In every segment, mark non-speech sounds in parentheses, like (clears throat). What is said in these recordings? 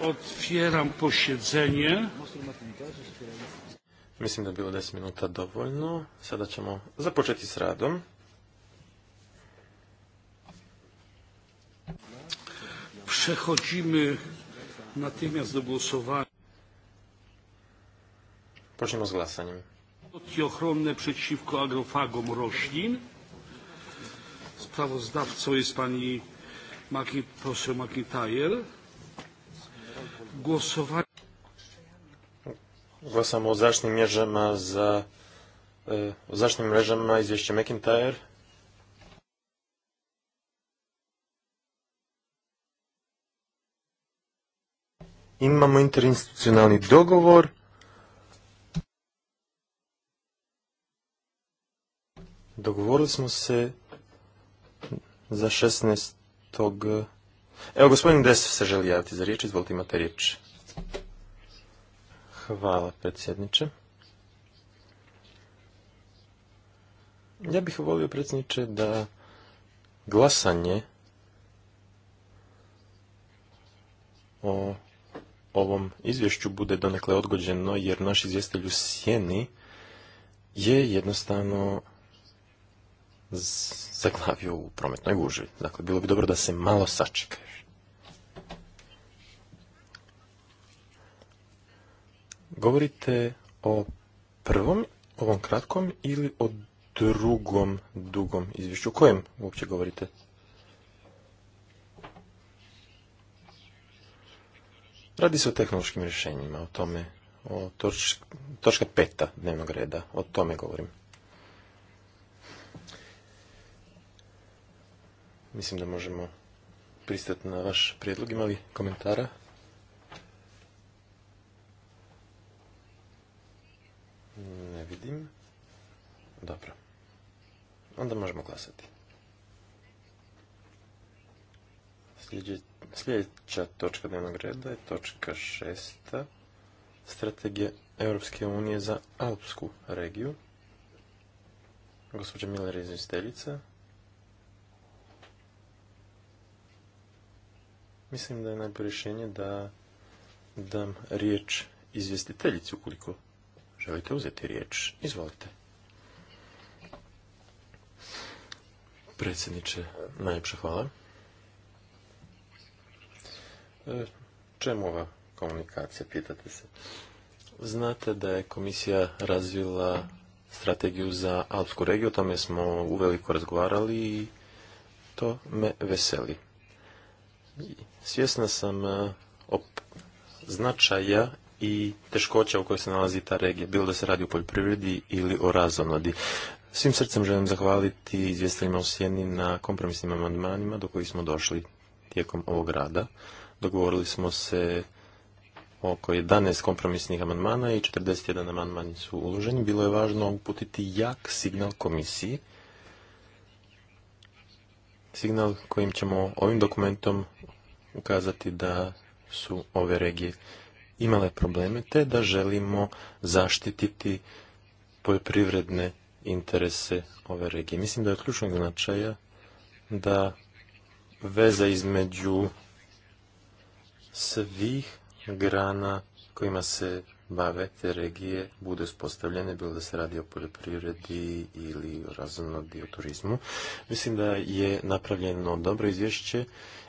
I otwieram posiedzenie. Mislim da je bilo 10 minuta dovoljno. Sada ćemo započeti s radom. Przechodzimy natychmiast do głosowania. Počnemo s glasanjem ochronne przeciwko agrofagom roślin. Sprawozdawcą jest pani poseł McIntyre. Głosowanie... Głosam o zacznym mierze ma za... O e, zacznym mierze ma izwieście McIntyre. Imamo interinstitucionalni dogovor Dogovorili smo se za 16. Evo, gospodin Desov se želi javiti za riječ. Izvolite, imate riječ. Hvala, predsjedniče. Ja bih volio, predsjedniče, da glasanje o ovom izvješću bude donekle odgođeno, jer naš izvjestitelj u Sjeni je jednostavno zaglavio u prometnoj gužvi. Dakle, bilo bi dobro da se malo sačekaš. Govorite o prvom, ovom kratkom, ili o drugom dugom izvješću? O kojem uopće govorite? Radi se o tehnološkim rješenjima, o tome, o točka peta dnevnog reda, o tome govorim. Mislim da možemo pristati na vaš prijedlog. Ima li komentara? Ne vidim. Dobro. Onda možemo glasati. Sljedeća točka dnevnog reda je točka šesta. Strategija Europske unije za Alpsku regiju. Gospođa Miller iz izvjestiteljica. Mislim da je najbolje rješenje da dam riječ izvjestiteljici ukoliko želite uzeti riječ. Izvolite. Predsjedniče, najljepša hvala. E, čemu ova komunikacija, pitate se? Znate da je komisija razvila strategiju za Alpsku regiju, o tome smo uveliko razgovarali i to me veseli. Svjesna sam e, op značaja i teškoća u kojoj se nalazi ta regija, bilo da se radi o poljoprivredi ili o razonodi. Svim srcem želim zahvaliti izvjestiteljima u Sjeni na kompromisnim amandmanima do kojih smo došli tijekom ovog rada. Dogovorili smo se oko 11 kompromisnih amandmana i 41 amandman su uloženi. Bilo je važno uputiti jak signal komisiji signal kojim ćemo ovim dokumentom ukazati da su ove regije imale probleme te da želimo zaštititi poljoprivredne interese ove regije. Mislim da je ključnog značaja da veza između svih grana kojima se bave te regije budu uspostavljene, bilo da se radi o poljoprivredi ili o dio turizmu. Mislim da je napravljeno dobro izvješće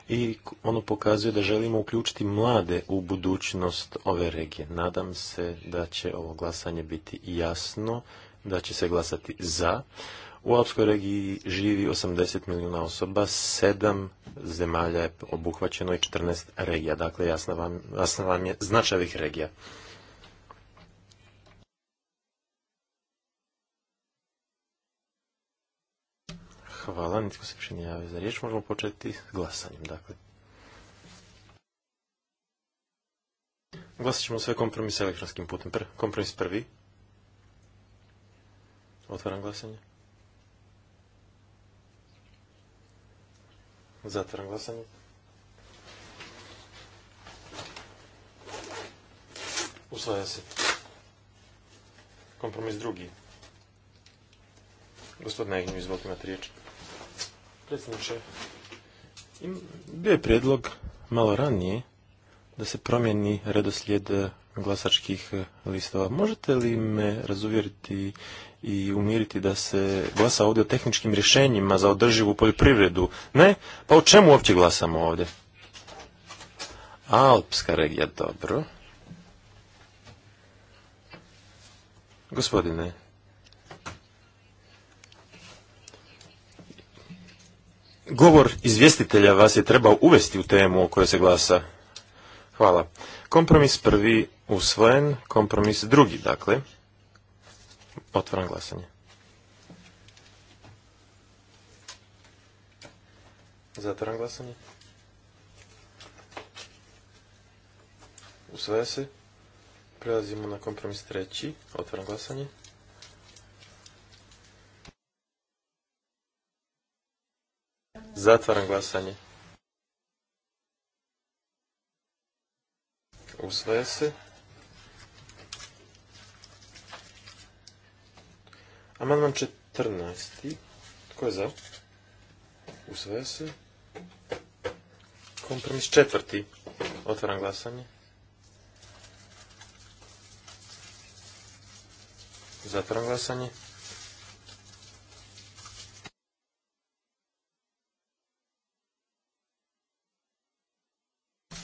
i ono pokazuje da želimo uključiti mlade u budućnost ove regije. Nadam se da će ovo glasanje biti jasno, da će se glasati za. U Alpskoj regiji živi 80 milijuna osoba, 7 zemalja je obuhvaćeno i 14 regija. Dakle, jasna vam, je značaj regija. Hvala, nitko se više nije javio za riječ. Možemo početi s glasanjem, dakle. Glasat ćemo sve kompromise elektronskim putem. kompromis prvi. Otvaram glasanje. Zatvaram glasanje. Usvaja se. Kompromis drugi. Gospod izvolite imate riječ. Predsjedniče, bio je prijedlog malo ranije da se promijeni redoslijed e, glasačkih e, listova. Možete li me razuvjeriti i umiriti da se glasa ovdje o tehničkim rješenjima za održivu poljoprivredu? Ne? Pa o čemu uopće glasamo ovdje? Alpska regija, dobro. Gospodine govor izvjestitelja vas je trebao uvesti u temu o kojoj se glasa. Hvala. Kompromis prvi usvojen, kompromis drugi, dakle. Otvaram glasanje. Zatvaram glasanje. Usvaja se. Prelazimo na kompromis treći. Otvaram glasanje. Zatvaram glasanje. Usvaja se. Amandman 14. Tko je za? Usvaja se. Kompromis četvrti. Otvaram glasanje. Zatvaram glasanje.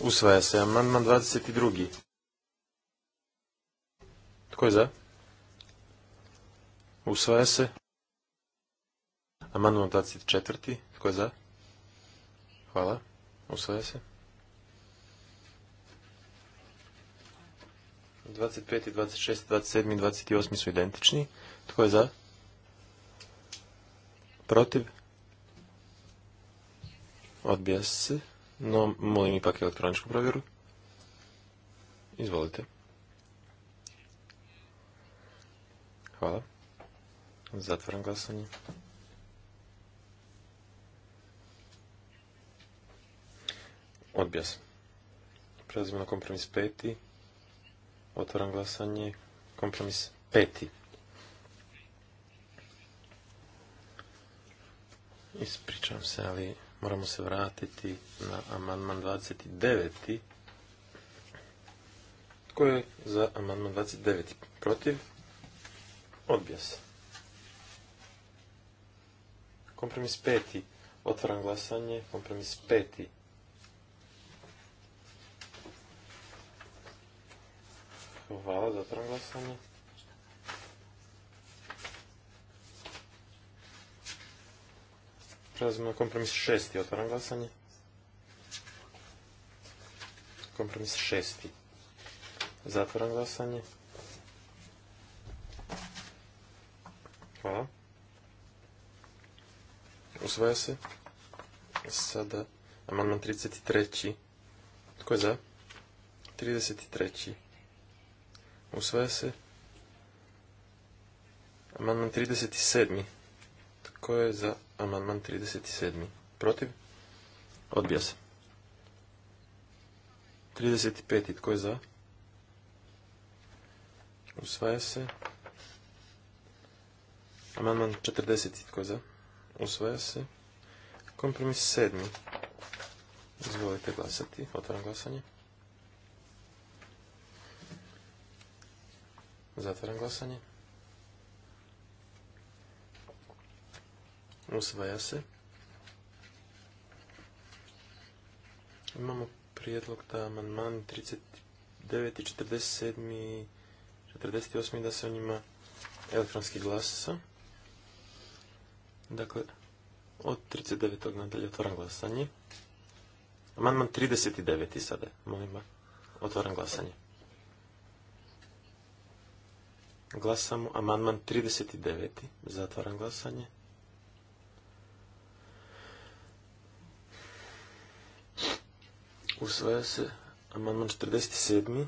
Usvaja se. Amandman 22. Tko je za? Usvaja se. Amandman 24. Tko je za? Hvala. Usvaja se. 25, 26, 27 i 28 su identični. Tko je za? Protiv? Odbija se no molim ipak elektroničku provjeru. Izvolite. Hvala. Zatvaram glasanje. Odbija se. Prelazimo na kompromis peti. Otvaram glasanje. Kompromis peti. Ispričam se, ali Moramo se vratiti na amandman 29. Tko je za amandman 29? Protiv? Odbija se. Kompromis peti. Otvaram glasanje. Kompromis peti. Hvala, zatvaram glasanje. Prelazimo na kompromis šesti. Otvaram glasanje. Kompromis šesti. Zatvaram glasanje. Hvala. Usvaja se. Sada amandman 33. Tko je za? 33. Usvaja se. Amandman 37. Tko je za? amandman 37. Protiv? Odbija se. 35. Tko je za? Usvaja se. Amandman 40. Tko je za? Usvaja se. Kompromis 7. Izvolite glasati. Otvaram glasanje. Zatvaram glasanje. Usvaja se. Imamo prijedlog da amandman 39 i 47 48 da se o njima elektronski glasa. Dakle, od 39. nadalje otvaram glasanje. Amandman 39. sada, molim vas, otvaram glasanje. Glasamo amandman 39. Zatvaram glasanje. Usvaja se amandman 47.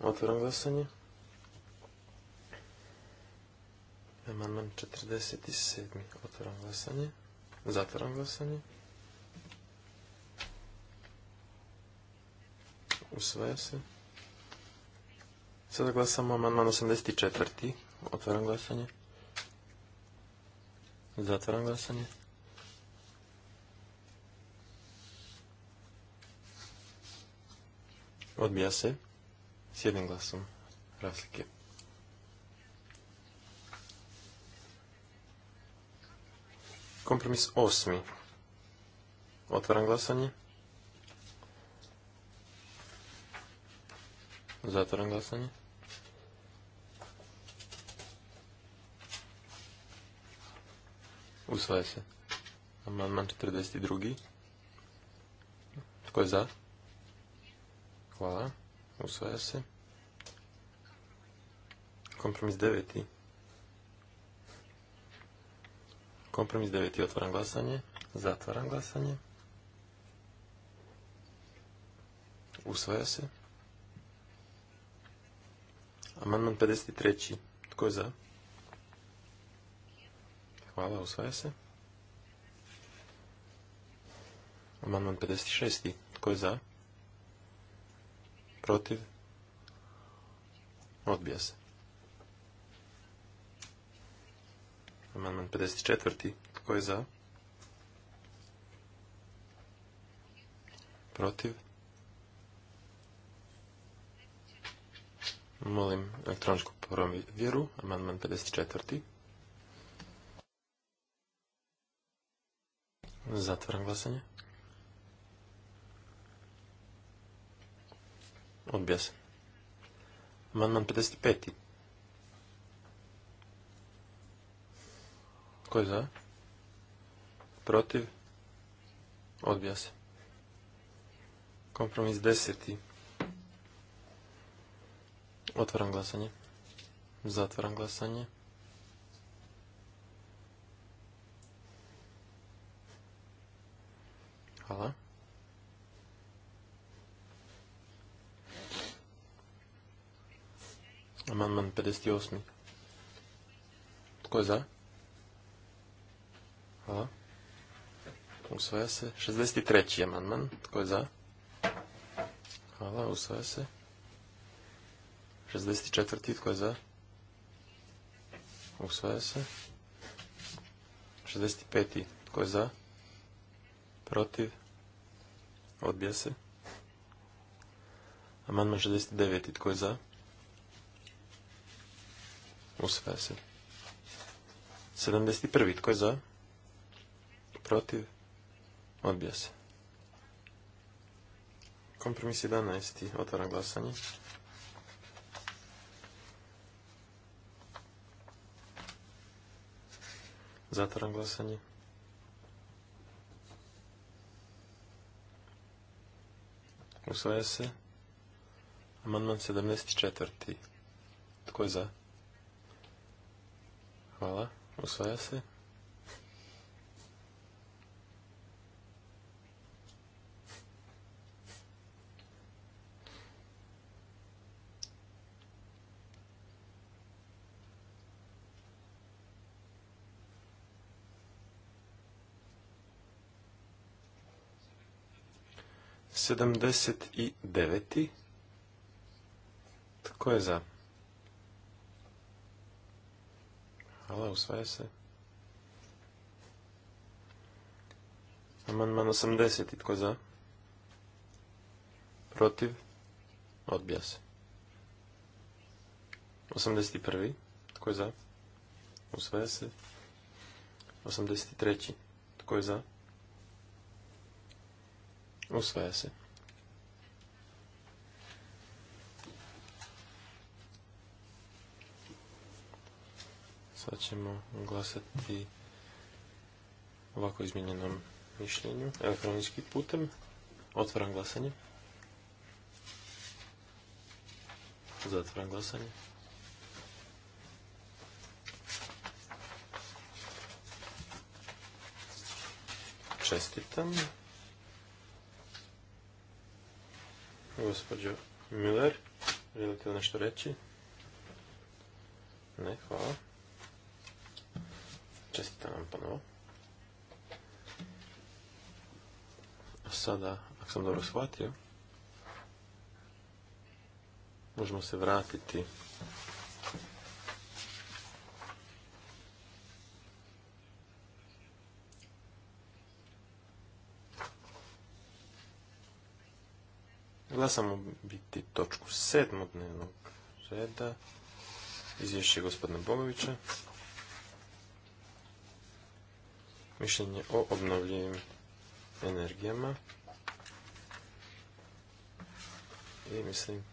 Otvaram glasanje. Amandman 47. Otvaram glasanje. Zatvaram glasanje. Usvaja se. Sada glasamo amandman 84. Otvaram glasanje. Zatvaram glasanje. Odbija se s jednim glasom razlike. Kompromis osmi. Otvaram glasanje. Zatvaram glasanje. Usvaja se. Amandman 42. Tko je za? Hvala. Usvaja se. Kompromis deveti. Kompromis deveti. Otvaram glasanje. Zatvaram glasanje. Usvaja se. Amandman 53. Tko je za? Hvala, usvaja se. Amandman 56. Tko je za? protiv, odbija se. Amandman 54. Tko je za? Protiv? Molim elektroničku vjeru. Amandman 54. Zatvaram glasanje. Odbija se. Amandman 55. Ko je za? Protiv? Odbija se. Kompromis 10. Otvaram glasanje. Zatvaram glasanje. Hvala. Amandman 58. Tko je za? Hvala. Usvaja se. 63. amandman. Tko je za? Hvala. Usvaja se. 64. Tko je za? Usvaja se. 65. Tko je za? Protiv? Odbija se. Amandman 69. Tko je za? Usvaja se. 71. Tko je za? Protiv? Odbija se. Kompromis 11. Otvara glasanje. Zatvara glasanje. Usvaja se. Amandman 74. Tko je za? Hvala. osvaja se. Sedamdeset i deveti. Tko je za? Hvala, usvaja se. Amandman 80. Tko za? Protiv? Odbija se. 81. Tko je za? Usvaja se. 83. Tko je za? Usvaja se. Sad ćemo glasati ovako izmijenjenom mišljenju elektronički putem. Otvaram glasanje. Zatvaram glasanje. Čestitam. Gospodin Miller, želite li nešto reći? Ne, hvala čestite ponovo. Sada, ako sam dobro shvatio, možemo se vratiti Glasamo biti točku sedmog dnevnog reda, izvješće gospodina Bogovića. mišljenje o obnovljivim energijama. I mislim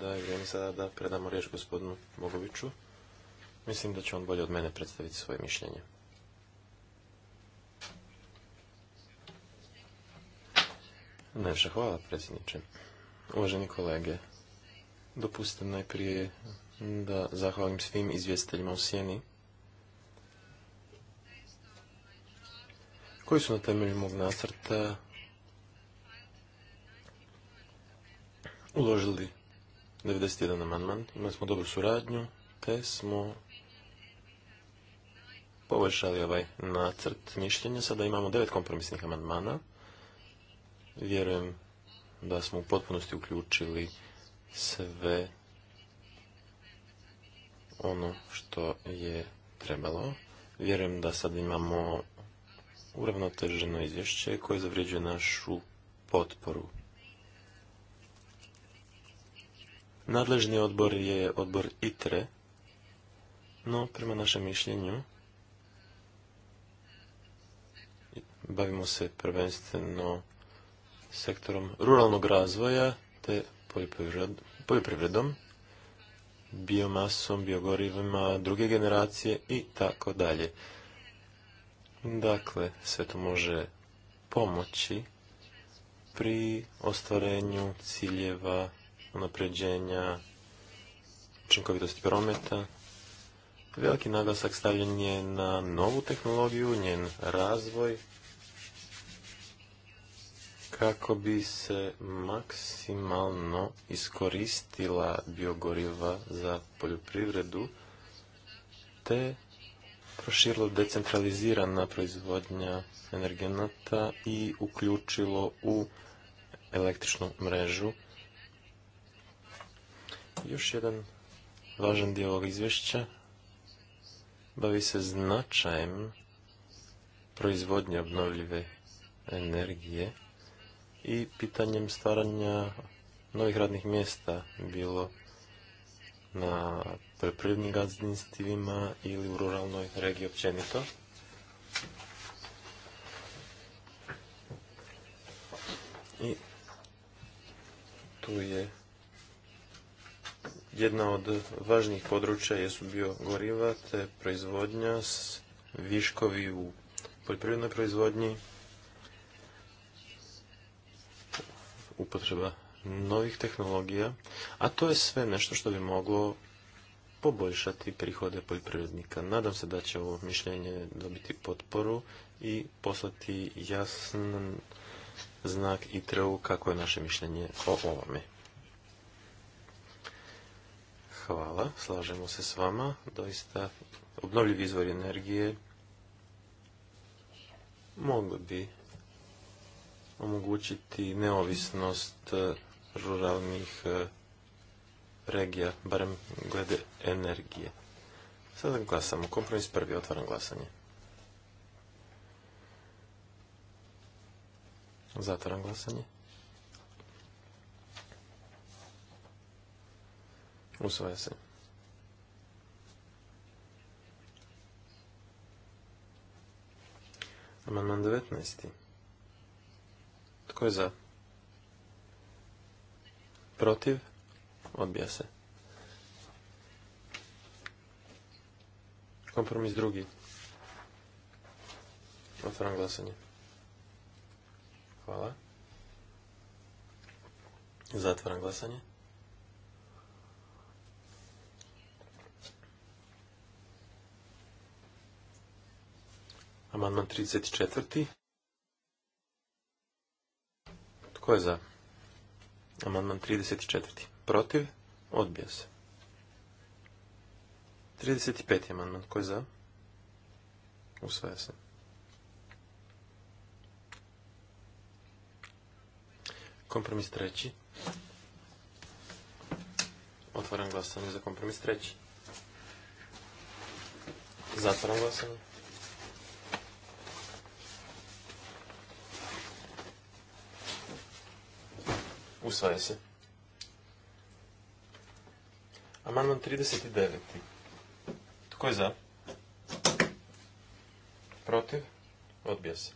da je vrijeme sada da predamo riječ gospodinu Bogoviću. Mislim da će on bolje od mene predstaviti svoje mišljenje. Najviše hvala, predsjedniče. Uvaženi kolege, dopustite najprije da zahvalim svim izvjestiteljima u Sjeni koji su na temelju mog nacrta uložili 91 amandman. Imali smo dobru suradnju, te smo poboljšali ovaj nacrt mišljenja. Sada imamo devet kompromisnih amandmana. Vjerujem da smo u potpunosti uključili sve ono što je trebalo. Vjerujem da sad imamo uravnoteženo izvješće koje zavređuje našu potporu. Nadležni odbor je odbor ITRE, no prema našem mišljenju bavimo se prvenstveno sektorom ruralnog razvoja te poljoprivredom, biomasom, biogorivima, druge generacije i tako dalje. Dakle, sve to može pomoći pri ostvarenju ciljeva unapređenja učinkovitosti prometa. Veliki naglasak stavljen je na novu tehnologiju, njen razvoj, kako bi se maksimalno iskoristila biogoriva za poljoprivredu, te proširilo decentralizirana proizvodnja energenata i uključilo u električnu mrežu. Još jedan važan dio ovog izvješća bavi se značajem proizvodnje obnovljive energije i pitanjem stvaranja novih radnih mjesta bilo na poljoprivrednim gazdinstvima ili u ruralnoj regiji općenito. I tu je jedna od važnijih područja jesu bio goriva te proizvodnja s viškovi u poljoprivrednoj proizvodnji, upotreba novih tehnologija, a to je sve nešto što bi moglo poboljšati prihode poljoprivrednika. Nadam se da će ovo mišljenje dobiti potporu i poslati jasan znak i trvu kako je naše mišljenje o ovome. Hvala, slažemo se s vama. Doista, obnovljivi izvor energije mogli bi omogućiti neovisnost ruralnih regija, barem glede energije. Sada glasamo. Kompromis prvi, otvaram glasanje. Zatvaram glasanje. Usvaja se. Amandman 19. Tko je za? Protiv? odbija se. Kompromis drugi. otvoram glasanje. Hvala. Zatvaram glasanje. Amandman 34. Tko je za? Amandman 34. Protiv? Odbija se. 35. amandman. Ko je za? Usvaja se. Kompromis treći. Otvaram glasanje za kompromis treći. Zatvaram glasanje. Usvaja se. Amandman 39. Tko je za? Protiv? Odbija se.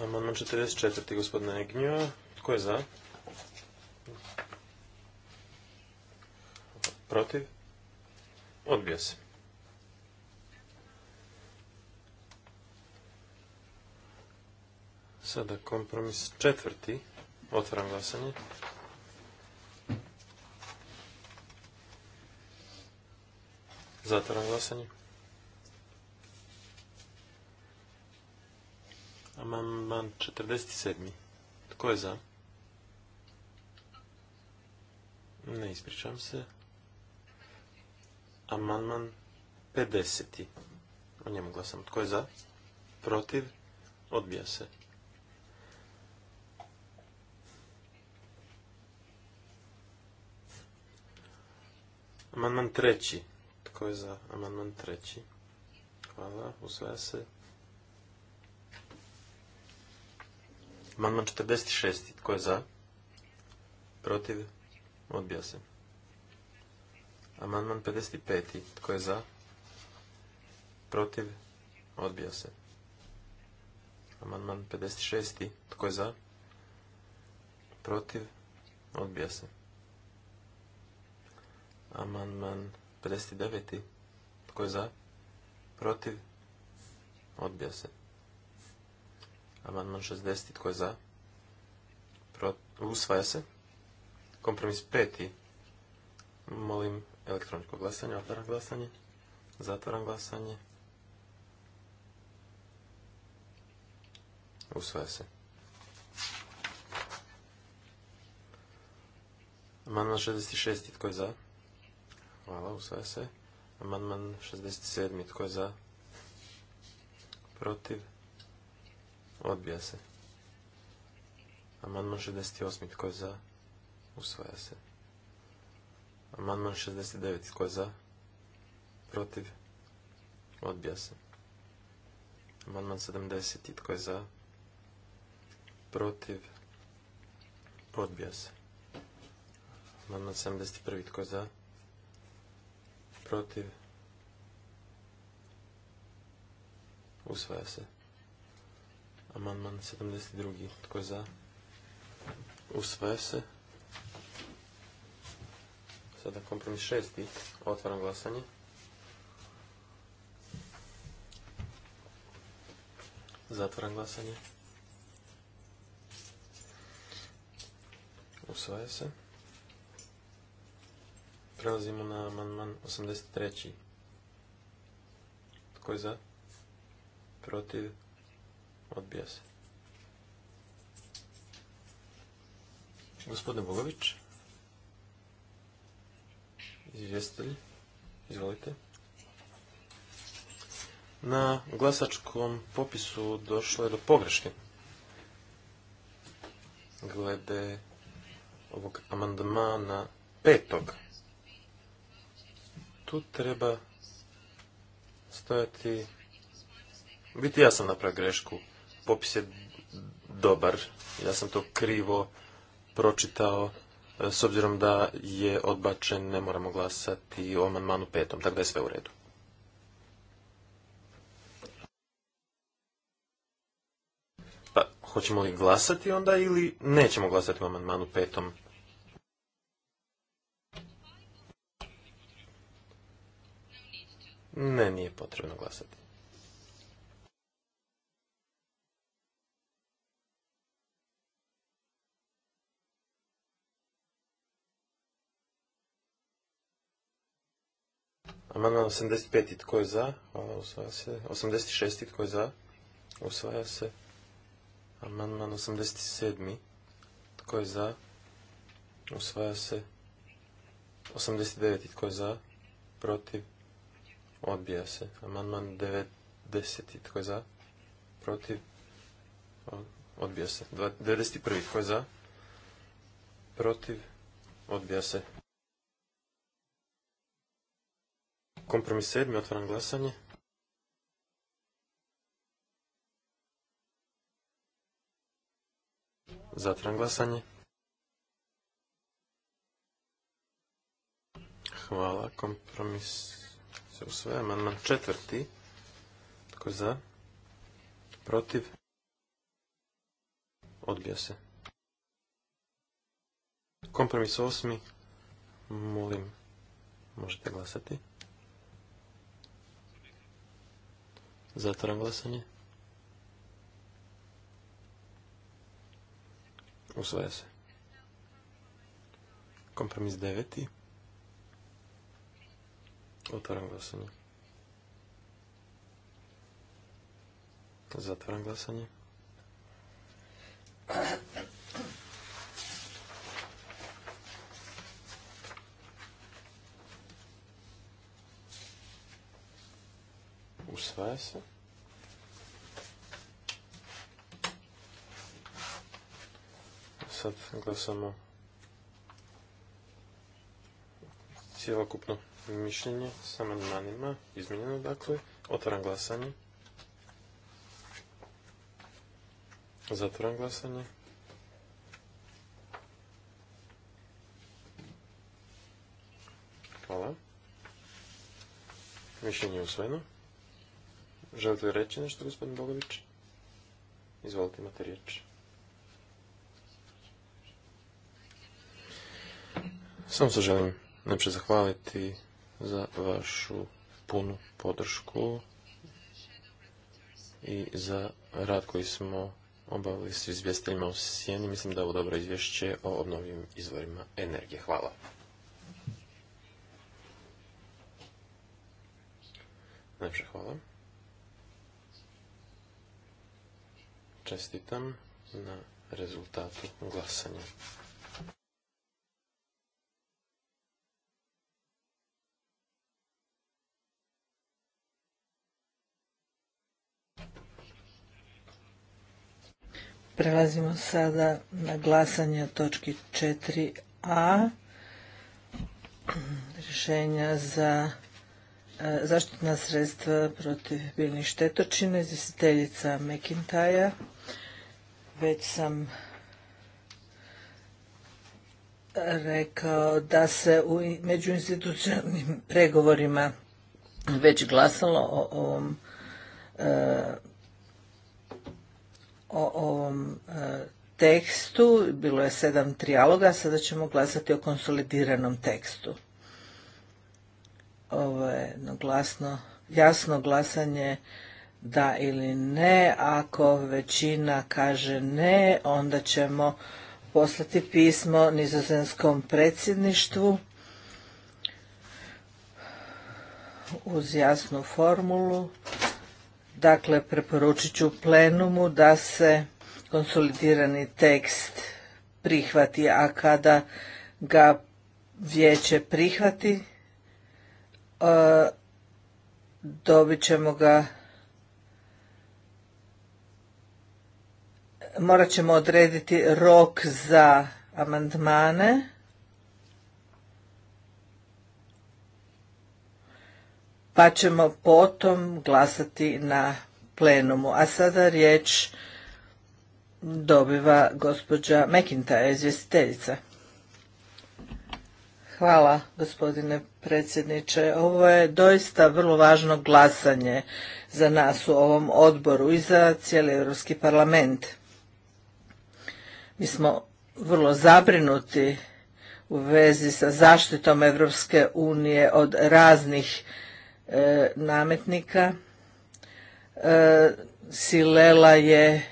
Amandman 44. gospodina Egnjova. Tko je za? Protiv? Odbija se. Sada kompromis četvrti. Otvaram glasanje. Zatvaram glasanje. Amandman 47. Tko je za? Ne ispričam se. Amandman 50. O njemu glasam. Tko je za? Protiv? Odbija se. Amandman treći. Tko je za amandman treći? Hvala, usvaja se. Amandman 46. Tko je za? Protiv? Odbija se. Amandman 55. Tko je za? Protiv? Odbija se. Amandman 56. Tko je za? Protiv? Odbija se. Amandman 59. Tko je za? Protiv? Odbija se. Amandman 60. Tko je za? Usvaja se. Kompromis 5. Molim elektroničko glasanje. Otvaram glasanje. Zatvaram glasanje. Usvaja se. Amandman 66. Tko je za? Hvala, usvaja se. Amandman 67. Tko je za? Protiv? Odbija se. Amandman 68. Tko je za? Usvaja se. Amandman 69. Tko je za? Protiv? Odbija se. Amandman 70. Tko je za? Protiv? Odbija se. Amandman 71. Tko je za? protiv, usvaja se. Amandman 72. Tko je za? Usvaja se. Sada kompromis šesti. Otvaram glasanje. Zatvaram glasanje. Usvaja se. Prelazimo na amandman 83. Tko je za? Protiv? Odbija se. Gospodine Bogović, izvjestitelj, izvolite. Na glasačkom popisu došlo je do pogreške glede ovog amandmana petog tu treba stojati... Biti ja sam napravio grešku. Popis je dobar. Ja sam to krivo pročitao. S obzirom da je odbačen, ne moramo glasati o amandmanu petom, tako da je sve u redu. Pa, hoćemo li glasati onda ili nećemo glasati o amandmanu petom? Ne, nije potrebno glasati. Amandman 85. Tko je za? Hvala, usvaja se. 86. Tko je za? Usvaja se. Amandman 87. Tko je za? Usvaja se. 89. Tko je za? Protiv? Odbija se. Amandman 90. Tko je za? Protiv? Odbija se. 91. Tko je za? Protiv? Odbija se. Kompromis 7. Otvaram glasanje. Zatvaram glasanje. Hvala. Kompromis se usvaja. Amandman četvrti. Tko za? Protiv? Odbija se. Kompromis osmi. Molim, možete glasati. Zatvaram glasanje. Usvaja se. Kompromis deveti. Otvaram glasanje. Zatvaram glasanje. Usvaja se. Sad glasamo cijelokupno mišljenje sa amandmanima, Izmjenjeno, dakle, otvaram glasanje. Zatvaram glasanje. Hvala. Mišljenje je usvojeno. Želite li reći nešto, gospodin Bogović? Izvolite, imate riječ. Samo se želim nešto zahvaliti za vašu punu podršku i za rad koji smo obavili s izvjestiteljima u Sjeni. Mislim da je ovo dobro izvješće o obnovljivim izvorima energije. Hvala. Najprej hvala. Čestitam na rezultatu glasanja. Prelazimo sada na glasanje točki 4a. Rješenja za e, zaštitna sredstva protiv biljnih štetočina, izvjestiteljica Mekintaja. Već sam rekao da se u međuinstitucionalnim pregovorima već glasalo o ovom e, o ovom e, tekstu, bilo je sedam trijaloga, sada ćemo glasati o konsolidiranom tekstu. Ovo je glasno, jasno glasanje da ili ne, ako većina kaže ne, onda ćemo poslati pismo nizozemskom predsjedništvu uz jasnu formulu Dakle, preporučit ću plenumu da se konsolidirani tekst prihvati, a kada ga vijeće prihvati, e, dobit ćemo ga morat ćemo odrediti rok za amandmane pa ćemo potom glasati na plenumu. A sada riječ dobiva gospođa Mekinta, izvjestiteljica. Hvala gospodine predsjedniče. Ovo je doista vrlo važno glasanje za nas u ovom odboru i za cijeli Europski parlament. Mi smo vrlo zabrinuti u vezi sa zaštitom Europske unije od raznih E, nametnika. E, Silela je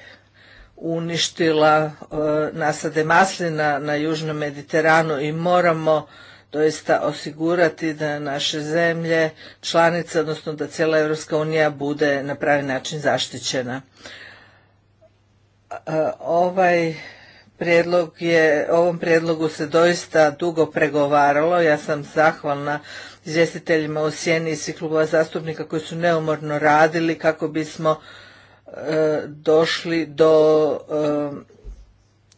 uništila e, nasade maslina na Južnom Mediteranu i moramo doista osigurati da naše zemlje članice, odnosno da cijela Europska unija bude na pravi način zaštićena. Ovaj prijedlog je, ovom prijedlogu se doista dugo pregovaralo. Ja sam zahvalna izvjestiteljima u i svih klubova zastupnika koji su neumorno radili kako bismo e, došli do e,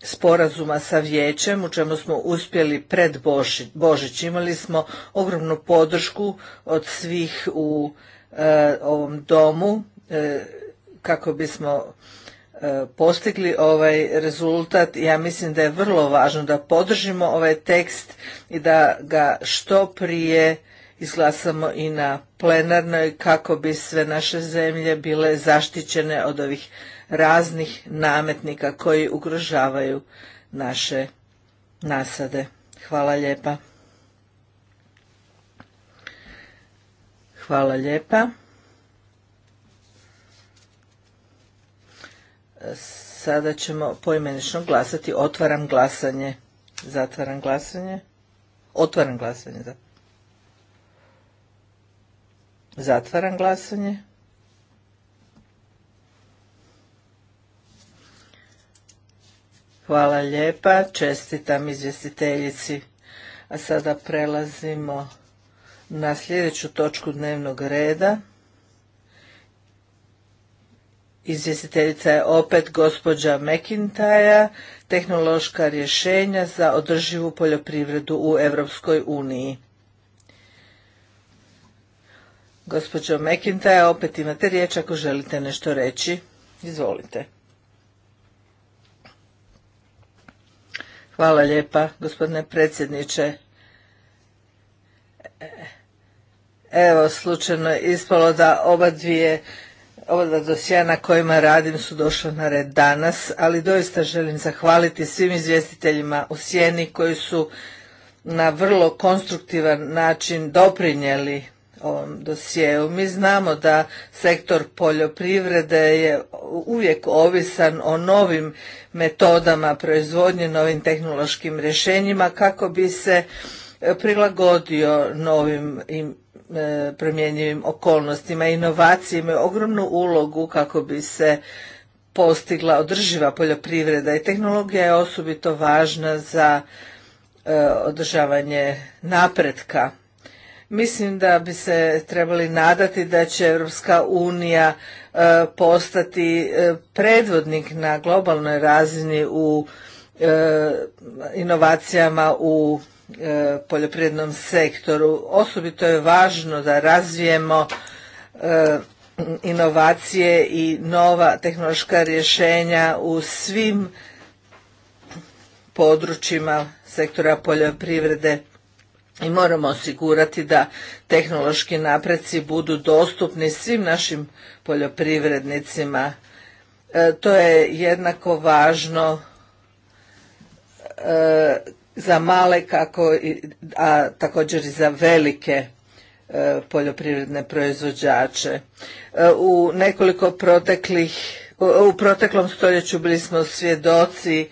sporazuma sa vijećem u čemu smo uspjeli pred Božić. Imali smo ogromnu podršku od svih u e, ovom domu kako bismo postigli ovaj rezultat. Ja mislim da je vrlo važno da podržimo ovaj tekst i da ga što prije izglasamo i na plenarnoj kako bi sve naše zemlje bile zaštićene od ovih raznih nametnika koji ugrožavaju naše nasade. Hvala lijepa. Hvala lijepa. Sada ćemo poimenično glasati. Otvaram glasanje. Zatvaram glasanje. Otvaram glasanje. Zatvaram. Zatvaram glasanje. Hvala lijepa, čestitam izvjestiteljici. A sada prelazimo na sljedeću točku dnevnog reda. Izvjestiteljica je opet gospođa Mekintaja, tehnološka rješenja za održivu poljoprivredu u Europskoj uniji. Gospođo Mekintaja, opet imate riječ ako želite nešto reći. Izvolite. Hvala lijepa, gospodine predsjedniče. Evo, slučajno je ispalo da oba dvije, oba dva dosija na kojima radim su došla na red danas, ali doista želim zahvaliti svim izvjestiteljima u Sjeni koji su na vrlo konstruktivan način doprinjeli ovom dosjeu. Mi znamo da sektor poljoprivrede je uvijek ovisan o novim metodama proizvodnje, novim tehnološkim rješenjima kako bi se prilagodio novim e, promjenjivim okolnostima. Inovacije imaju ogromnu ulogu kako bi se postigla održiva poljoprivreda i tehnologija je osobito važna za e, održavanje napretka Mislim da bi se trebali nadati da će Europska unija e, postati e, predvodnik na globalnoj razini u e, inovacijama u poljoprivrednom sektoru. Osobito je važno da razvijemo inovacije i nova tehnološka rješenja u svim područjima sektora poljoprivrede i moramo osigurati da tehnološki napreci budu dostupni svim našim poljoprivrednicima. E, to je jednako važno e, za male kako a također i za velike e, poljoprivredne proizvođače. U nekoliko proteklih u, u proteklom stoljeću bili smo svjedoci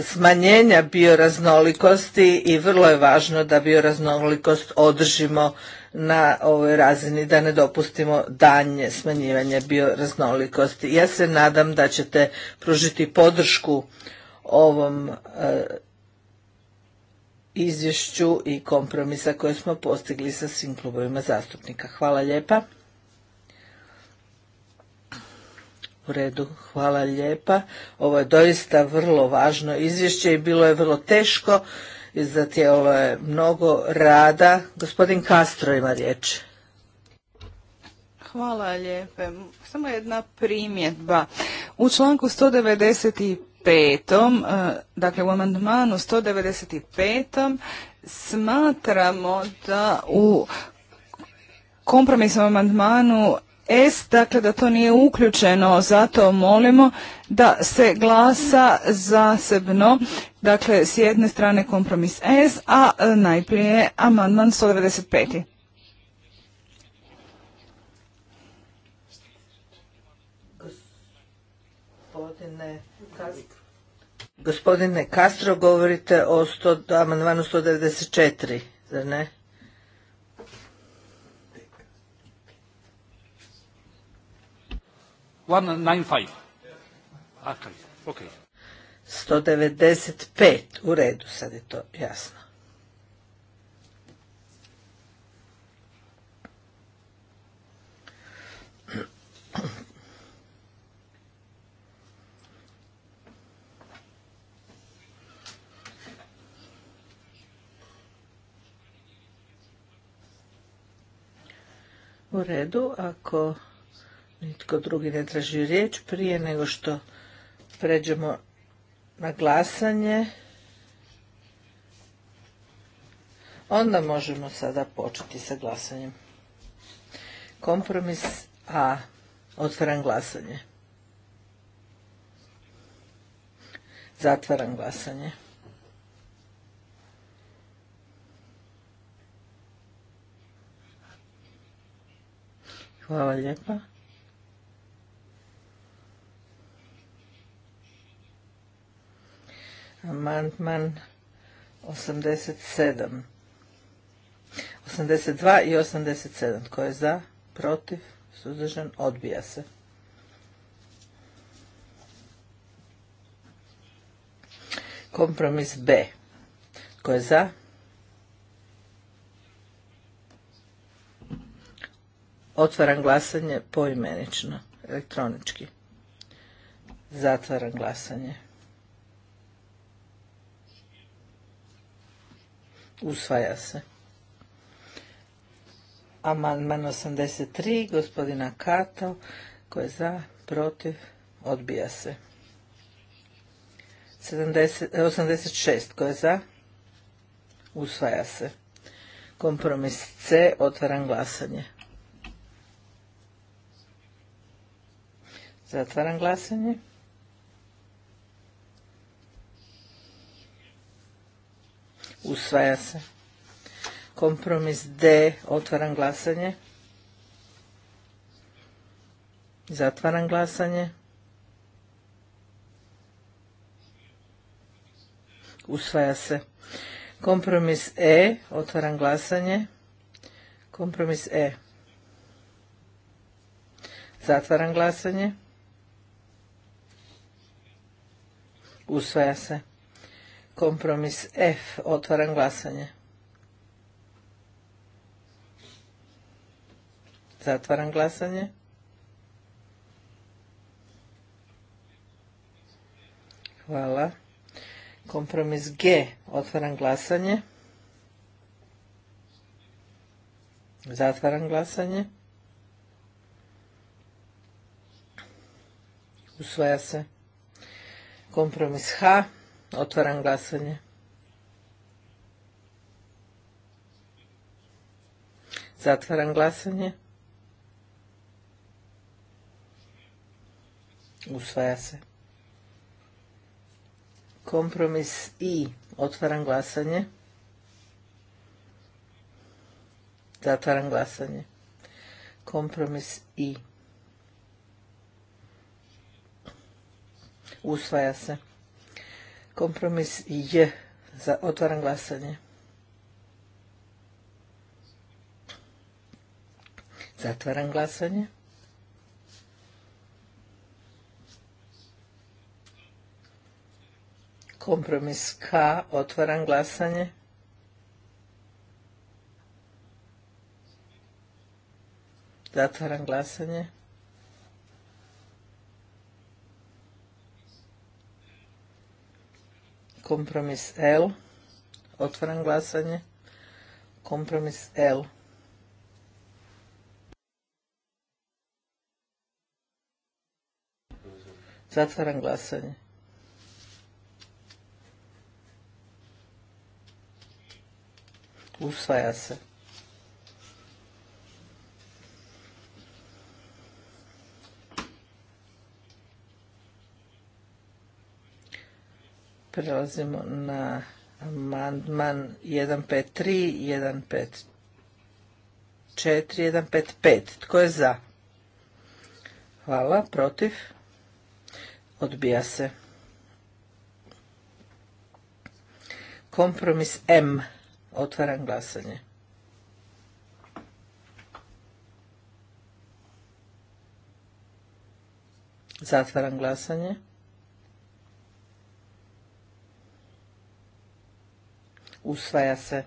smanjenja bioraznolikosti i vrlo je važno da bioraznolikost održimo na ovoj razini, da ne dopustimo danje smanjivanje bioraznolikosti. Ja se nadam da ćete pružiti podršku ovom e, izvješću i kompromisa koje smo postigli sa svim klubovima zastupnika. Hvala lijepa. U redu, hvala lijepa. Ovo je doista vrlo važno izvješće i bilo je vrlo teško i zatijelo je mnogo rada. Gospodin Castro ima riječ. Hvala lijepe. Samo jedna primjedba. U članku 195. E, dakle u amandmanu 195. smatramo da u kompromisnom amandmanu s, dakle da to nije uključeno, zato molimo da se glasa zasebno, dakle s jedne strane kompromis S, a e, najprije amandman 195. Gospodine Castro, Gospodine govorite o amandmanu 194, zar ne? 195. Okay. 195. U redu, sad je to jasno. U redu, ako Nitko drugi ne traži riječ. Prije nego što pređemo na glasanje, onda možemo sada početi sa glasanjem. Kompromis A. Otvaram glasanje. Zatvaram glasanje. Hvala lijepa. amandman 87. 82 i 87. Tko je za? Protiv? Suzdržan? Odbija se. Kompromis B. Tko je za? Otvaram glasanje poimenično, elektronički. Zatvaram glasanje. Usvaja se. Amandman 83, gospodina Kato, koji je za, protiv, odbija se. 86, e, koje je za, usvaja se. Kompromis C, otvaram glasanje. Zatvaram glasanje. usvaja se. Kompromis D, otvaram glasanje. Zatvaram glasanje. Usvaja se. Kompromis E, otvaram glasanje. Kompromis E. Zatvaram glasanje. Usvaja se. Kompromis F. Otvaram glasanje. Zatvaram glasanje. Hvala. Kompromis G. Otvaram glasanje. Zatvaram glasanje. Usvaja se. Kompromis H. Otvaram glasanje. Zatvaram glasanje. Usvaja se. Kompromis I. Otvaram glasanje. Zatvaram glasanje. Kompromis I. Usvaja se. Kompromis je za otvaran glasanje. Zatvaran glasanje. Kompromis K, otvaram glasanje. Zatvaran glasanje. Kompromis L. Otvaram glasanje. Kompromis L. Zatvaram glasanje. Usvaja se. Prelazimo na amandman 153, 154, 155. Tko je za? Hvala. Protiv? Odbija se. Kompromis M. Otvaram glasanje. Zatvaram glasanje. usvaja se.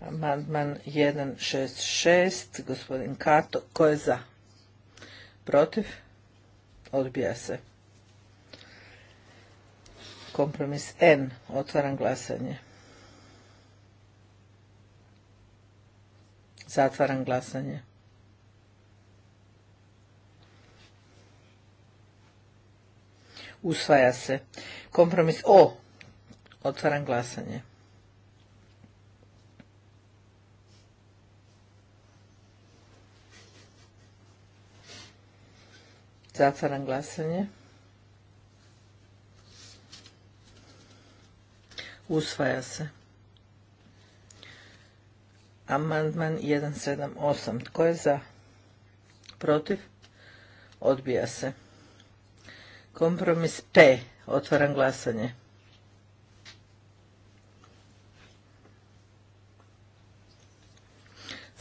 Amandman 166, gospodin Kato, ko je za? Protiv? Odbija se. Kompromis N, otvaram glasanje. Zatvaram glasanje. Usvaja se. Kompromis O, Otvaram glasanje. Zatvaram glasanje. Usvaja se. Amandman 178. Tko je za? Protiv? Odbija se. Kompromis P. Otvaram glasanje.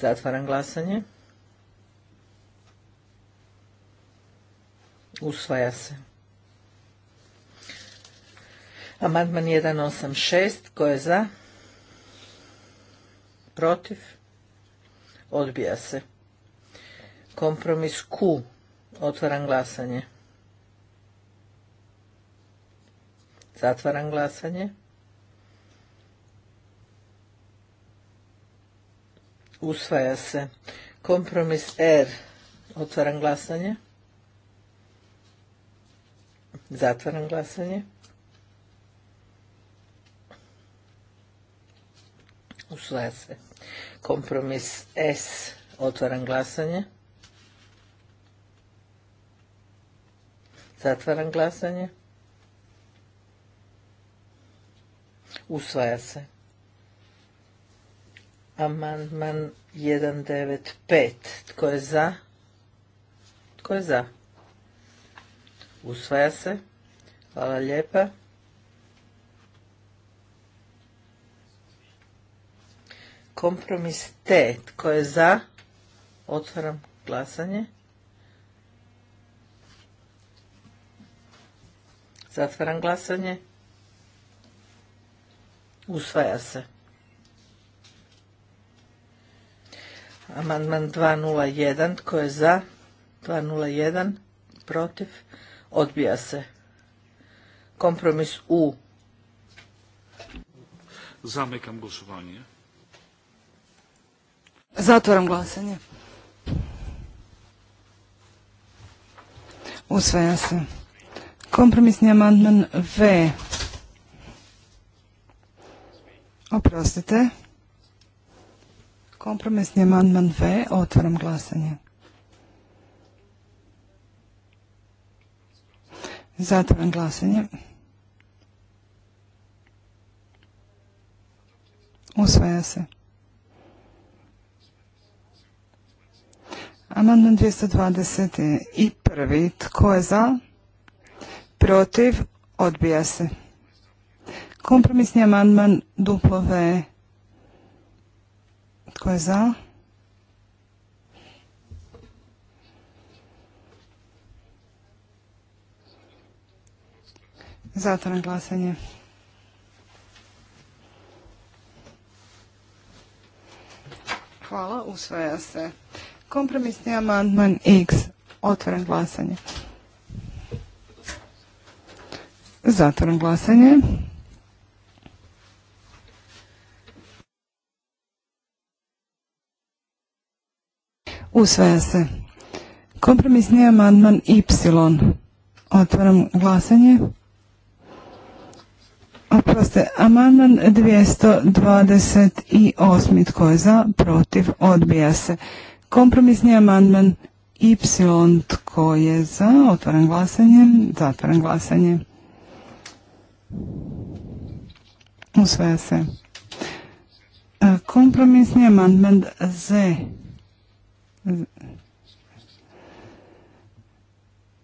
Zatvaram glasanje. Usvaja se. Amandman 186. Ko je za? Protiv? Odbija se. Kompromis Q. Otvaram glasanje. Zatvaram glasanje. usvaja se. Kompromis R, otvaram glasanje. Zatvaram glasanje. Usvaja se. Kompromis S, otvaram glasanje. Zatvaram glasanje. Usvaja se. Amandman 195. Tko je za? Tko je za? Usvaja se. Hvala lijepa. Kompromis T. Tko je za? Otvaram glasanje. Zatvaram glasanje. Usvaja se. Amandman 201. Tko je za? 201. Protiv? Odbija se. Kompromis U. Zamekam glasovanje. Zatvoram glasanje. Usvaja se. Kompromisni amandman V. Oprostite. Kompromisni amandman V. Otvaram glasanje. Zatvaram glasanje. Usvaja se. Amandman 220. I prvi. Tko je za? Protiv? Odbija se. Kompromisni amandman duplo V. Tko je za? Zatvoram glasanje. Hvala, usvaja se. Kompromisni amandman X. Otvoren glasanje. Zatvoren glasanje. Usvaja se. Kompromisni amandman Y. Otvaram glasanje. Oproste, amandman 228. Tko je za? Protiv? Odbija se. Kompromisni amandman Y. Tko je za? Otvaram glasanje. Zatvaram glasanje. Usvaja se. E, kompromisni amandman Z.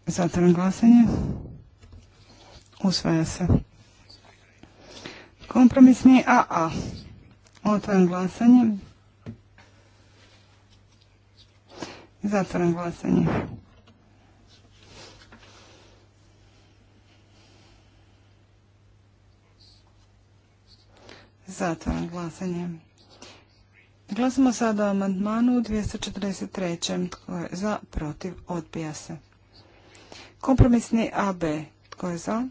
Zatvoram glasanje. Usvaja se. Kompromisni AA. Otvaram glasanje. Zatvoram glasanje. Zatvoram glasanje. Glasamo sada o amandmanu 243. Tko je za, protiv, odbija se. Kompromisni AB. Tko je za?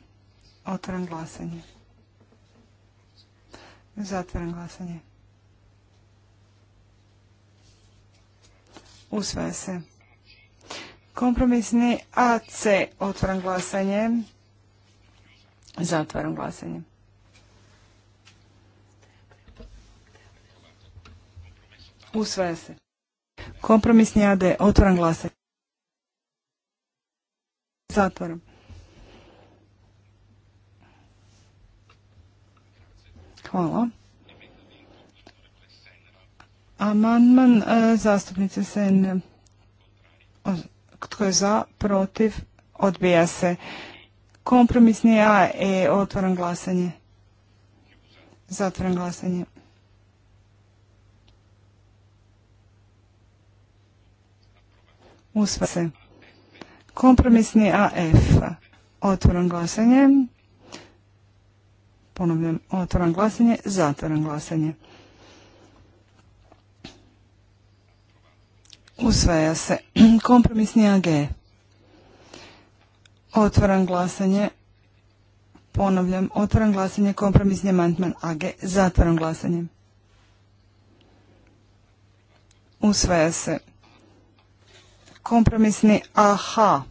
Otvaram glasanje. Zatvaram glasanje. Usvaja se. Kompromisni AC. Otvaram glasanje. Zatvaram glasanje. Usvaja se. Kompromisni AD. Otvoran glasak. Zatvoram. Hvala. Amandman e, zastupnice Sen. Tko je za, protiv, odbija se. Kompromisni A e otvoran glasanje. Zatvoran glasanje. usvaja se. Kompromisni AF. Otvoran glasanje. Ponovljam, otvoran glasanje, zatvoran glasanje. Usvaja se. (clears throat) Kompromisni AG. Otvoran glasanje. Ponavljam, otvoran glasanje, kompromisni amandman AG, zatvoran glasanje. Usvaja se. Kompromisni aha.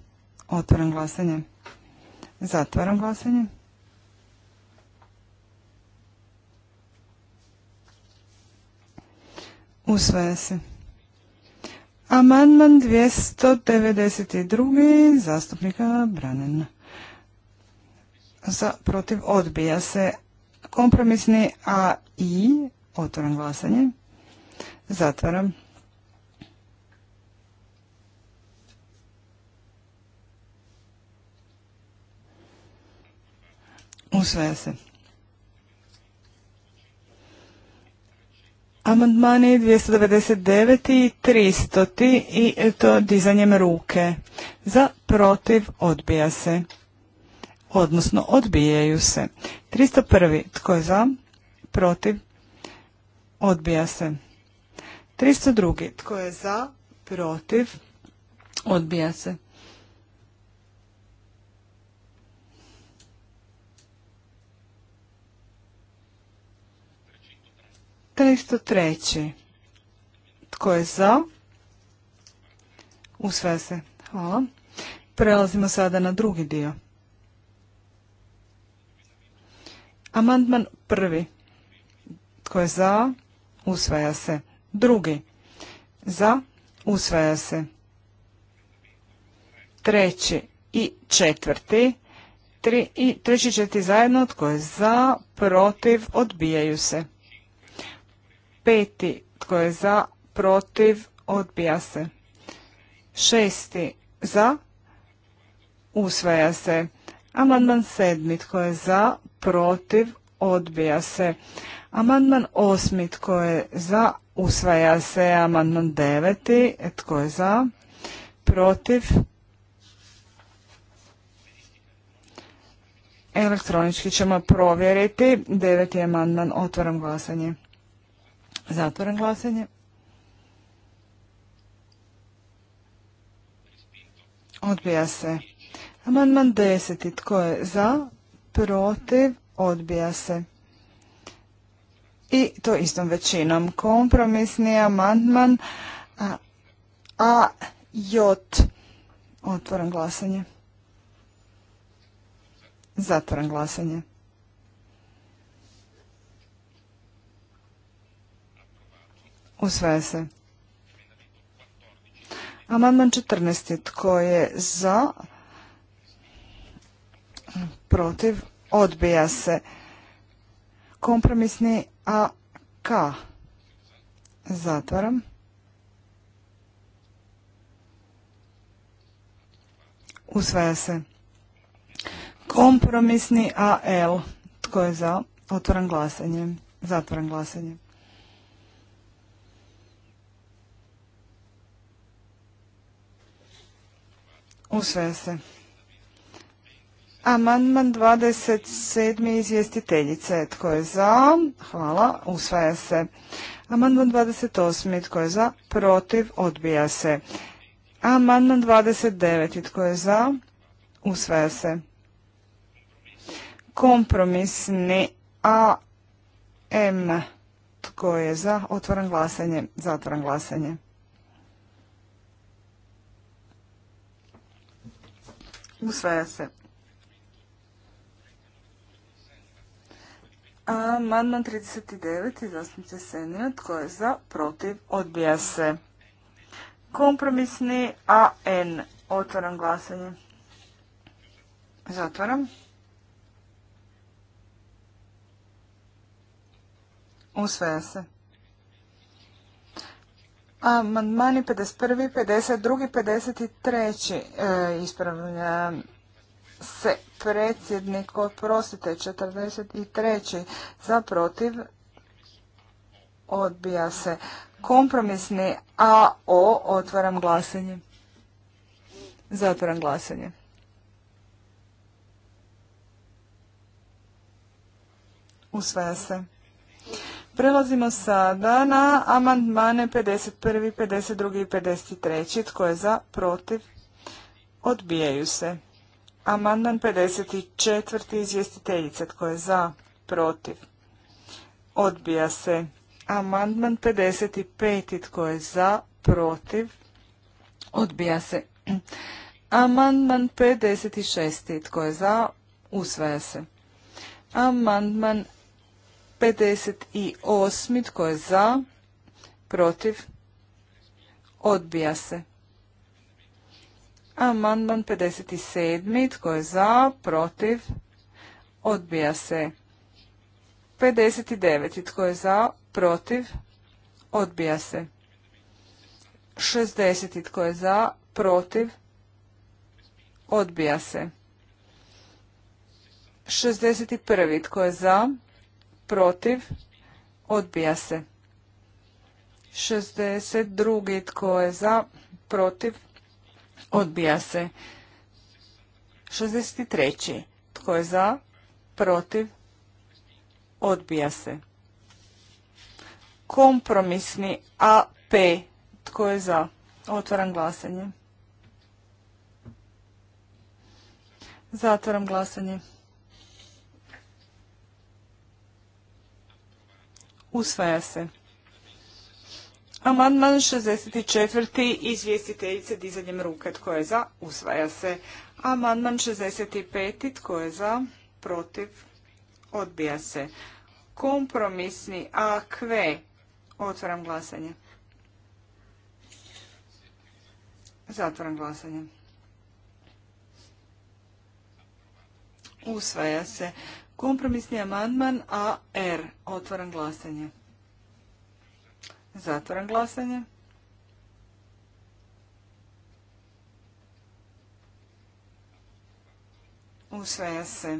Otvaram glasanje. Zatvaram glasanje. Usvaja se. Amandman 292. zastupnika Branen, Za protiv odbija se kompromisni AI. Otvoram glasanje. Zatvaram. Usvaja se. Amandmani 299. i 300. i to dizanjem ruke. Za protiv odbija se. Odnosno odbijaju se. 301. Tko je za? Protiv? Odbija se. 302. Tko je za? Protiv? Odbija se. 303. Tko je za? Usvaja se. Hvala. Prelazimo sada na drugi dio. Amandman prvi. Tko je za? Usvaja se. Drugi. Za? Usvaja se. Treći i četvrti. Tri i treći četiri zajedno. Tko je za? Protiv? Odbijaju se. Peti, tko je za, protiv, odbija se. Šesti, za, usvaja se. Amandman sedmi, tko je za, protiv, odbija se. Amandman osmi, tko je za, usvaja se. Amandman deveti, tko je za, protiv, Elektronički ćemo provjeriti. Deveti amandman. Otvaram glasanje. Zatvoren glasanje. Odbija se. Amandman 10. Tko je za? Protiv? Odbija se. I to istom većinom. Kompromisni amandman A, A J. Otvoren glasanje. Zatvoran glasanje. Usvaja se. Amandman 14. Tko je za? Protiv? Odbija se. Kompromisni AK. Zatvaram. Usvaja se. Kompromisni AL. Tko je za? Otvoram glasanje. Zatvoram glasanje. Usvaja se. Amandman 27. izvjestiteljice. Tko je za? Hvala. Usvaja se. Amandman 28. Tko je za? Protiv. Odbija se. Amandman 29. Tko je za? Usvaja se. Kompromisni AM. Tko je za? Otvoran glasanje. Zatvoran glasanje. Usvaja se. Amandman 39. Zastupnice Senina. Tko je za? Protiv. Odbija se. Kompromisni AN. Otvaram glasanje. Zatvaram. Usvaja se. Amandmani 51. 52. 53. ispravlja se predsjednik, oprostite, 43. za protiv odbija se. Kompromisni AO otvaram glasanje. Zatvaram glasanje. Usvaja se. Prelazimo sada na amandmane 51., 52. i 53. Tko je za? Protiv? Odbijaju se. Amandman 54. izvjestiteljice. Tko je za? Protiv? Odbija se. Amandman 55. Tko je za? Protiv? Odbija se. Amandman 56. Tko je za? Usvaja se. Amandman 58. Tko je za? Protiv? Odbija se. Amandman 57. Tko je za? Protiv? Odbija se. 59. Tko je za? Protiv? Odbija se. 60. Tko je za? Protiv? Odbija se. 61. Tko je za? protiv, odbija se. 62. tko je za, protiv, odbija se. 63. tko je za, protiv, odbija se. Kompromisni AP, tko je za, otvaram glasanje. Zatvaram glasanje. Usvaja se. Amandman 64. izvjestiteljice dizanjem ruke. Tko je za? Usvaja se. Amandman 65. Tko je za? Protiv? Odbija se. Kompromisni AQ. Otvaram glasanje. Zatvaram glasanje. Usvaja se. Kompromisni amandman AR. Otvaram glasanje. Zatvaram glasanje. Usvaja se.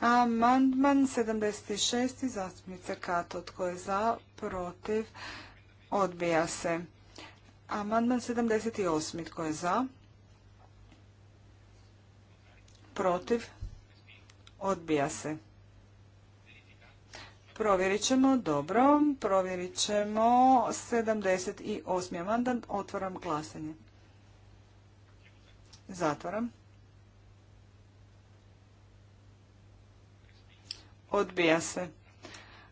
Amandman 76. Zastupnica Kato. Tko je za? Protiv? Odbija se. Amandman 78. Tko je za? Protiv? Odbija se. Provjerit ćemo, dobro, provjerit ćemo 78. amandman, otvaram glasanje. Zatvaram. Odbija se.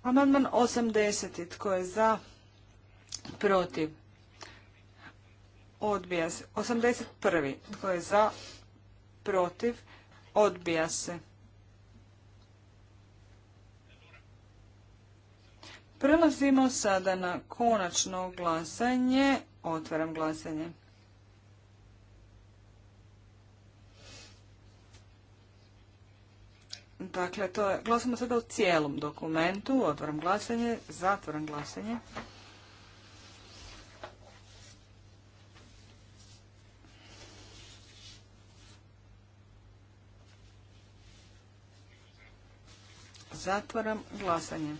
Amandman 80. Tko je za? Protiv. Odbija se. 81. Tko je za? Protiv. Odbija se. Prelazimo sada na konačno glasanje. Otvaram glasanje. Dakle, to je, glasamo sada u cijelom dokumentu. Otvaram glasanje, zatvaram glasanje. Zatvaram glasanje.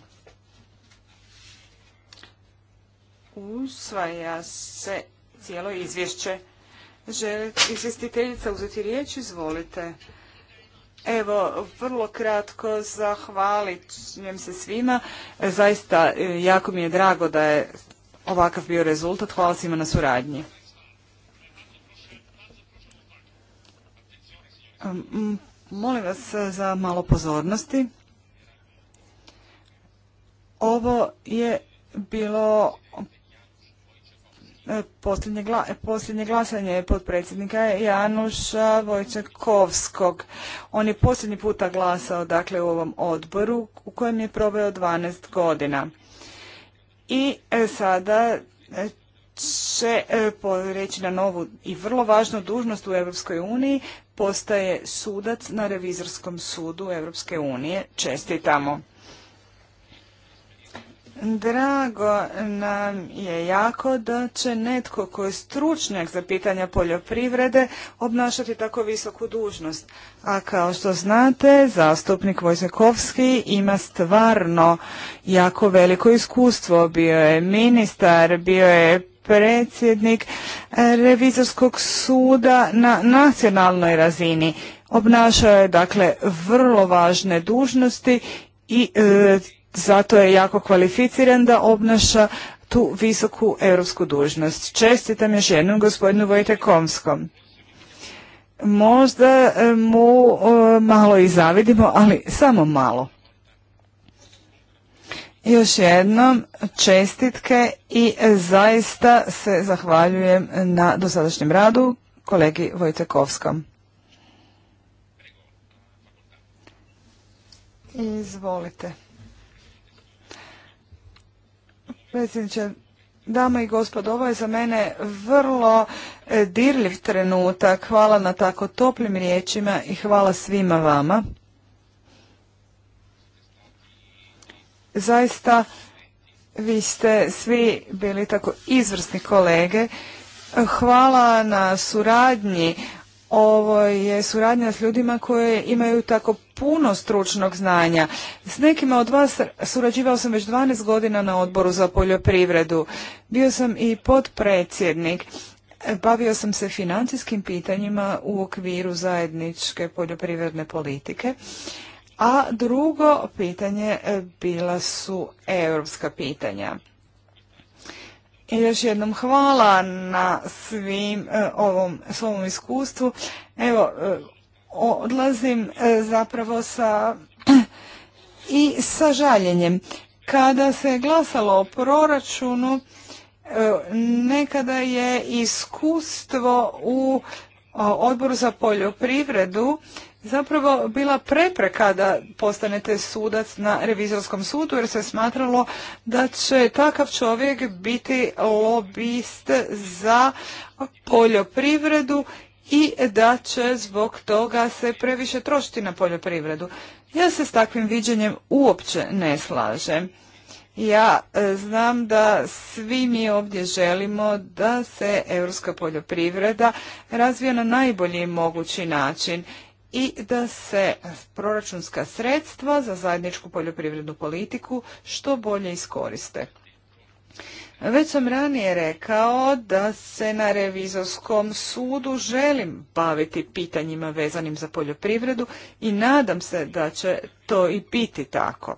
usvaja se cijelo izvješće. Želi izvjestiteljica uzeti riječ? Izvolite. Evo, vrlo kratko zahvaljujem se svima. E, zaista e, jako mi je drago da je ovakav bio rezultat. Hvala svima na suradnji. Molim vas e, za malo pozornosti. Ovo je bilo E, posljednje, posljednje glasanje potpredsjednika Januša Vojčekovskog. On je posljednji puta glasao dakle, u ovom odboru u kojem je proveo 12 godina. I e, sada e, će reći na novu i vrlo važnu dužnost u Europskoj uniji postaje sudac na revizorskom sudu Europske unije. Čestitamo. Drago nam je jako da će netko koji je stručnjak za pitanja poljoprivrede obnašati tako visoku dužnost. A kao što znate, zastupnik Vojsekovski ima stvarno jako veliko iskustvo. Bio je ministar, bio je predsjednik e, revizorskog suda na nacionalnoj razini. Obnašao je dakle vrlo važne dužnosti i e, zato je jako kvalificiran da obnaša tu visoku europsku dužnost. Čestitam još jednom gospodinu Vojtekomskom. Možda e, mu e, malo i zavidimo, ali samo malo. Još jednom čestitke i e, zaista se zahvaljujem na dosadašnjem radu kolegi Vojtekovskom. Izvolite. Predsjedniče, dame i gospodo, ovo je za mene vrlo e, dirljiv trenutak. Hvala na tako toplim riječima i hvala svima vama. Zaista, vi ste svi bili tako izvrsni kolege. Hvala na suradnji ovo je suradnja s ljudima koje imaju tako puno stručnog znanja. S nekima od vas surađivao sam već 12 godina na odboru za poljoprivredu. Bio sam i potpredsjednik. Bavio sam se financijskim pitanjima u okviru zajedničke poljoprivredne politike. A drugo pitanje bila su europska pitanja. Još jednom hvala na svim e, ovom svom iskustvu. Evo, e, odlazim e, zapravo sa (clears throat) i sa žaljenjem. Kada se glasalo o proračunu, nekada je iskustvo u odboru za poljoprivredu zapravo bila prepreka da postanete sudac na revizorskom sudu jer se smatralo da će takav čovjek biti lobist za poljoprivredu i da će zbog toga se previše trošiti na poljoprivredu. Ja se s takvim viđenjem uopće ne slažem. Ja e, znam da svi mi ovdje želimo da se europska poljoprivreda razvija na najbolji mogući način i da se proračunska sredstva za zajedničku poljoprivrednu politiku što bolje iskoriste. Već sam ranije rekao da se na revizorskom sudu želim baviti pitanjima vezanim za poljoprivredu i nadam se da će to i biti tako.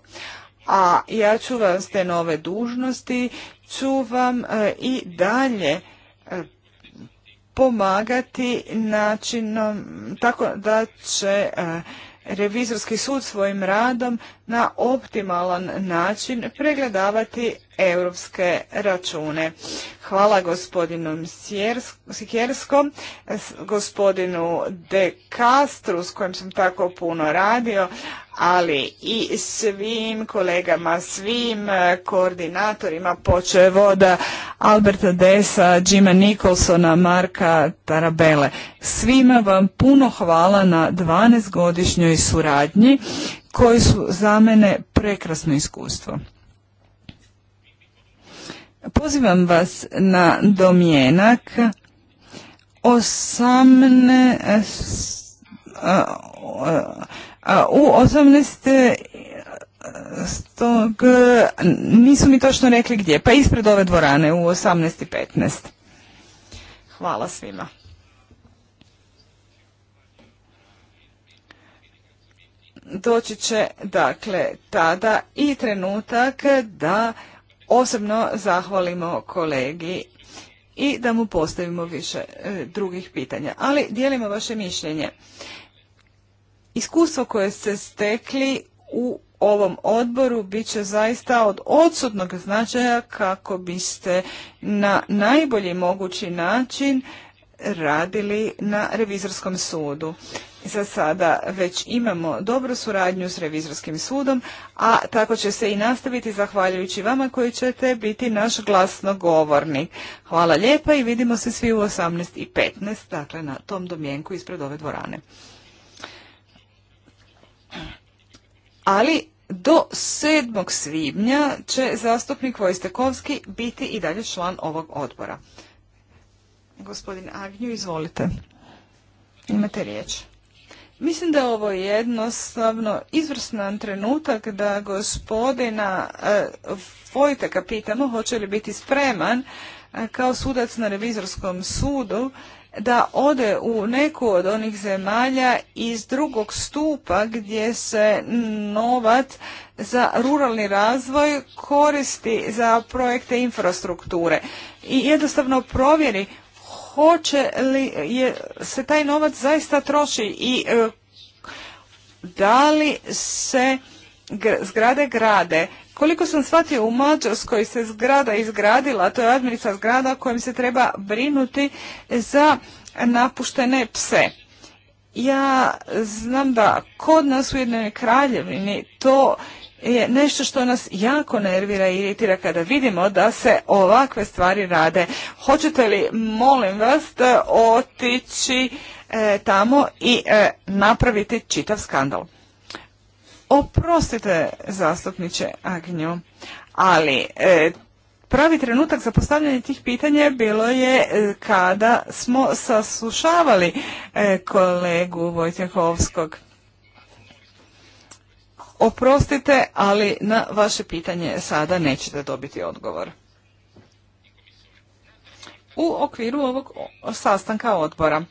A ja ću vam s te nove dužnosti, ću vam e, i dalje pomagati načinom tako da će e, revizorski sud svojim radom na optimalan način pregledavati europske račune. Hvala gospodinu Sikerskom, gospodinu De Castru s kojim sam tako puno radio, ali i svim kolegama, svim e, koordinatorima počev od Alberta Desa, Jima Nicholsona, Marka Tarabele. Svima vam puno hvala na 12-godišnjoj suradnji koji su za mene prekrasno iskustvo. Pozivam vas na domjenak 18 u 18. E, stog, e, nisu mi točno rekli gdje, pa ispred ove dvorane u 18.15. Hvala svima. Doći će, dakle, tada i trenutak da osobno zahvalimo kolegi i da mu postavimo više e, drugih pitanja. Ali dijelimo vaše mišljenje. Iskustvo koje ste stekli u ovom odboru bit će zaista od odsudnog značaja kako biste na najbolji mogući način radili na revizorskom sudu. Za sada već imamo dobru suradnju s revizorskim sudom, a tako će se i nastaviti zahvaljujući vama koji ćete biti naš glasnogovornik. Hvala lijepa i vidimo se svi u 18.15, dakle na tom domjenku ispred ove dvorane. Ali do 7. svibnja će zastupnik Vojstekovski biti i dalje član ovog odbora. Gospodin Agnju, izvolite. Imate riječ. Mislim da je ovo jednostavno izvrstan trenutak da gospodina eh, Vojteka pitamo hoće li biti spreman eh, kao sudac na revizorskom sudu da ode u neku od onih zemalja iz drugog stupa gdje se novac za ruralni razvoj koristi za projekte infrastrukture i jednostavno provjeri hoće li je, se taj novac zaista troši i e, da li se zgrade grade koliko sam shvatio u Mađarskoj se zgrada izgradila, to je administra zgrada kojom se treba brinuti za napuštene pse. Ja znam da kod nas u jednoj kraljevini to je nešto što nas jako nervira i iritira kada vidimo da se ovakve stvari rade. Hoćete li, molim vas, otići e, tamo i e, napraviti čitav skandal? Oprostite, zastupniče Agnju, ali e, pravi trenutak za postavljanje tih pitanja bilo je e, kada smo saslušavali e, kolegu Vojtjehovskog. Oprostite, ali na vaše pitanje sada nećete dobiti odgovor. U okviru ovog sastanka odbora.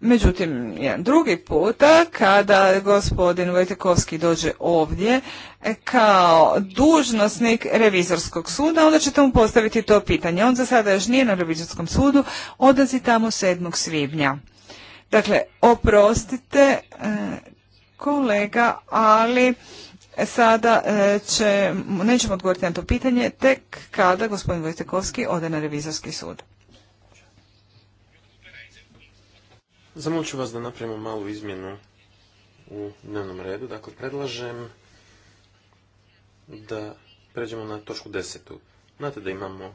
Međutim, jedan drugi puta kada gospodin Vojtekovski dođe ovdje e, kao dužnosnik revizorskog suda, onda ćete mu postaviti to pitanje. On za sada još nije na revizorskom sudu, odlazi tamo 7. svibnja. Dakle, oprostite e, kolega, ali sada e, će, nećemo odgovoriti na to pitanje tek kada gospodin Vojtekovski ode na revizorski sud. Zamolit ću vas da napravimo malu izmjenu u dnevnom redu. Dakle, predlažem da pređemo na točku desetu. Znate da imamo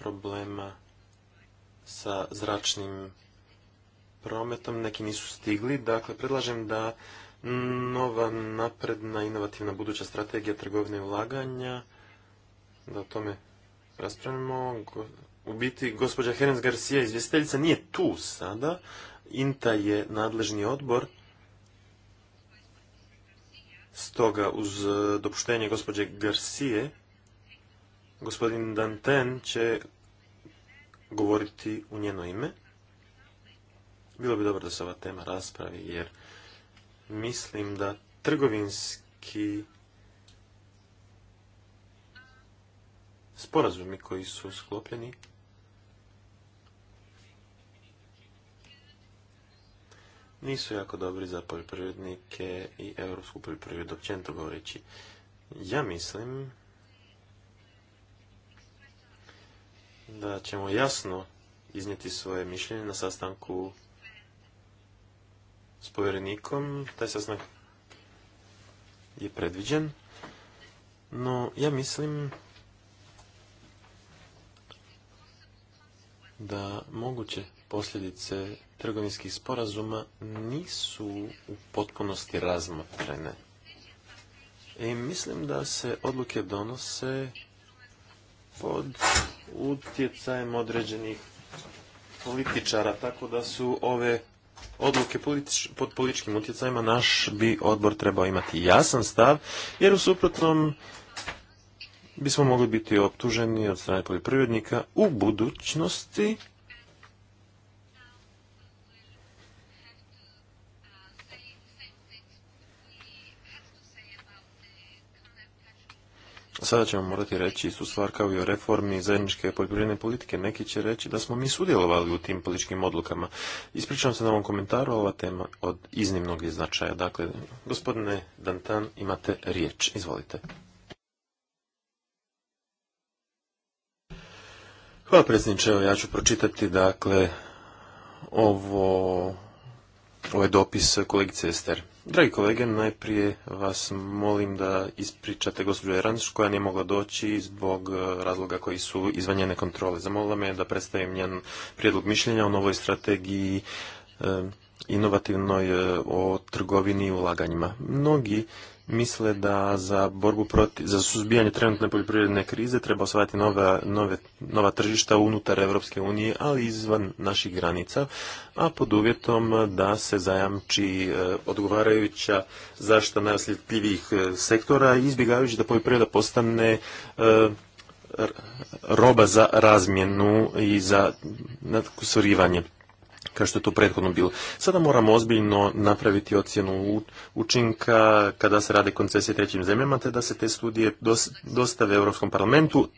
problema sa zračnim prometom, neki nisu stigli. Dakle, predlažem da nova napredna inovativna buduća strategija trgovine ulaganja, da o tome raspravimo. U biti, gospođa Herens Garcia, izvjestiteljica, nije tu sada, INTA je nadležni odbor, stoga uz e, dopuštenje gospođe Garcije, gospodin Danten će govoriti u njeno ime. Bilo bi dobro da se ova tema raspravi, jer mislim da trgovinski sporazumi koji su sklopljeni nisu jako dobri za poljoprivrednike i europsku poljoprivredu općenito govoreći. Ja mislim da ćemo jasno iznijeti svoje mišljenje na sastanku s povjerenikom. Taj sastanak je predviđen, no ja mislim da moguće posljedice trgovinskih sporazuma nisu u potpunosti razmatrene. I mislim da se odluke donose pod utjecajem određenih političara, tako da su ove odluke politič, pod političkim utjecajima naš bi odbor trebao imati jasan stav, jer u suprotnom bismo mogli biti optuženi od strane poljoprivrednika u budućnosti Sada ćemo morati reći istu stvar kao i o reformi zajedničke poljoprivredne politike. Neki će reći da smo mi sudjelovali u tim političkim odlukama. Ispričavam se na ovom komentaru, ova tema od iznimnog je značaja. Dakle, gospodine Dantan, imate riječ. Izvolite. Hvala predsjedniče, ja ću pročitati dakle ovo, ovaj dopis kolegice Ester. Dragi kolege, najprije vas molim da ispričate gospođu Eranš koja nije mogla doći zbog e, razloga koji su izvan kontrole. Zamolila me da predstavim njen prijedlog mišljenja o novoj strategiji e, inovativnoj e, o trgovini i ulaganjima. Mnogi misle da za borbu protiv, za suzbijanje trenutne poljoprivredne krize treba osvajati nove, nove, nova tržišta unutar Europske unije, ali izvan naših granica, a pod uvjetom da se zajamči e, odgovarajuća zaštita najosjetljivijih e, sektora, izbjegavajući da poljoprivreda postane e, roba za razmjenu i za nadkusurivanje kao što je to prethodno bilo. Sada moramo ozbiljno napraviti ocjenu učinka kada se rade koncesije trećim zemljama, te da se te studije dostave Europskom parlamentu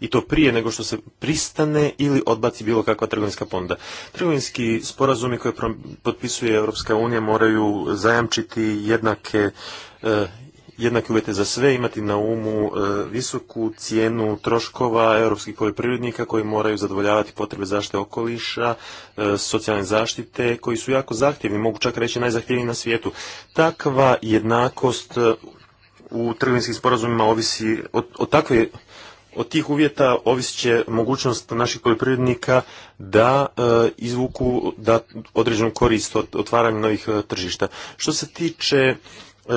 i to prije nego što se pristane ili odbaci bilo kakva trgovinska ponda. Trgovinski sporazumi koje potpisuje Europska unija moraju zajamčiti jednake eh, jednake uvjete za sve, imati na umu e, visoku cijenu troškova europskih poljoprivrednika koji moraju zadovoljavati potrebe zaštite okoliša, e, socijalne zaštite, koji su jako zahtjevni, mogu čak reći najzahtjevniji na svijetu. Takva jednakost e, u trgovinskim sporazumima ovisi od takve od tih uvjeta ovisit će mogućnost naših poljoprivrednika da izvuku da određenu korist od otvaranja novih tržišta. Što se tiče E,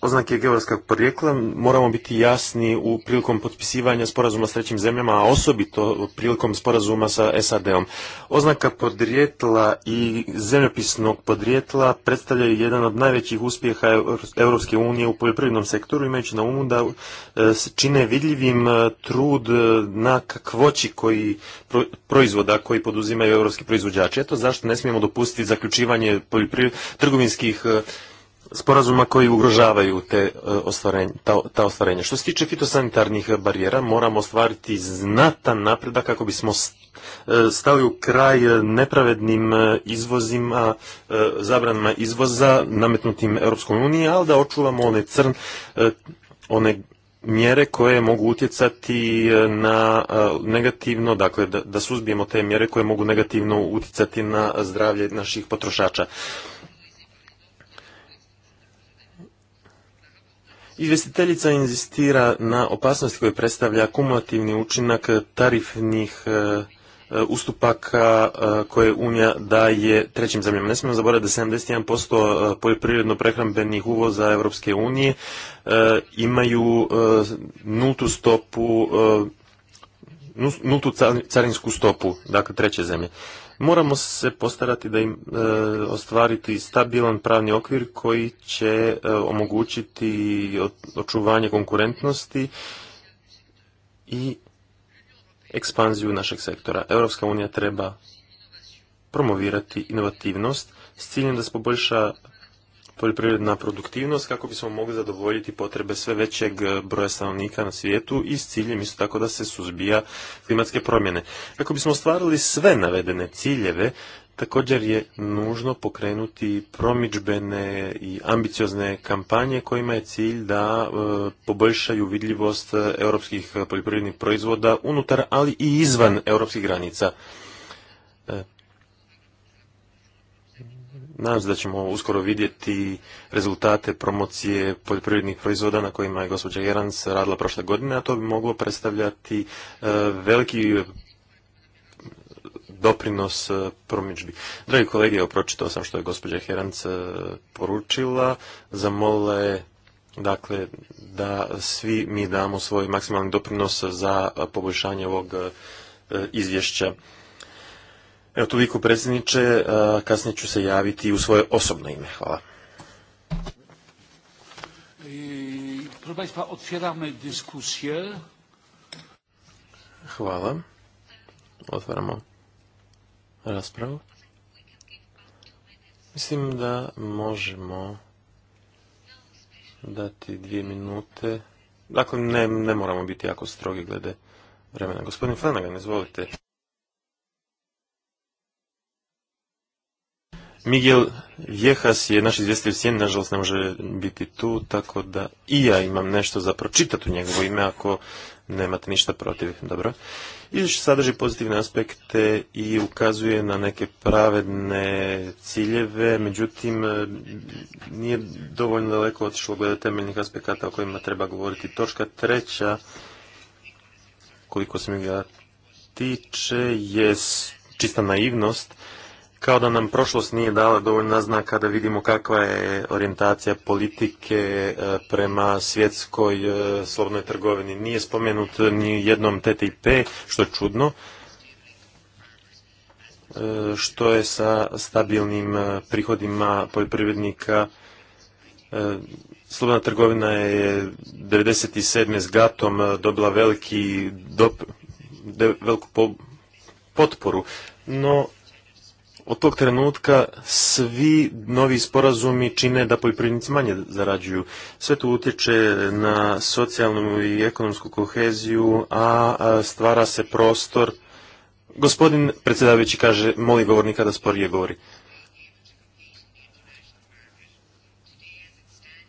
oznake geografskog porijekla moramo biti jasni u prilikom potpisivanja sporazuma s trećim zemljama, a osobito prilikom sporazuma sa SAD-om. Oznaka podrijetla i zemljopisnog podrijetla predstavljaju jedan od najvećih uspjeha Europske unije u poljoprivrednom sektoru, imajući na umu da e, čine vidljivim e, trud na kakvoći koji proizvoda koji poduzimaju europski proizvođači. Eto zašto ne smijemo dopustiti zaključivanje trgovinskih sporazuma koji ugrožavaju te e, ta, ostvarenja. Što se tiče fitosanitarnih barijera, moramo ostvariti znatan napredak kako bismo e, stali u kraj nepravednim e, izvozima, zabranama izvoza nametnutim Europskom uniji, ali da očuvamo one crn, one mjere koje mogu utjecati na negativno, dakle da, da suzbijemo te mjere koje mogu negativno utjecati na zdravlje naših potrošača. Izvjestiteljica inzistira na opasnosti koje predstavlja kumulativni učinak tarifnih e, e, ustupaka e, koje Unija daje trećim zemljama. Ne smijemo zaboraviti da 71% poljoprivredno prehrambenih uvoza Europske unije imaju nultu stopu nultu carinsku stopu, dakle treće zemlje. Moramo se postarati da im e, ostvariti stabilan pravni okvir koji će e, omogućiti očuvanje konkurentnosti i ekspanziju našeg sektora. Europska unija treba promovirati inovativnost s ciljem da se poboljša poljoprivredna produktivnost kako bismo mogli zadovoljiti potrebe sve većeg e, broja stanovnika na svijetu i s ciljem isto tako da se suzbija klimatske promjene. Kako bismo ostvarili sve navedene ciljeve, također je nužno pokrenuti promičbene i ambiciozne kampanje kojima je cilj da e, poboljšaju vidljivost europskih poljoprivrednih proizvoda unutar, ali i izvan europskih granica. E, Nadam se da ćemo uskoro vidjeti rezultate promocije poljoprivrednih proizvoda na kojima je gospođa Jerans radila prošle godine, a to bi moglo predstavljati e, veliki e, doprinos e, promidžbi. Dragi kolege, evo pročitao sam što je gospođa Heranc poručila, zamolila je dakle da svi mi damo svoj maksimalni doprinos za poboljšanje ovog izvješća. Evo toliko predsjedniče, e, kasnije ću se javiti u svoje osobno ime. Hvala. Proszę Państwa, otwieramy Mislim da možemo dati dvije minute. Dakle, ne, moramo biti jako strogi glede vremena. Gospodin Flanagan, izvolite. Miguel Vjehas je naš izvjestitelj Sjen, nažalost ne može biti tu, tako da i ja imam nešto za pročitati u njegovo ime ako nemate ništa protiv. Dobro. Izvješće sadrži pozitivne aspekte i ukazuje na neke pravedne ciljeve, međutim nije dovoljno daleko otišlo glede temeljnih aspekata o kojima treba govoriti. Točka treća, koliko se mi ga tiče, je čista naivnost kao da nam prošlost nije dala dovoljna znaka da vidimo kakva je orijentacija politike e, prema svjetskoj e, slobodnoj trgovini. Nije spomenut ni jednom TTIP, što je čudno, e, što je sa stabilnim prihodima poljoprivrednika. Slobodna trgovina je 1997. s Gatom dobila veliki veliku potporu, no od tog trenutka svi novi sporazumi čine da poljoprivrednici manje zarađuju. Sve to utječe na socijalnu i ekonomsku koheziju, a stvara se prostor. Gospodin predsjedavajući kaže, moli govornika da sporije govori.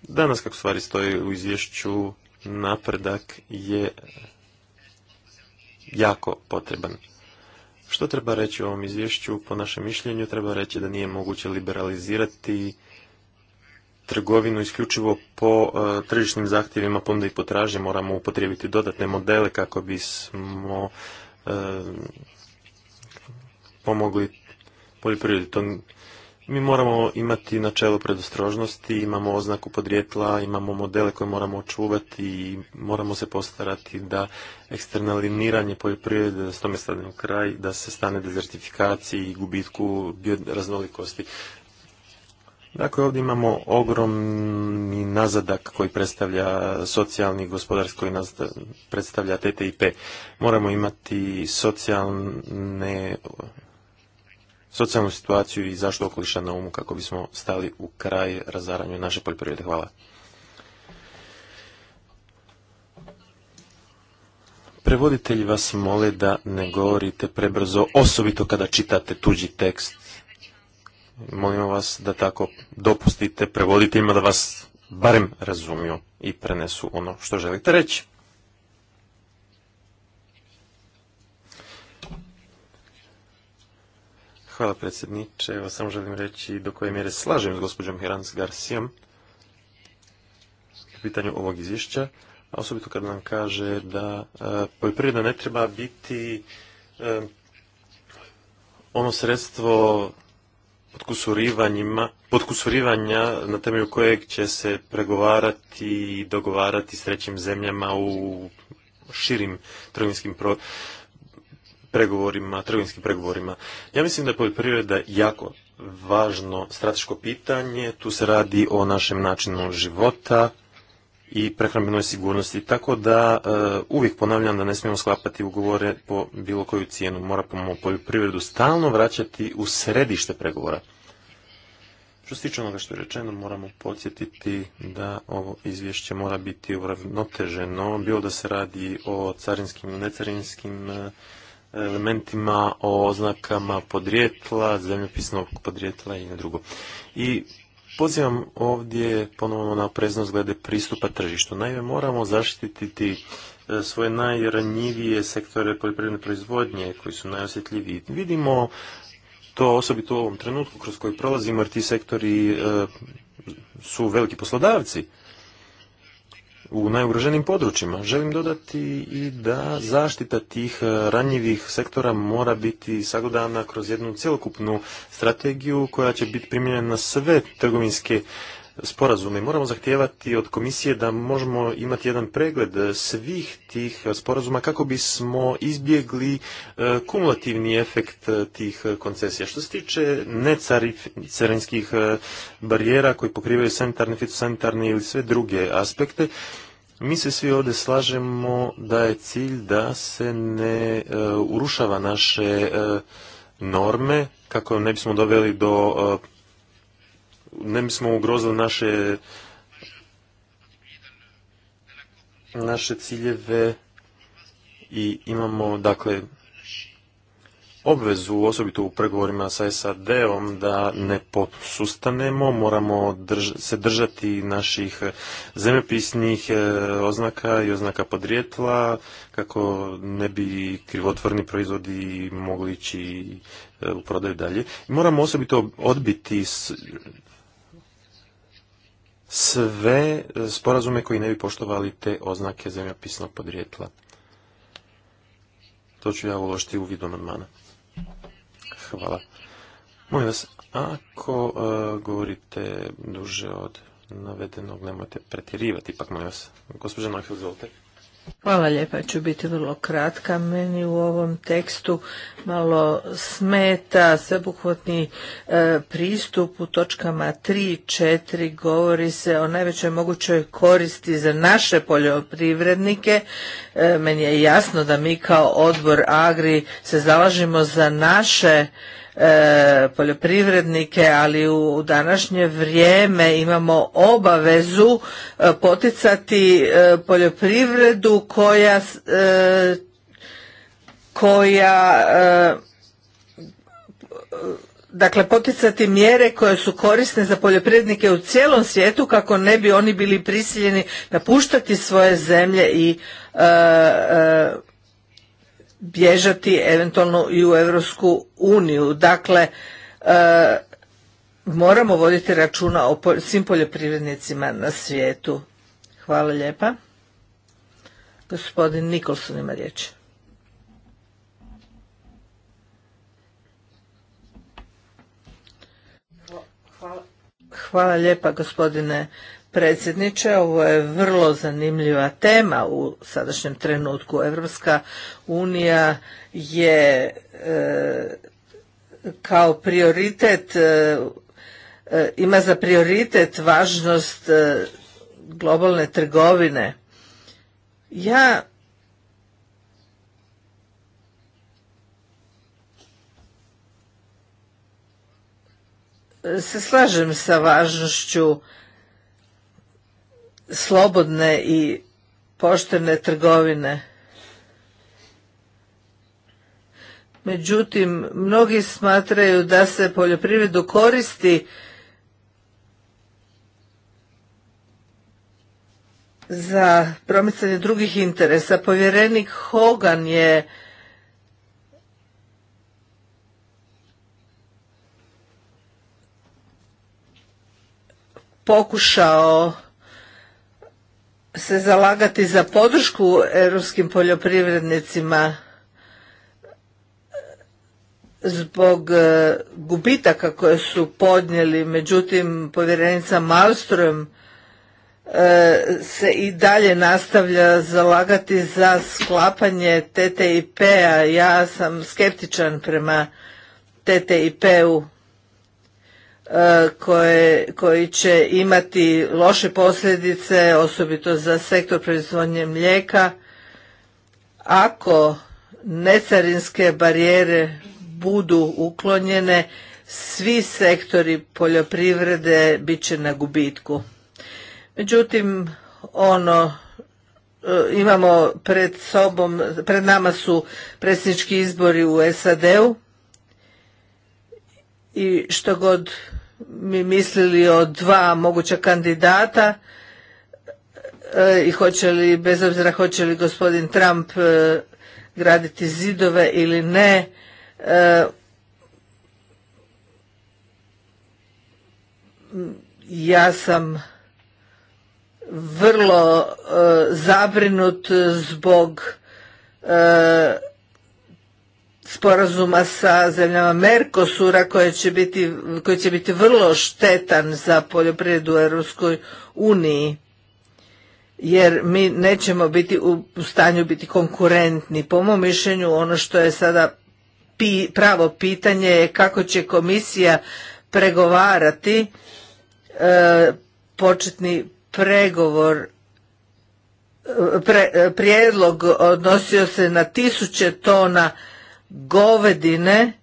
Danas, kako stvari stoje u izvješću, napredak je jako potreban. Što treba reći o ovom izvješću? Po našem mišljenju treba reći da nije moguće liberalizirati trgovinu isključivo po e, tržišnim zahtjevima ponude i potražnje. Moramo upotrijebiti dodatne modele kako bismo e, pomogli poljoprivredi. Mi moramo imati načelo predostrožnosti, imamo oznaku podrijetla, imamo modele koje moramo očuvati i moramo se postarati da eksternaliziranje poljoprivrede da tome stane u kraj, da se stane dezertifikaciji i gubitku bioraznolikosti. Dakle, ovdje imamo ogromni nazadak koji predstavlja socijalni gospodarski koji predstavlja TTIP. Moramo imati socijalne socijalnu situaciju i zašto okoliša na umu kako bismo stali u kraj razaranju naše poljoprivrede. Hvala. Prevoditelji vas mole da ne govorite prebrzo, osobito kada čitate tuđi tekst. Molimo vas da tako dopustite prevoditeljima da vas barem razumiju i prenesu ono što želite reći. Hvala predsjedniče. Evo samo želim reći do koje mjere slažem s gospođom Herans Garcijom u pitanju ovog izvješća, a osobito kad nam kaže da e, poljoprivreda ne treba biti e, ono sredstvo podkusurivanja na temelju kojeg će se pregovarati i dogovarati s trećim zemljama u širim trgovinskim pro, pregovorima, trgovinskim pregovorima. Ja mislim da je poljoprivreda jako važno strateško pitanje. Tu se radi o našem načinu života i prehrambenoj sigurnosti. Tako da e, uvijek ponavljam da ne smijemo sklapati ugovore po bilo koju cijenu. Moramo poljoprivredu stalno vraćati u središte pregovora. Što se tiče onoga što je rečeno, moramo podsjetiti da ovo izvješće mora biti uravnoteženo, bilo da se radi o carinskim, necarinskim e, elementima, o oznakama podrijetla, zemljopisnog podrijetla i na drugo. I pozivam ovdje ponovno na opreznost glede pristupa tržištu. Naime, moramo zaštititi e, svoje najranjivije sektore poljoprivredne proizvodnje koji su najosjetljiviji. Vidimo to osobito u ovom trenutku kroz koji prolazimo jer ti sektori e, su veliki poslodavci u najugroženim područjima. Želim dodati i da zaštita tih e, ranjivih sektora mora biti sagledana kroz jednu cjelokupnu strategiju koja će biti primijenjena na sve trgovinske sporazume. Moramo zahtijevati od komisije da možemo imati jedan pregled svih tih sporazuma kako bismo izbjegli e, kumulativni efekt e, tih koncesija. Što se tiče necarinskih e, barijera koji pokrivaju sanitarne, fitosanitarne ili sve druge aspekte, mi se svi ovdje slažemo da je cilj da se ne urušava naše norme kako ne bismo doveli do ne bismo ugrozili naše naše ciljeve i imamo dakle obvezu, osobito u pregovorima sa SAD-om, da ne posustanemo, moramo se držati naših zemljopisnih e, oznaka i oznaka podrijetla, kako ne bi krivotvorni proizvodi mogli ići e, u prodaju dalje. Moramo osobito odbiti sve e, sporazume koji ne bi poštovali te oznake zemljopisnog podrijetla. To ću ja uložiti u vidu amandmana. Hvala. Molim vas, ako e, govorite duže od navedenog, nemojte pretjerivati, ipak molim vas. Gospođa Nahil, izvolite. Hvala lijepa, ću biti vrlo kratka. Meni u ovom tekstu malo smeta sveobuhvatni e, pristup u točkama 3 4 govori se o najvećoj mogućoj koristi za naše poljoprivrednike. E, meni je jasno da mi kao odbor Agri se zalažimo za naše E, poljoprivrednike, ali u današnje vrijeme imamo obavezu e, poticati e, poljoprivredu koja koja dakle poticati mjere koje su korisne za poljoprivrednike u cijelom svijetu kako ne bi oni bili prisiljeni napuštati svoje zemlje i bježati eventualno i u Europsku uniju. Dakle, e, moramo voditi računa o svim poljoprivrednicima na svijetu. Hvala lijepa. Gospodin Nikolson ima riječ. Hvala lijepa gospodine predsjedniče. Ovo je vrlo zanimljiva tema u sadašnjem trenutku. Evropska unija je e, kao prioritet e, e, ima za prioritet važnost globalne trgovine. Ja se slažem sa važnošću slobodne i poštene trgovine. Međutim, mnogi smatraju da se poljoprivredu koristi za promicanje drugih interesa. Povjerenik Hogan je pokušao se zalagati za podršku europskim poljoprivrednicima zbog e, gubitaka koje su podnijeli, međutim povjerenica Malmström e, se i dalje nastavlja zalagati za sklapanje TTIP-a. Ja sam skeptičan prema TTIP-u koji će imati loše posljedice, osobito za sektor proizvodnje mlijeka, ako necarinske barijere budu uklonjene, svi sektori poljoprivrede bit će na gubitku. Međutim, ono e, imamo pred sobom, pred nama su predsjednički izbori u SAD-u i što god mi mislili o dva moguća kandidata e, i hoće li, bez obzira hoće li gospodin Trump e, graditi zidove ili ne, e, ja sam vrlo zabrinut zbog sporazuma sa zemljama Merkosura koje će biti, koji će biti vrlo štetan za poljoprivredu u Europskoj uniji jer mi nećemo biti u stanju biti konkurentni. Po mom mišljenju ono što je sada pravo pitanje je kako će komisija pregovarati e, početni pregovor e, e, prijedlog odnosio se na tisuće tona govedine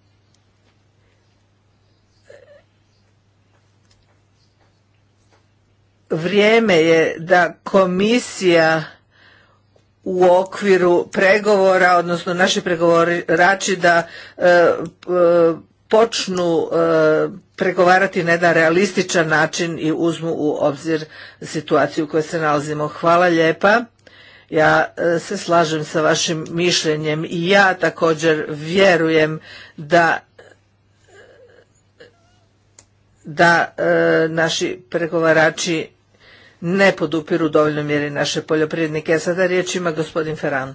vrijeme je da komisija u okviru pregovora, odnosno naši pregovarači da e, počnu e, pregovarati na jedan realističan način i uzmu u obzir situaciju u kojoj se nalazimo. Hvala lijepa. Ja e, se slažem sa vašim mišljenjem i ja također vjerujem da da e, naši pregovarači ne podupiru dovoljno mjeri naše poljoprivrednike. A sada riječ ima gospodin Ferran.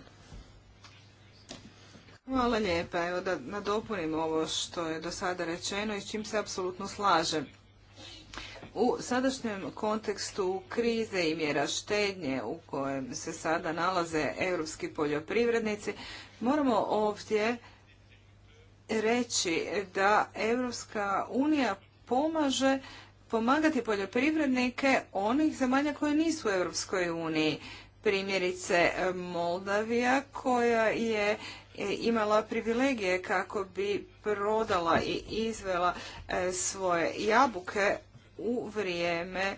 Hvala lijepa. Evo da nadopunim ovo što je do sada rečeno i s čim se apsolutno slažem. U sadašnjem kontekstu krize i mjera štednje u kojem se sada nalaze europski poljoprivrednici, moramo ovdje reći da Europska unija pomaže pomagati poljoprivrednike onih zemalja koje nisu u Europskoj uniji. Primjerice Moldavija koja je e, imala privilegije kako bi prodala i izvela e, svoje jabuke u vrijeme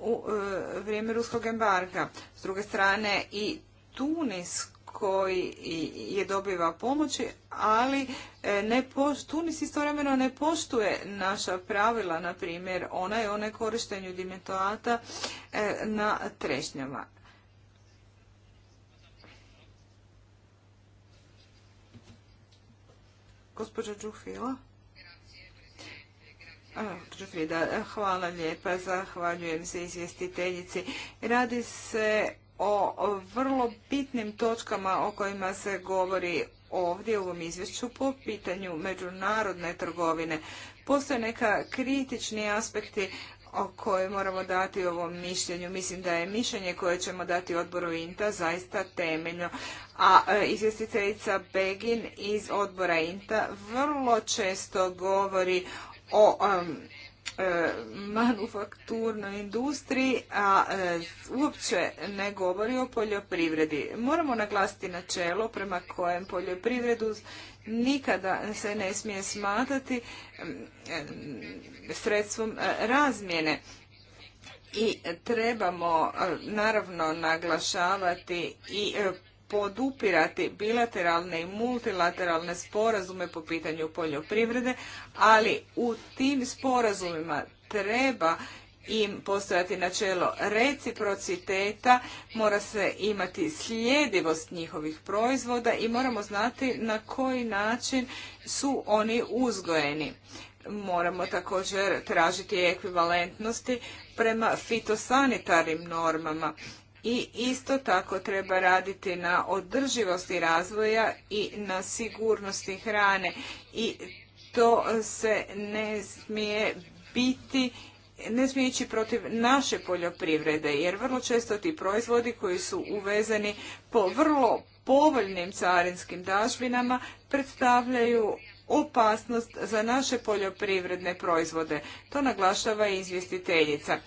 u e, vrijeme ruskog embarga. S druge strane i Tunis koji je dobiva pomoći, ali e, ne Tunis istovremeno ne poštuje naša pravila, na primjer, ona je one korištenju dimetoata e, na trešnjama. Gospođa Džufila? Hvala lijepa, zahvaljujem se izvjestiteljici. Radi se o vrlo bitnim točkama o kojima se govori ovdje u ovom izvješću po pitanju međunarodne trgovine. Postoje neka kritični aspekti o koje moramo dati ovom mišljenju. Mislim da je mišljenje koje ćemo dati odboru INTA zaista temeljno. A e, izvjestiteljica Begin iz odbora INTA vrlo često govori o um, e, manufakturnoj industriji, a e, uopće ne govori o poljoprivredi. Moramo naglasiti načelo prema kojem poljoprivredu nikada se ne smije smatrati e, sredstvom razmjene. I trebamo naravno naglašavati i podupirati bilateralne i multilateralne sporazume po pitanju poljoprivrede, ali u tim sporazumima treba im postojati načelo reciprociteta, mora se imati sljedivost njihovih proizvoda i moramo znati na koji način su oni uzgojeni. Moramo također tražiti ekvivalentnosti prema fitosanitarnim normama i isto tako treba raditi na održivosti razvoja i na sigurnosti hrane i to se ne smije biti ne smije ići protiv naše poljoprivrede, jer vrlo često ti proizvodi koji su uvezeni po vrlo povoljnim carinskim dažbinama predstavljaju opasnost za naše poljoprivredne proizvode. To naglašava i izvjestiteljica.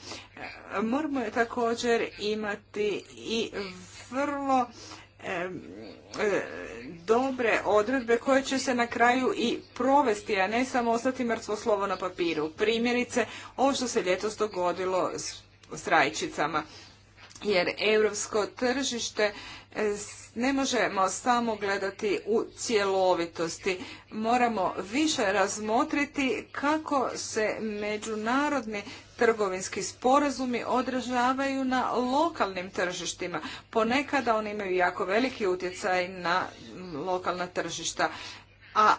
Moramo je također imati i vrlo e, dobre odredbe koje će se na kraju i provesti, a ne samo ostati mrtvo slovo na papiru. Primjerice, ovo što se ljetos dogodilo s rajčicama. Jer europsko tržište e, ne možemo samo gledati u cjelovitosti. Moramo više razmotriti kako se međunarodni trgovinski sporazumi odražavaju na lokalnim tržištima. Ponekada oni imaju jako veliki utjecaj na lokalna tržišta a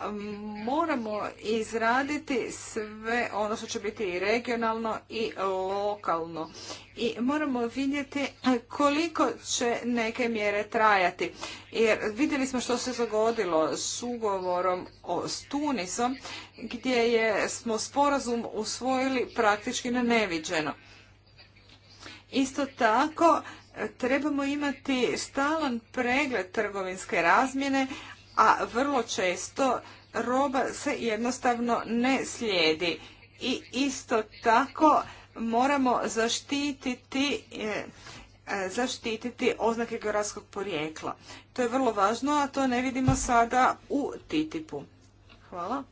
moramo izraditi sve ono što će biti i regionalno i lokalno. I moramo vidjeti koliko će neke mjere trajati. Jer vidjeli smo što se dogodilo s ugovorom o, s Tunisom gdje je, smo sporazum usvojili praktički na neviđeno. Isto tako e, trebamo imati stalan pregled trgovinske razmjene, a vrlo često roba se jednostavno ne slijedi. I isto tako moramo zaštititi e, e, zaštititi oznake geografskog porijekla. To je vrlo važno, a to ne vidimo sada u TTIP-u. Hvala.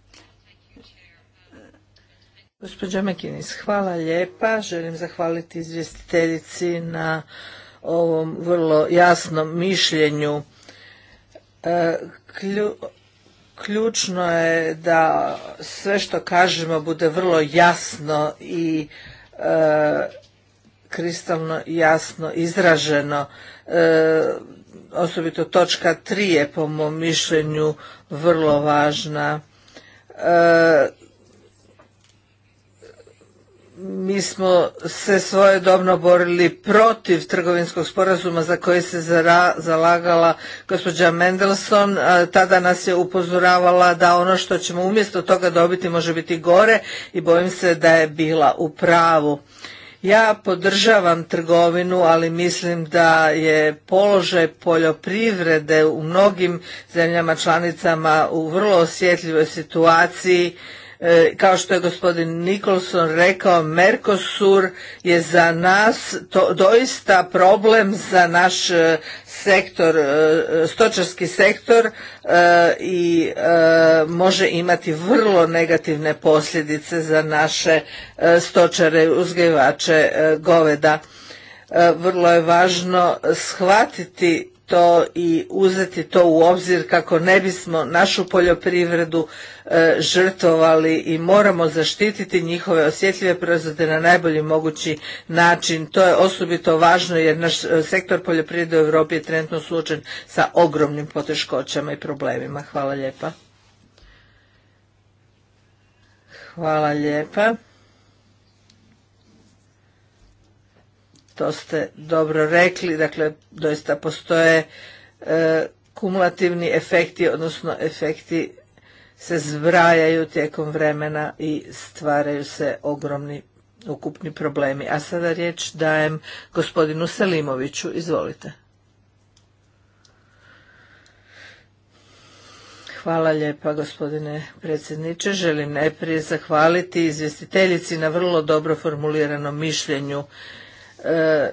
Gospođa Mekinis, hvala lijepa. Želim zahvaliti izvjestiteljici na ovom vrlo jasnom mišljenju E, ključno je da sve što kažemo bude vrlo jasno i e, kristalno jasno izraženo. E, osobito točka tri je po mom mišljenju vrlo važna mi smo se dobno borili protiv trgovinskog sporazuma za koje se zalagala gospođa Mendelson. Tada nas je upozoravala da ono što ćemo umjesto toga dobiti može biti gore i bojim se da je bila u pravu. Ja podržavam trgovinu, ali mislim da je položaj poljoprivrede u mnogim zemljama članicama u vrlo osjetljivoj situaciji E, kao što je gospodin Nikolson rekao, Mercosur je za nas to, doista problem za naš e, sektor, e, stočarski sektor i može imati vrlo negativne posljedice za naše stočare, uzgajivače goveda vrlo je važno shvatiti to i uzeti to u obzir kako ne bismo našu poljoprivredu e, žrtvovali i moramo zaštititi njihove osjetljive proizvode na najbolji mogući način. To je osobito važno jer naš e, sektor poljoprivrede u Europi je trenutno suočen sa ogromnim poteškoćama i problemima. Hvala lijepa. Hvala lijepa. to ste dobro rekli, dakle doista postoje e, kumulativni efekti, odnosno efekti se zbrajaju tijekom vremena i stvaraju se ogromni ukupni problemi. A sada riječ dajem gospodinu Selimoviću, izvolite. Hvala lijepa gospodine predsjedniče. Želim najprije zahvaliti izvjestiteljici na vrlo dobro formuliranom mišljenju E,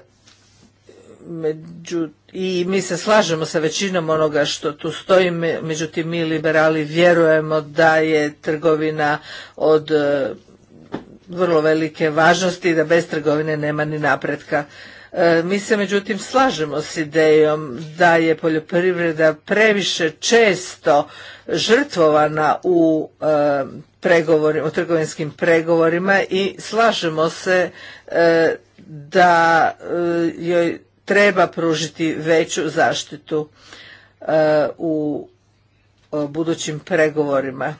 među, i mi se slažemo sa većinom onoga što tu stoji, međutim mi liberali vjerujemo da je trgovina od e, vrlo velike važnosti i da bez trgovine nema ni napretka. E, mi se međutim slažemo s idejom da je poljoprivreda previše često žrtvovana u u trgovinskim pregovorima i slažemo se da e, joj treba pružiti veću zaštitu e, u e, budućim pregovorima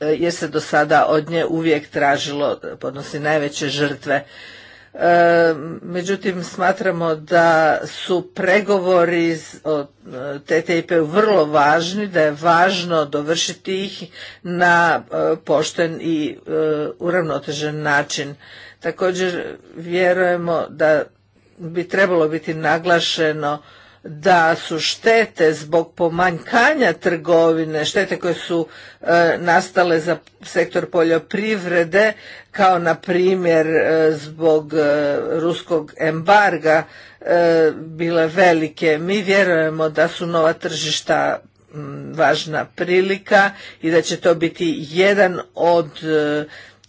jer se do sada od nje uvijek tražilo podnosi najveće žrtve međutim smatramo da su pregovori o ttip vrlo važni, da je važno dovršiti ih na pošten i uravnotežen način. Također vjerujemo da bi trebalo biti naglašeno da su štete zbog pomanjkanja trgovine, štete koje su e, nastale za sektor poljoprivrede, kao na primjer e, zbog e, ruskog embarga, bile velike. Mi vjerujemo da su nova tržišta važna prilika i da će to biti jedan od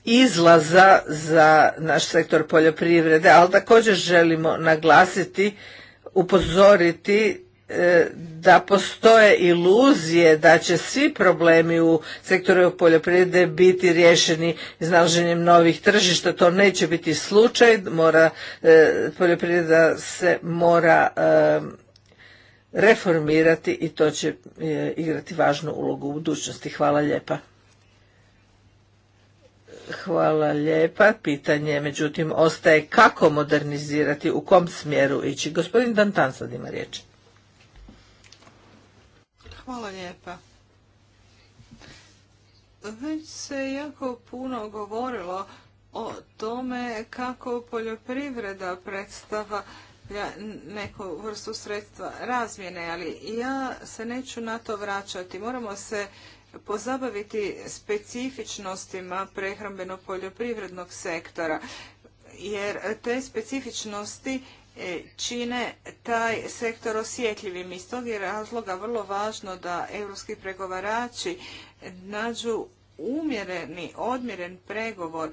izlaza za naš sektor poljoprivrede, ali također želimo naglasiti, upozoriti e, da postoje iluzije da će svi problemi u sektoru poljoprivrede biti riješeni iznalaženjem novih tržišta. To neće biti slučaj. Mora, e, poljoprivreda se mora e, reformirati i to će igrati važnu ulogu u budućnosti. Hvala lijepa. Hvala lijepa. Pitanje, međutim, ostaje kako modernizirati, u kom smjeru ići. Gospodin Dantan sad ima riječ. Hvala lijepa. Već se jako puno govorilo o tome kako poljoprivreda predstava neku vrstu sredstva razmjene, ali ja se neću na to vraćati. Moramo se pozabaviti specifičnostima prehrambeno-poljoprivrednog sektora, jer te specifičnosti e, čine taj sektor osjetljivim. Iz tog je razloga vrlo važno da europski pregovarači nađu umjereni, odmjeren pregovor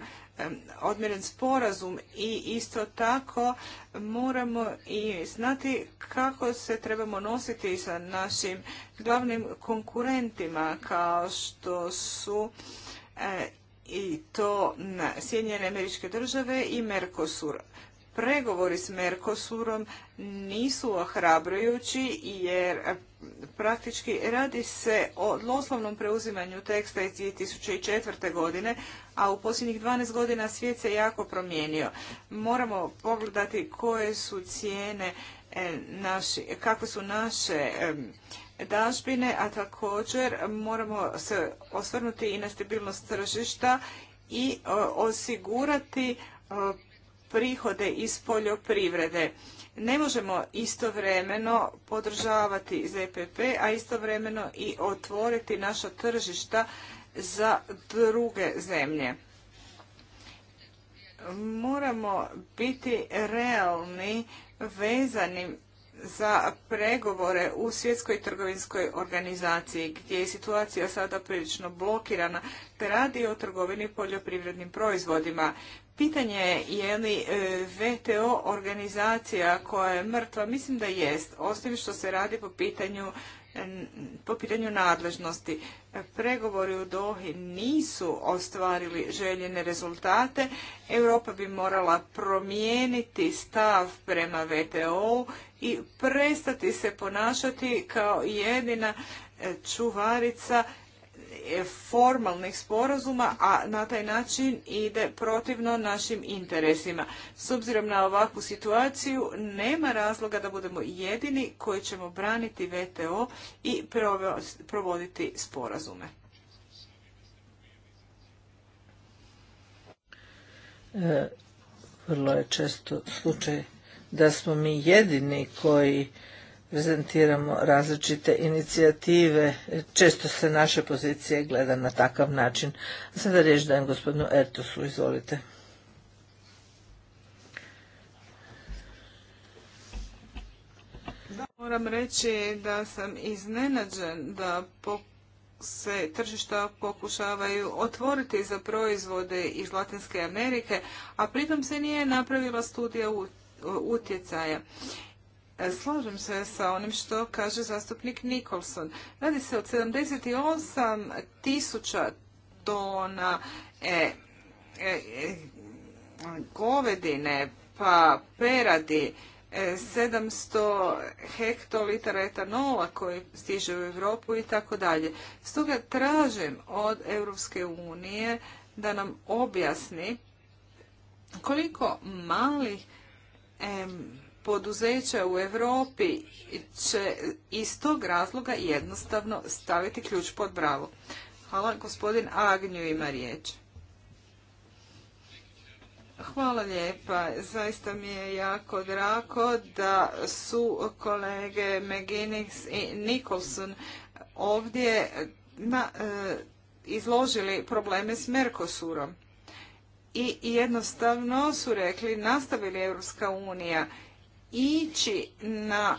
odmjeren sporazum i isto tako moramo i znati kako se trebamo nositi sa našim glavnim konkurentima kao što su e, i to Sjedinjene američke države i Mercosur pregovori s Mercosurom nisu ohrabrujući jer praktički radi se o doslovnom preuzimanju teksta iz 2004. godine, a u posljednjih 12 godina svijet se jako promijenio. Moramo pogledati koje su cijene e, naši, kako su naše dažbine, a također moramo se osvrnuti i na stabilnost tržišta i e, osigurati e, prihode iz poljoprivrede. Ne možemo istovremeno podržavati ZPP, a istovremeno i otvoriti naša tržišta za druge zemlje. Moramo biti realni vezani za pregovore u svjetskoj trgovinskoj organizaciji gdje je situacija sada prilično blokirana te radi o trgovini poljoprivrednim proizvodima. Pitanje je li e, VTO organizacija koja je mrtva, mislim da jest, osim što se radi po pitanju po pitanju nadležnosti. E, pregovori u Dohi nisu ostvarili željene rezultate. Europa bi morala promijeniti stav prema VTO i prestati se ponašati kao jedina e, čuvarica formalnih sporazuma, a na taj način ide protivno našim interesima. S obzirom na ovakvu situaciju, nema razloga da budemo jedini koji ćemo braniti VTO i provoditi sporazume. E, vrlo je često slučaj da smo mi jedini koji prezentiramo različite inicijative. Često se naše pozicije gleda na takav način. Sada riječ dajem gospodinu Ertusu, izvolite. moram reći da sam iznenađen da se tržišta pokušavaju otvoriti za proizvode iz Latinske Amerike, a pritom se nije napravila studija utjecaja. E, slažem se sa onim što kaže zastupnik Nikolson. Radi se o 78 tisuća tona e, e, e, govedine, pa peradi, 700 hektolitara etanola koji stiže u Europu i tako dalje. Stoga tražim od Europske unije da nam objasni koliko malih em, poduzeća u Europi će iz tog razloga jednostavno staviti ključ pod bravo. Hvala, gospodin Agnju ima riječ. Hvala lijepa. Zaista mi je jako drago da su kolege McGinnis i Nicholson ovdje na, e, izložili probleme s Mercosurom. I jednostavno su rekli, nastavili Europska unija ići na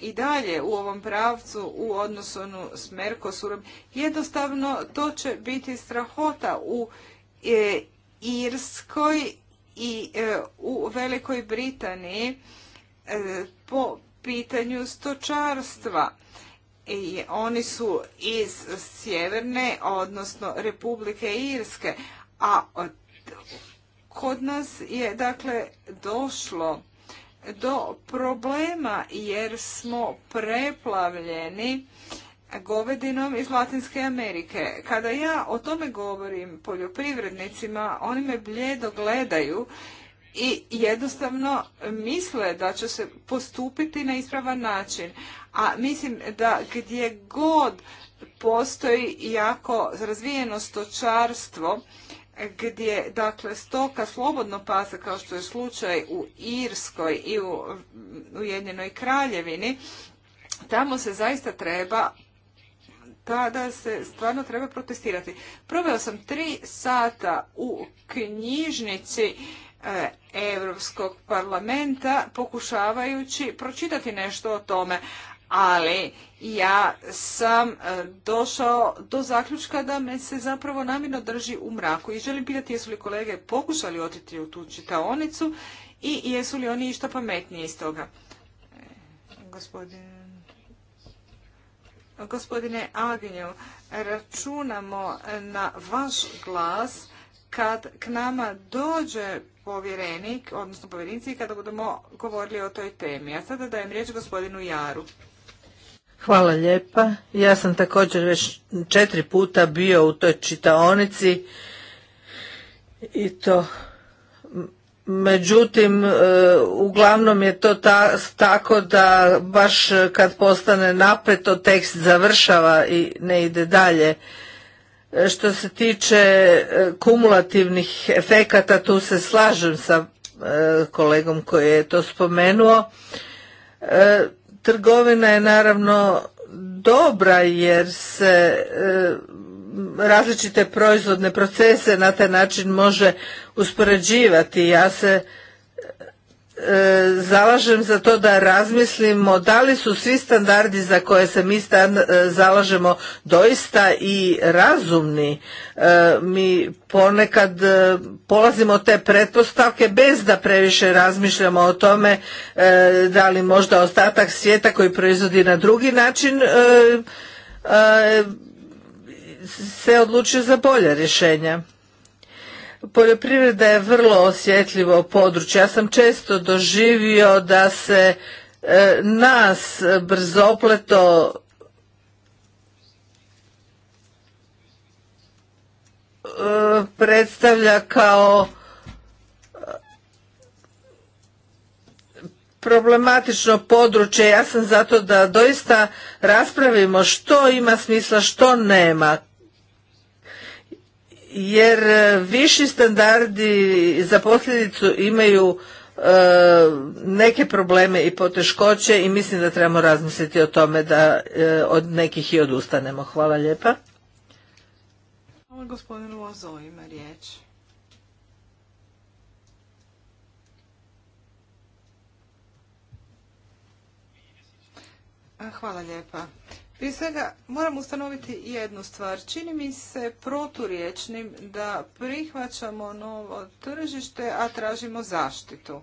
i dalje u ovom pravcu u odnosu s Merkosurom, jednostavno to će biti strahota u e, Irskoj i e, u Velikoj Britaniji e, po pitanju stočarstva. I oni su iz sjeverne, odnosno Republike Irske, a kod nas je dakle došlo do problema jer smo preplavljeni govedinom iz Latinske Amerike. Kada ja o tome govorim poljoprivrednicima, oni me bljedo gledaju i jednostavno misle da će se postupiti na ispravan način. A mislim da gdje god postoji jako razvijeno stočarstvo, gdje dakle stoka slobodno pasa kao što je slučaj u Irskoj i u Ujedinjenoj Kraljevini tamo se zaista treba tada se stvarno treba protestirati. Proveo sam tri sata u knjižnici Europskog eh, parlamenta pokušavajući pročitati nešto o tome, ali ja sam e, došao do zaključka da me se zapravo namjerno drži u mraku i želim pitati jesu li kolege pokušali otiti u tu čitaonicu i jesu li oni išta pametniji iz toga. E, gospodine Agnju, računamo na vaš glas kad k nama dođe povjerenik, odnosno povjerenici, kada budemo govorili o toj temi. A sada dajem riječ gospodinu Jaru. Hvala lijepa. Ja sam također već četiri puta bio u toj čitaonici i to međutim e, uglavnom je to ta, tako da baš kad postane to tekst završava i ne ide dalje. E, što se tiče e, kumulativnih efekata tu se slažem sa kolegom koji je to spomenuo Trgovina je naravno dobra jer se e, različite proizvodne procese na taj način može uspoređivati. Ja se E, zalažem za to da razmislimo da li su svi standardi za koje se mi e, zalažemo doista i razumni. E, mi ponekad polazimo te pretpostavke bez da previše razmišljamo o tome da li možda ostatak svijeta koji proizvodi na drugi način se odlučuje za bolje rješenja. Poljoprivreda je vrlo osjetljivo područje. Ja sam često doživio da se e, nas brzopleto e, predstavlja kao e, problematično područje. Ja sam zato da doista raspravimo što ima smisla, što nema, jer e, viši standardi za posljedicu imaju e, neke probleme i poteškoće i mislim da trebamo razmisliti o tome da e, od nekih i odustanemo. Hvala lijepa. Hvala gospodinu Ozo ima riječ. Hvala lijepa. Prije svega moram ustanoviti jednu stvar. Čini mi se proturječnim da prihvaćamo novo tržište, a tražimo zaštitu.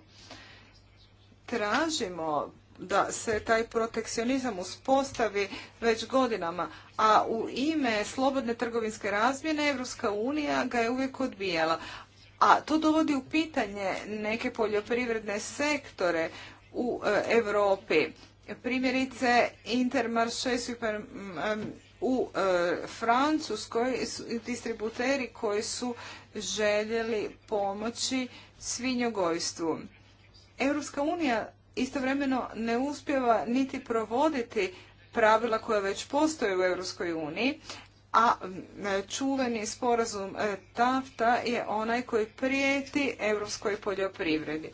Tražimo da se taj protekcionizam uspostavi već godinama, a u ime slobodne trgovinske razmjene Evropska unija ga je uvijek odbijala. A to dovodi u pitanje neke poljoprivredne sektore u e, Europi Primjerice, Intermarché super, u e, Francuskoj distributeri koji su željeli pomoći svinjogojstvu. Europska unija istovremeno ne uspjeva niti provoditi pravila koja već postoje u Europskoj uniji, a čuveni sporazum e, TAFTA je onaj koji prijeti europskoj poljoprivredi.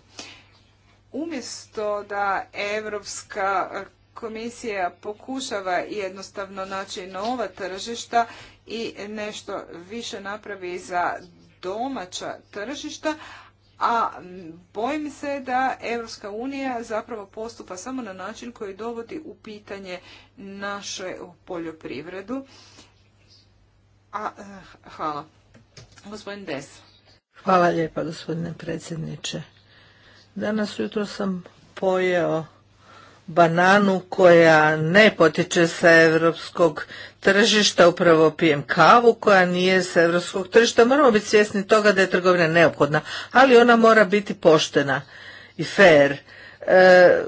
Umjesto da Europska komisija pokušava jednostavno naći nova tržišta i nešto više napravi za domaća tržišta, a bojim se da Europska unija zapravo postupa samo na način koji dovodi u pitanje naše poljoprivredu. A, eh, hvala. Gospodin Des. Hvala lijepa gospodine predsjedniče. Danas jutro sam pojeo bananu koja ne potiče sa europskog tržišta, upravo pijem kavu koja nije sa europskog tržišta. Moramo biti svjesni toga da je trgovina neophodna, ali ona mora biti poštena i fair. E,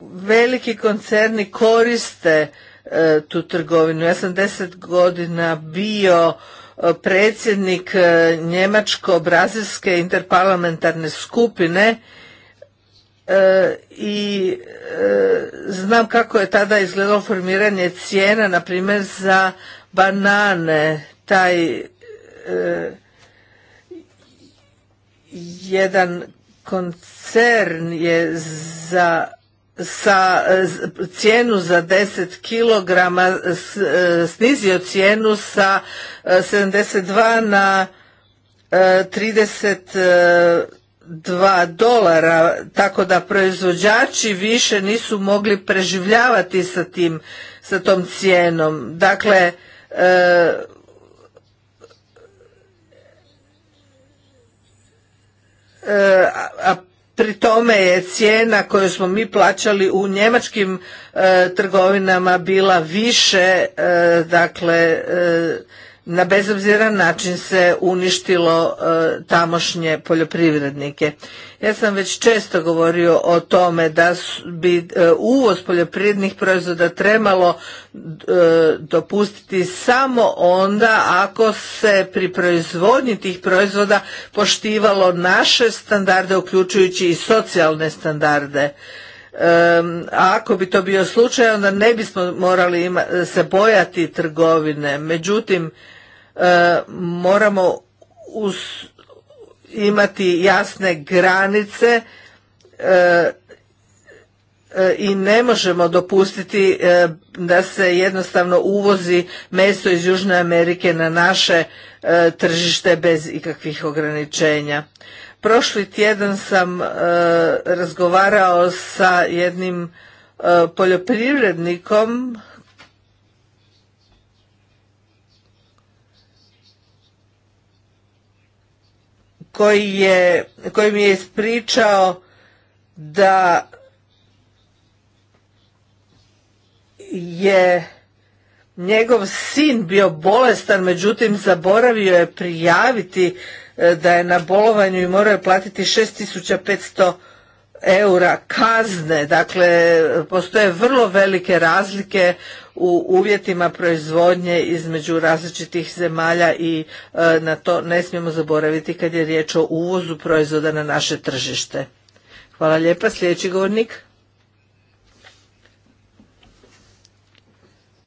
veliki koncerni koriste e, tu trgovinu. Ja sam deset godina bio predsjednik e, njemačko-brazilske interparlamentarne skupine e, i e, znam kako je tada izgledalo formiranje cijena, na primjer za banane, taj jedan koncern je za sa eh, cijenu za 10 kg eh, snizio cijenu sa 72 eh, na 32 dolara, tako da proizvođači više nisu mogli preživljavati sa, tim, sa tom cijenom. Dakle, a pri tome je cijena koju smo mi plaćali u njemačkim e, trgovinama bila više e, dakle e, na bezobziran način se uništilo e, tamošnje poljoprivrednike. Ja sam već često govorio o tome da bi e, uvoz poljoprivrednih proizvoda trebalo e, dopustiti samo onda ako se pri proizvodnji tih proizvoda poštivalo naše standarde uključujući i socijalne standarde. a ako bi to bio slučaj onda ne bismo morali se bojati trgovine međutim E, moramo uz, imati jasne granice e, e, i ne možemo dopustiti da se jednostavno uvozi meso iz Južne Amerike na naše tržište bez ikakvih ograničenja. Prošli tjedan sam razgovarao sa jednim poljoprivrednikom koji, je, koji mi je ispričao da je njegov sin bio bolestan, međutim zaboravio je prijaviti e, da je na bolovanju i morao je platiti 6500 eura kazne. Dakle, postoje vrlo velike razlike u uvjetima proizvodnje između različitih zemalja i e, na to ne smijemo zaboraviti kad je riječ o uvozu proizvoda na naše tržište. Hvala lijepa. Sljedeći govornik.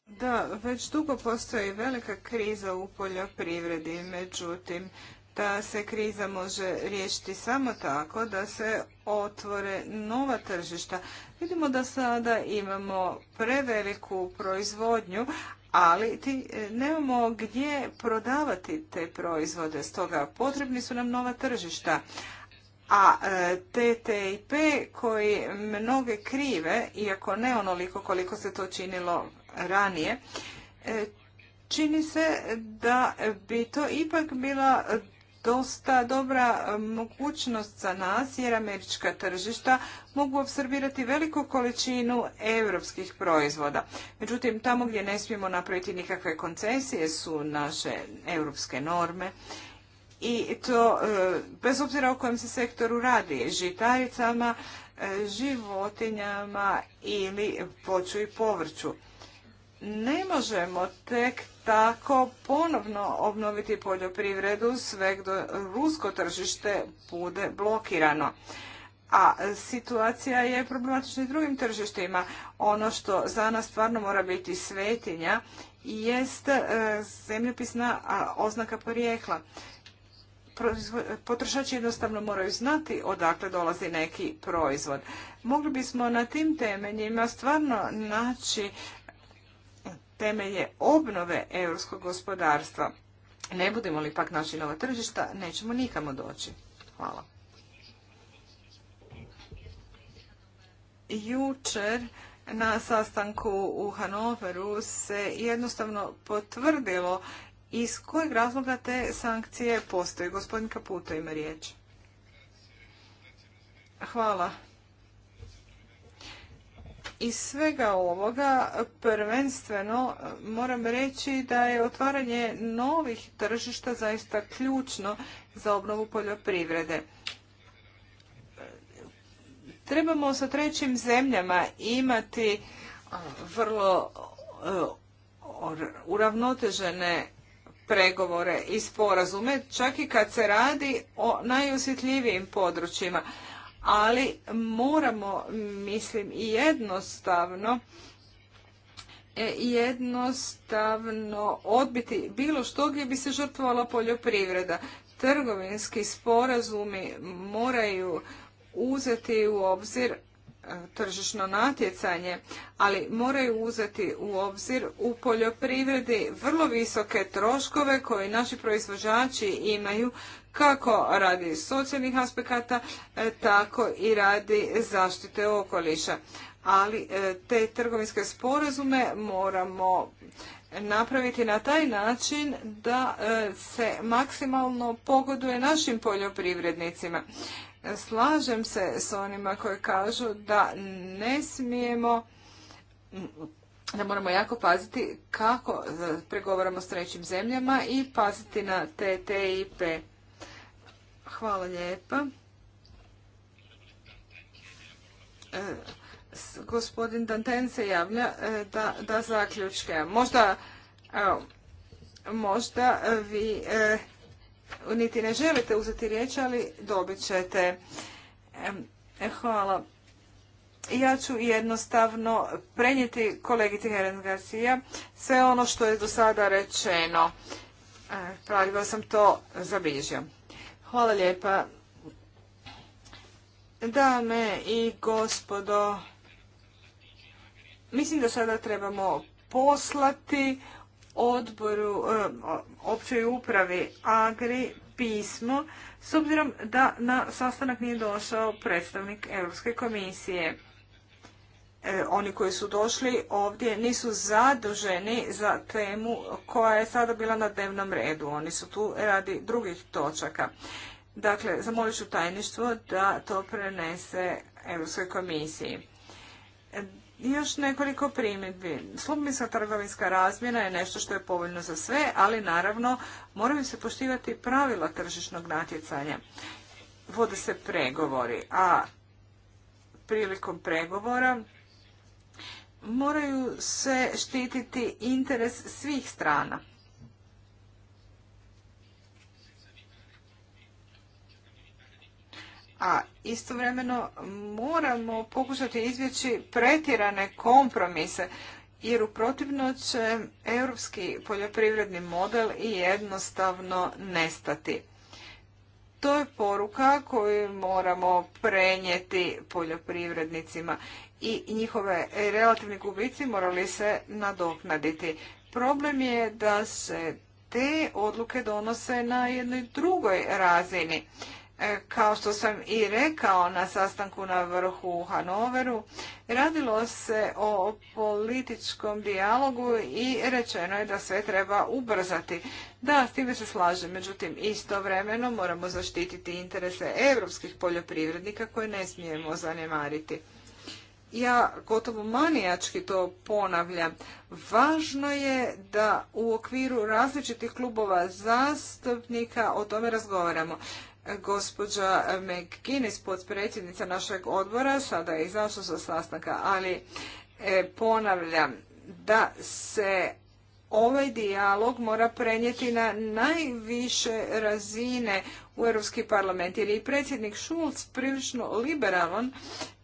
Da, već dugo postoji velika kriza u poljoprivredi, međutim, ta se kriza može riješiti samo tako da se otvore nova tržišta. Vidimo da sada imamo preveliku proizvodnju, ali ti, e, nemamo gdje prodavati te proizvode, stoga potrebni su nam nova tržišta. A e, TTIP koji mnoge krive, iako ne onoliko koliko se to činilo ranije, e, čini se da bi to ipak bila dosta dobra e, mogućnost za nas jer američka tržišta mogu absorbirati veliku količinu europskih proizvoda. Međutim, tamo gdje ne smijemo napraviti nikakve koncesije su naše europske norme i to e, bez obzira o kojem se sektoru radi, žitaricama, e, životinjama ili poču i povrću ne možemo tek tako ponovno obnoviti poljoprivredu sve do rusko tržište bude blokirano. A situacija je problematična i drugim tržištima. Ono što za nas stvarno mora biti svetinja jest e, zemljopisna oznaka porijekla. Potrošači jednostavno moraju znati odakle dolazi neki proizvod. Mogli bismo na tim temeljima stvarno naći je obnove europskog gospodarstva. Ne budemo li pak naši nova tržišta, nećemo nikamo doći. Hvala. Jučer na sastanku u Hanoveru se jednostavno potvrdilo iz kojeg razloga te sankcije postoje. Gospodin Kaputo ima riječ. Hvala iz svega ovoga prvenstveno moram reći da je otvaranje novih tržišta zaista ključno za obnovu poljoprivrede. Trebamo sa trećim zemljama imati vrlo e, uravnotežene pregovore i sporazume, čak i kad se radi o najosjetljivijim područjima ali moramo, mislim, i jednostavno e, jednostavno odbiti bilo što gdje bi se žrtvovala poljoprivreda. Trgovinski sporazumi moraju uzeti u obzir e, tržišno natjecanje, ali moraju uzeti u obzir u poljoprivredi vrlo visoke troškove koje naši proizvođači imaju kako radi socijalnih aspekata, e, tako i radi zaštite okoliša. Ali e, te trgovinske sporazume moramo napraviti na taj način da e, se maksimalno pogoduje našim poljoprivrednicima. Slažem se s onima koji kažu da ne smijemo da moramo jako paziti kako pregovaramo s trećim zemljama i paziti na TTIP. Hvala lijepa. E, gospodin Danten se javlja e, da, zaključke. Možda, vi e, niti ne želite uzeti riječ, ali dobit ćete. Hvala. Ja ću jednostavno prenijeti kolegici Heren Garcia sve ono što je do sada rečeno. Pravila sam to zabilježio. Hvala lijepa. Dame i gospodo, mislim da sada trebamo poslati odboru, eh, općoj upravi Agri pismo, s obzirom da na sastanak nije došao predstavnik Europske komisije. E, oni koji su došli ovdje nisu zaduženi za temu koja je sada bila na dnevnom redu. Oni su tu radi drugih točaka. Dakle, zamolit ću tajništvo da to prenese Europskoj komisiji. E, još nekoliko primjedbi. Slobodna trgovinska razmjena je nešto što je povoljno za sve, ali naravno moraju se poštivati pravila tržišnog natjecanja. Vode se pregovori, a prilikom pregovora moraju se štititi interes svih strana. A istovremeno moramo pokušati izbjeći pretjerane kompromise, jer u protivno će europski poljoprivredni model i jednostavno nestati. To je poruka koju moramo prenijeti poljoprivrednicima i njihove relativni gubici morali se nadoknaditi. Problem je da se te odluke donose na jednoj drugoj razini. E, kao što sam i rekao na sastanku na vrhu u Hanoveru, radilo se o političkom dijalogu i rečeno je da sve treba ubrzati. Da, s time se slaže. međutim istovremeno moramo zaštititi interese europskih poljoprivrednika koje ne smijemo zanemariti ja gotovo manijački to ponavljam, važno je da u okviru različitih klubova zastupnika o tome razgovaramo. Gospođa McKinnis, podpredsjednica našeg odbora, sada je izašla sa sastanka, ali e, ponavljam da se ovaj dijalog mora prenijeti na najviše razine u Europski parlament, jer je i predsjednik Schulz prilično liberalan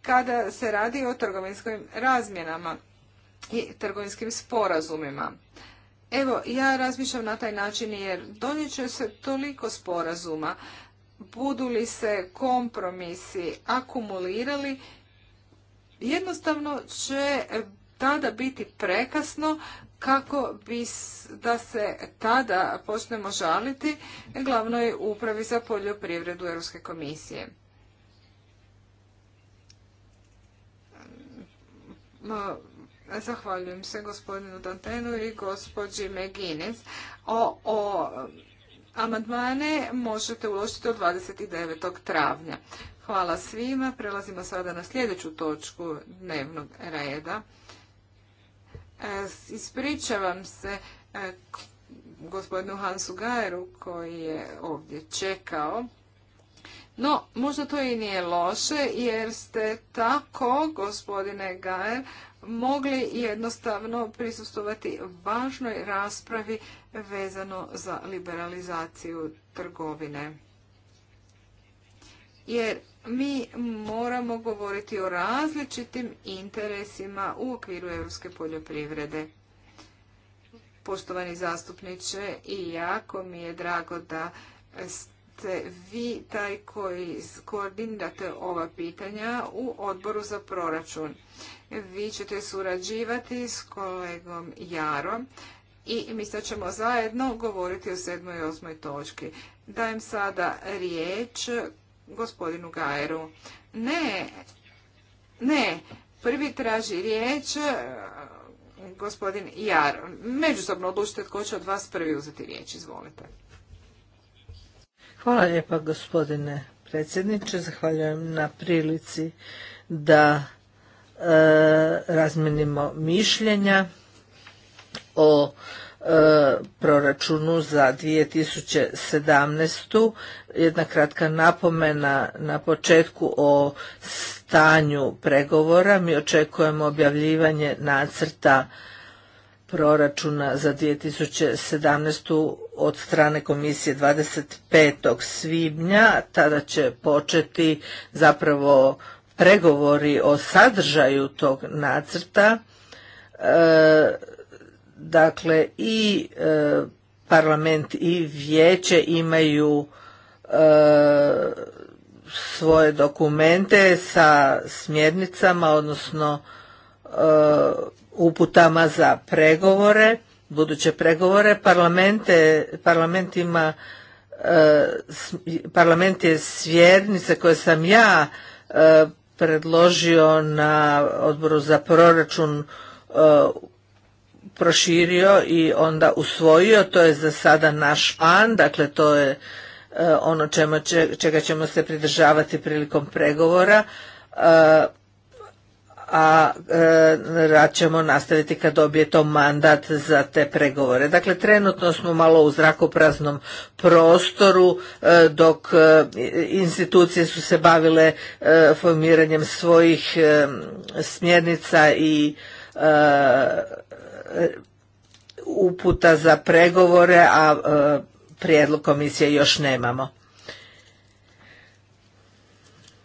kada se radi o trgovinskim razmjenama i trgovinskim sporazumima. Evo, ja razmišljam na taj način jer donijet će se toliko sporazuma, budu li se kompromisi akumulirali, jednostavno će tada biti prekasno kako bi da se tada počnemo žaliti glavnoj upravi za poljoprivredu Europske komisije. Zahvaljujem se gospodinu Dantenu i gospođi Meginic. O, o amandmane možete uložiti od 29. travnja. Hvala svima. Prelazimo sada na sljedeću točku dnevnog reda. E, ispričavam se e, gospodinu Hansu Gajeru koji je ovdje čekao. No, možda to i nije loše jer ste tako, gospodine Gajer, mogli jednostavno prisustovati važnoj raspravi vezano za liberalizaciju trgovine. Jer mi moramo govoriti o različitim interesima u okviru europske poljoprivrede. Poštovani zastupniče, i jako mi je drago da ste ste vi taj koji koordinirate ova pitanja u odboru za proračun. Vi ćete surađivati s kolegom Jarom i mi sad ćemo zajedno govoriti o sedmoj i osmoj točki. Dajem sada riječ gospodinu Gajeru. Ne, ne, prvi traži riječ e, gospodin Jar. Međusobno odlučite tko će od vas prvi uzeti riječ. Izvolite. Hvala lijepa gospodine predsjedniče. Zahvaljujem na prilici da e, mišljenja o e, proračunu za 2017. Jedna kratka napomena na početku o stanju pregovora. Mi očekujemo objavljivanje nacrta proračuna za 2017. od strane komisije 25. svibnja. Tada će početi zapravo pregovori o sadržaju tog nacrta. E, dakle, i e, parlament i vijeće imaju e, svoje dokumente sa smjernicama, odnosno uputama za pregovore, buduće pregovore. Parlamente, parlament ima e, parlament je svjernice koje sam ja e, predložio na odboru za proračun e, proširio i onda usvojio, to je za sada naš plan, dakle to je ono čega ćemo se pridržavati prilikom pregovora a e, rad ćemo nastaviti kad dobije to mandat za te pregovore. Dakle, trenutno smo malo u zrakopraznom prostoru e, dok e, institucije su se bavile formiranjem svojih smjernica i uputa za pregovore, a prijedlog komisije još nemamo.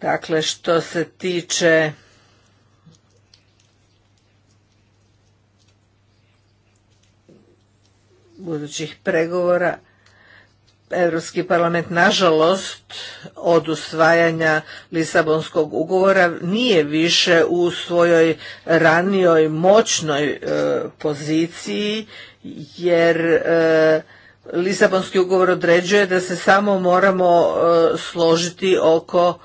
Dakle, što se tiče budućih pregovora Europski parlament nažalost od usvajanja Lisabonskog ugovora nije više u svojoj ranijoj moćnoj e, poziciji jer e, Lisabonski ugovor određuje da se samo moramo e, složiti oko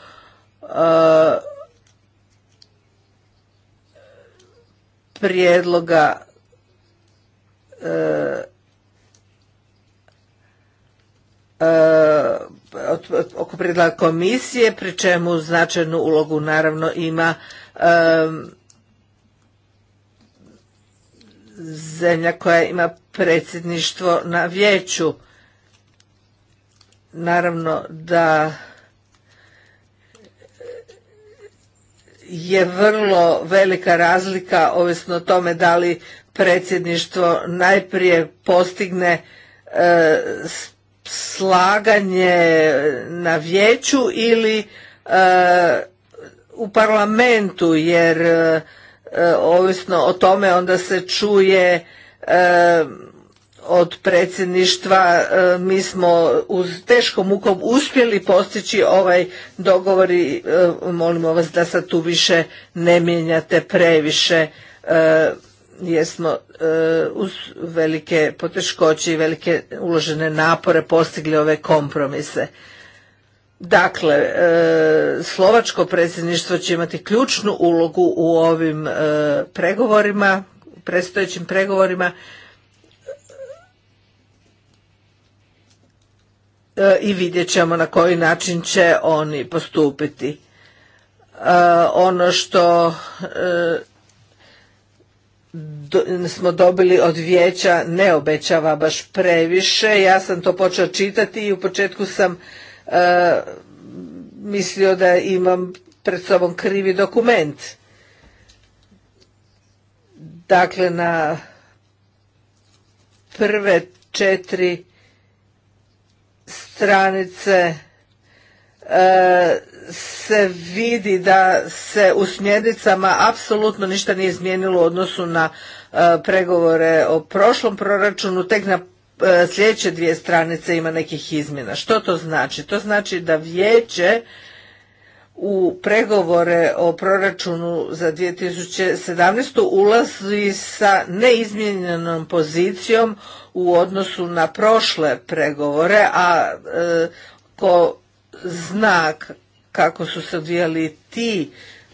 prijedloga E, oko predlaga komisije, pri čemu značajnu ulogu naravno ima e, zemlja koja ima predsjedništvo na vijeću. Naravno da je vrlo velika razlika ovisno o tome da li predsjedništvo najprije postigne e, slaganje na vijeću ili e, u parlamentu jer e, ovisno o tome onda se čuje e, od predsjedništva mi smo uz teškom mukom uspjeli postići ovaj dogovor i molimo vas da sad tu više ne mijenjate previše jesmo e, uz velike poteškoće i velike uložene napore postigli ove kompromise. Dakle, e, slovačko predsjedništvo će imati ključnu ulogu u ovim e, pregovorima, predstojećim pregovorima i vidjet ćemo na koji način će oni postupiti. Ono što smo dobili od vijeća ne obećava baš previše. Ja sam to počeo čitati i u početku sam e, mislio da imam pred sobom krivi dokument. Dakle, na prve četiri stranice e, se vidi da se u smjernicama apsolutno ništa nije izmijenilo u odnosu na e, pregovore o prošlom proračunu, tek na e, sljedeće dvije stranice ima nekih izmjena. Što to znači? To znači da vijeće u pregovore o proračunu za 2017. ulazi sa neizmijenjenom pozicijom u odnosu na prošle pregovore, a e, ko znak kako su se odvijali ti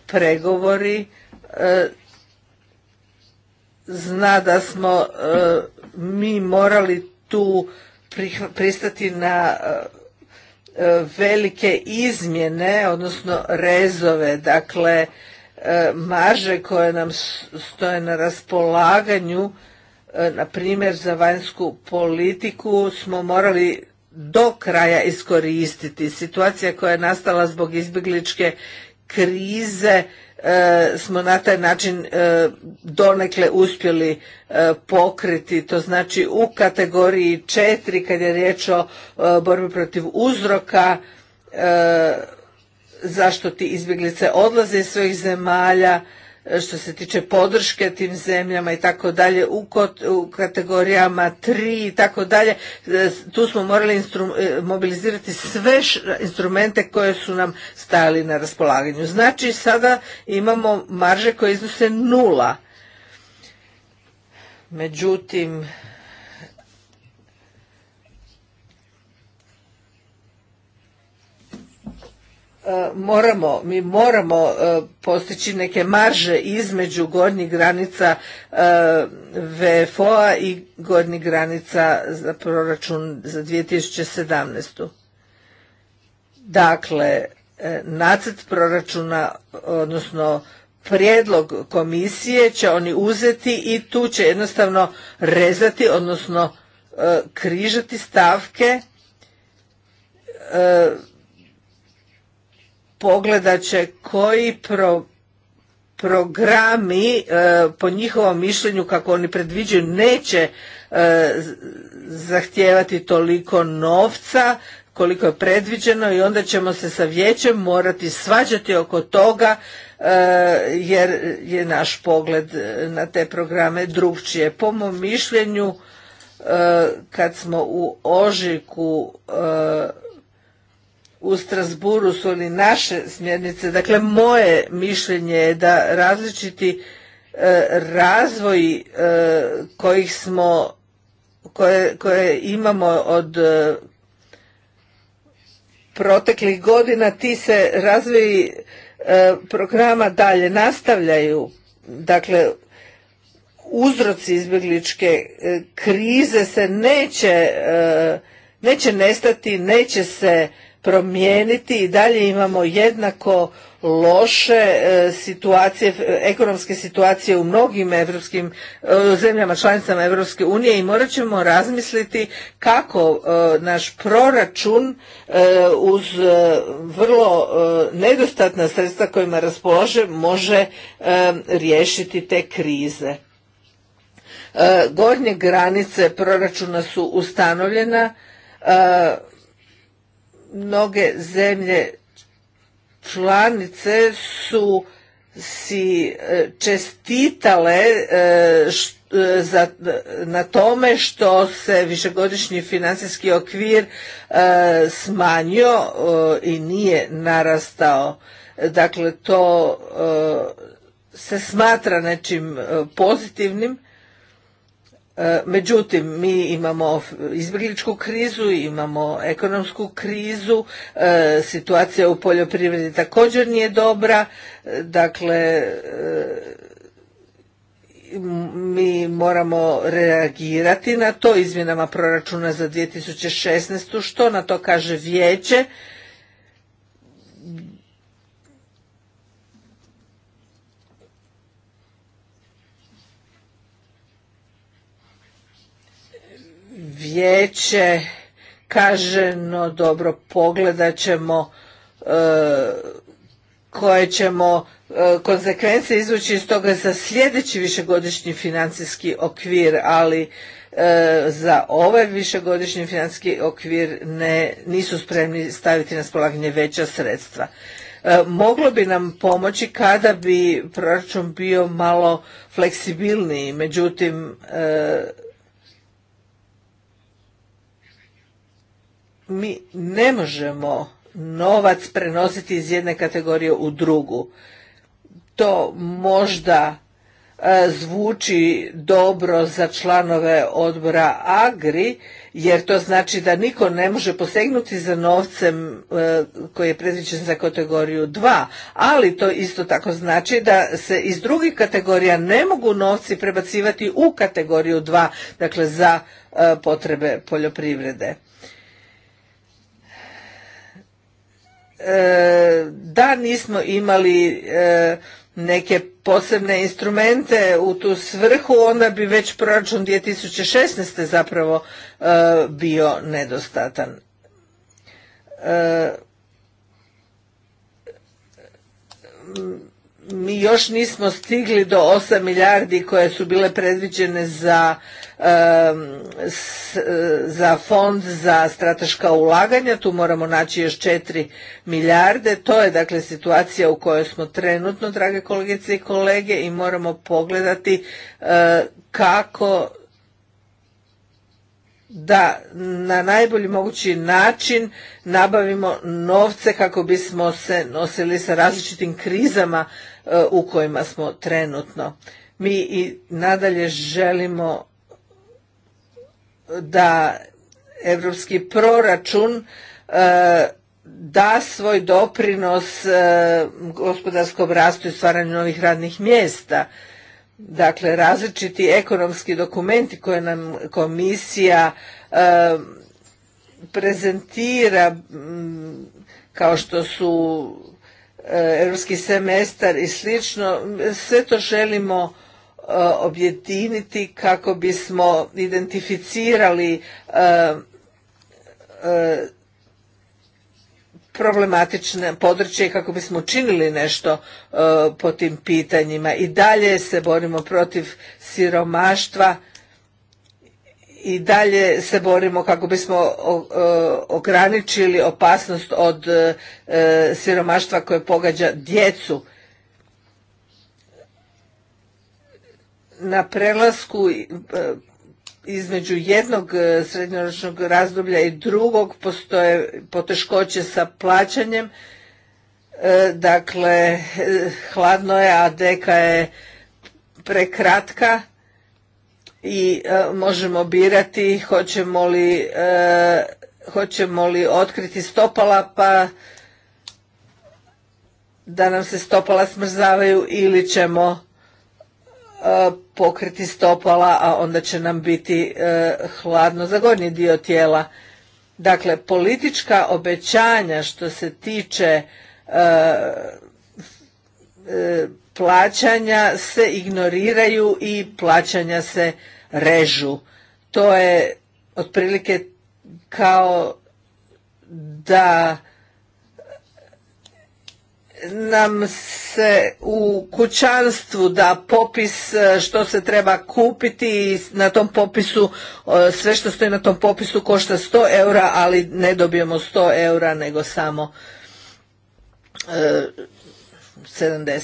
pregovori e, zna da smo e, mi morali tu pristati na e, velike izmjene odnosno rezove dakle marže koje nam stoje na raspolaganju na primjer za vanjsku politiku smo morali do kraja iskoristiti. Situacija koja je nastala zbog izbjegličke krize e, smo na taj način e, donekle uspjeli e, pokriti. To znači u kategoriji četiri, kad je riječ o borbi protiv uzroka zašto ti izbjeglice odlaze iz svojih zemalja što se tiče podrške tim zemljama i tako dalje u kategorijama 3 i tako dalje e, tu smo morali e, mobilizirati sve instrumente koje su nam stajali na raspolaganju znači sada imamo marže koje iznose nula međutim E, moramo, mi moramo e, postići neke marže između gornjih granica e, VFO-a i gornjih granica za proračun za 2017. Dakle, nacrt proračuna, odnosno prijedlog komisije će oni uzeti i tu će jednostavno rezati, odnosno križati stavke pogledat će koji pro, programi e, po njihovom mišljenju kako oni predviđaju neće e, zahtijevati toliko novca koliko je predviđeno i onda ćemo se sa vijećem morati svađati oko toga e, jer je naš pogled na te programe drugčije. Po mom mišljenju kad smo u ožiku u Strasburu su oni naše smjernice. Dakle, moje mišljenje je da različiti e, razvoj e, kojih smo, koje, koje imamo od e, proteklih godina, ti se razvoji programa dalje nastavljaju. Dakle, uzroci izbjegličke krize se neće neće nestati, neće se promijeniti i dalje imamo jednako loše e, situacije, ekonomske situacije u mnogim evropskim e, zemljama članicama europske unije i morat ćemo razmisliti kako e, naš proračun uz vrlo nedostatna sredstva kojima raspolaže može riješiti te krize. Gornje granice proračuna su ustanovljena mnoge zemlje članice su si e, čestitale e, e, na tome što se višegodišnji financijski okvir smanjio i nije narastao. Dakle, to se smatra nečim pozitivnim E, međutim, mi imamo izbjegličku krizu, imamo ekonomsku krizu, e, situacija u poljoprivredi također nije dobra, e, dakle mi moramo reagirati na to izmjenama proračuna za 2016. što na to kaže vijeće vijeće kaže dobro pogledat ćemo e, koje ćemo e, konsekvence izvući iz toga za sljedeći višegodišnji financijski okvir ali e, za ovaj višegodišnji financijski okvir ne nisu spremni staviti na spolaganje veća sredstva moglo bi nam pomoći kada bi proračun bio malo fleksibilniji međutim mi ne možemo novac prenositi iz jedne kategorije u drugu. To možda e, zvuči dobro za članove odbora Agri, jer to znači da niko ne može posegnuti za novcem e, koji je predviđen za kategoriju 2, ali to isto tako znači da se iz drugih kategorija ne mogu novci prebacivati u kategoriju 2, dakle za e, potrebe poljoprivrede. E, da nismo imali e, neke posebne instrumente u tu svrhu, onda bi već proračun 2016. zapravo e, bio nedostatan. Mi još nismo stigli do 8 milijardi koje su bile predviđene za za fond za strateška ulaganja, tu moramo naći još 4 milijarde, to je dakle situacija u kojoj smo trenutno, drage kolegice i kolege, i moramo pogledati e, kako da na najbolji mogući način nabavimo novce kako bismo se nosili sa različitim krizama e, u kojima smo trenutno. Mi i nadalje želimo da europski proračun e, da svoj doprinos e, gospodarskom rastu i stvaranju novih radnih mjesta. Dakle, različiti ekonomski dokumenti koje nam komisija e, prezentira mm, kao što su europski semestar i slično, sve to želimo Eh, objediniti kako bismo identificirali eh, eh, problematične područje kako bismo učinili nešto po tim pitanjima i dalje se borimo protiv siromaštva i dalje se borimo kako bismo ograničili opasnost od siromaštva koje pogađa djecu na prelasku e, između jednog e, srednjoročnog razdoblja i drugog postoje poteškoće sa plaćanjem. E, dakle, hladno je, a deka je prekratka i možemo birati hoćemo li, hoćemo li otkriti stopala pa da nam se stopala smrzavaju ili ćemo E, pokriti stopala, a onda će nam biti e, hladno za gornji dio tijela. Dakle, politička obećanja što se tiče e, plaćanja se ignoriraju i plaćanja se režu. To je otprilike kao da nam se u kućanstvu da popis e, što se treba kupiti na tom popisu e, sve što stoji na tom popisu košta 100 eura ali ne dobijemo 100 eura nego samo 70 e,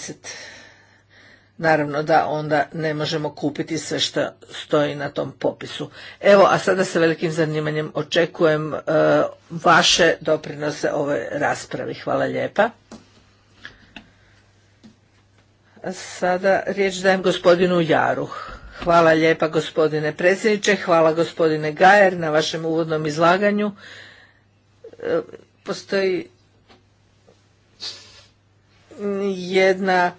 naravno da onda ne možemo kupiti sve što stoji na tom popisu. Evo, a sada sa velikim zanimanjem očekujem vaše doprinose ove raspravi. Hvala lijepa. Sada riječ dajem gospodinu Jaru. Hvala lijepa gospodine predsjedniče, hvala gospodine Gajer na vašem uvodnom izlaganju. E, postoji jedna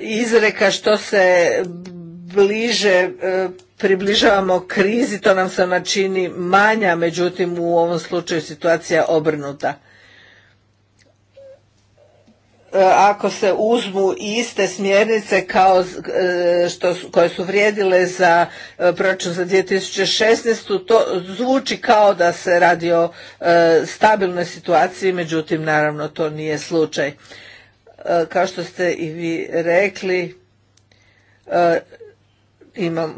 izreka što se bliže e, približavamo krizi, to nam se načini manja, međutim u ovom slučaju situacija je obrnuta. E, ako se uzmu iste smjernice kao e, što su, koje su vrijedile za e, proračun za 2016. to zvuči kao da se radi o stabilnoj situaciji, međutim naravno to nije slučaj. Kao što ste i vi rekli, imam,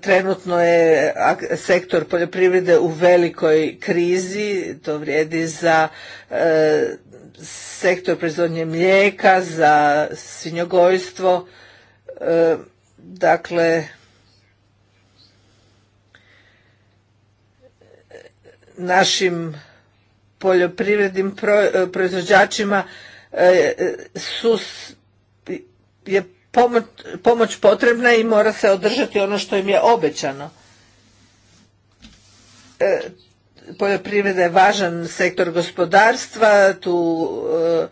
trenutno je sektor poljoprivrede u velikoj krizi, to vrijedi za sektor proizvodnje mlijeka, za svinjogojstvo. E, dakle, našim poljoprivrednim e, proizvođačima e, su je pomoć, pomoć potrebna i mora se održati ono što im je obećano poljoprivreda je važan sektor gospodarstva, tu e,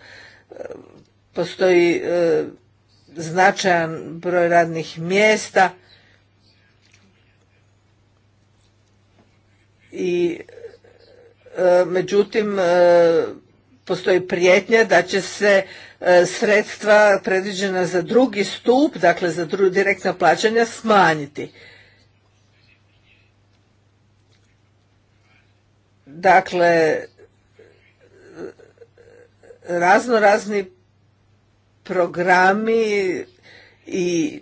postoji e, značajan broj radnih mjesta i e, međutim postoji prijetnja da će se sredstva predviđena za drugi stup, dakle za direktna plaćanja, smanjiti. Dakle, razno razni programi i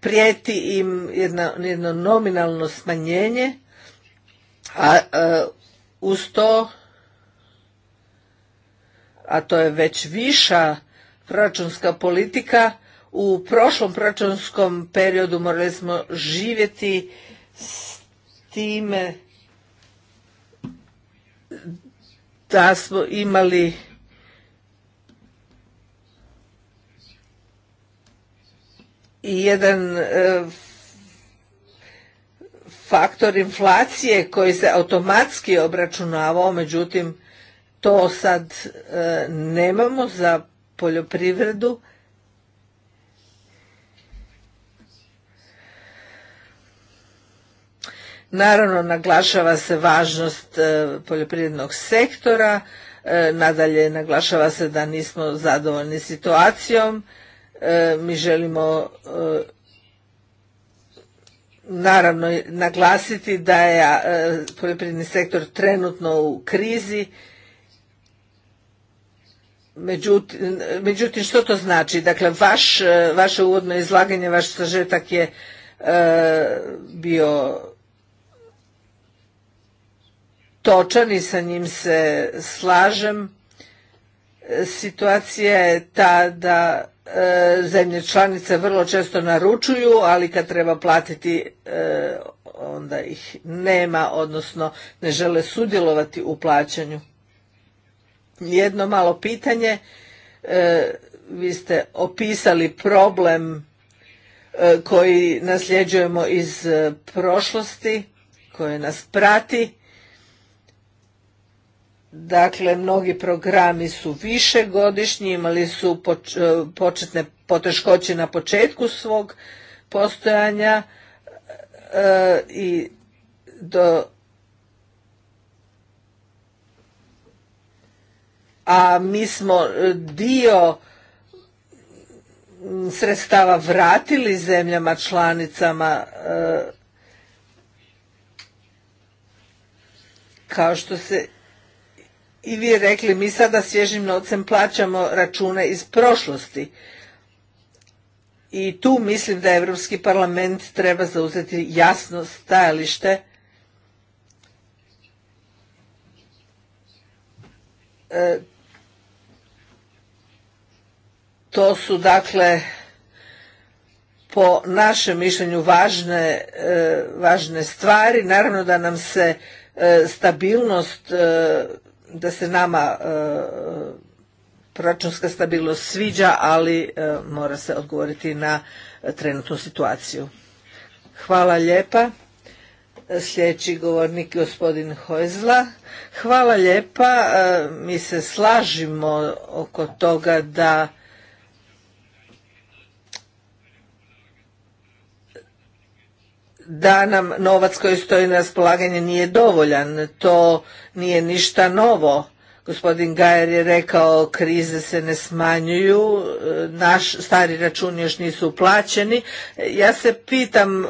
prijeti im jedno, jedno nominalno smanjenje, a, a e, uz to, a to je već viša proračunska politika, u prošlom proračunskom periodu morali smo živjeti s time da smo imali jedan e, faktor inflacije koji se automatski obračunavao, međutim to sad e, nemamo za poljoprivredu Naravno, naglašava se važnost e, poljoprivrednog sektora, e, nadalje naglašava se da nismo zadovoljni situacijom, e, mi želimo naravno naglasiti da je poljoprivredni sektor trenutno u krizi, Međutim, što to znači? Dakle, vaše uvodno izlaganje, vaš sažetak je bio točan i sa njim se slažem. Situacija je ta da e, zemlje članice vrlo često naručuju, ali kad treba platiti e, onda ih nema, odnosno ne žele sudjelovati u plaćanju. Jedno malo pitanje, e, vi ste opisali problem koji nasljeđujemo iz prošlosti, koji nas prati Dakle, mnogi programi su višegodišnji, imali su e, početne poteškoće na početku svog postojanja e, i do a mi smo e, dio sredstava vratili zemljama članicama kao što se i vi rekli mi sada svježim novcem plaćamo račune iz prošlosti. I tu mislim da Europski parlament treba zauzeti jasno stajalište e, to su dakle po našem mišljenju važne, e, stvari. Naravno da nam se e, stabilnost da se nama e, proračunska stabilnost sviđa, ali e, mora se odgovoriti na trenutnu situaciju. Hvala lijepa. Sljedeći govornik je gospodin Hojzla. Hvala lijepa. E, mi se slažimo oko toga da da nam novac koji stoji na raspolaganje nije dovoljan. To nije ništa novo. Gospodin Gajer je rekao krize se ne smanjuju, naš stari računi još nisu uplaćeni. Ja se pitam e,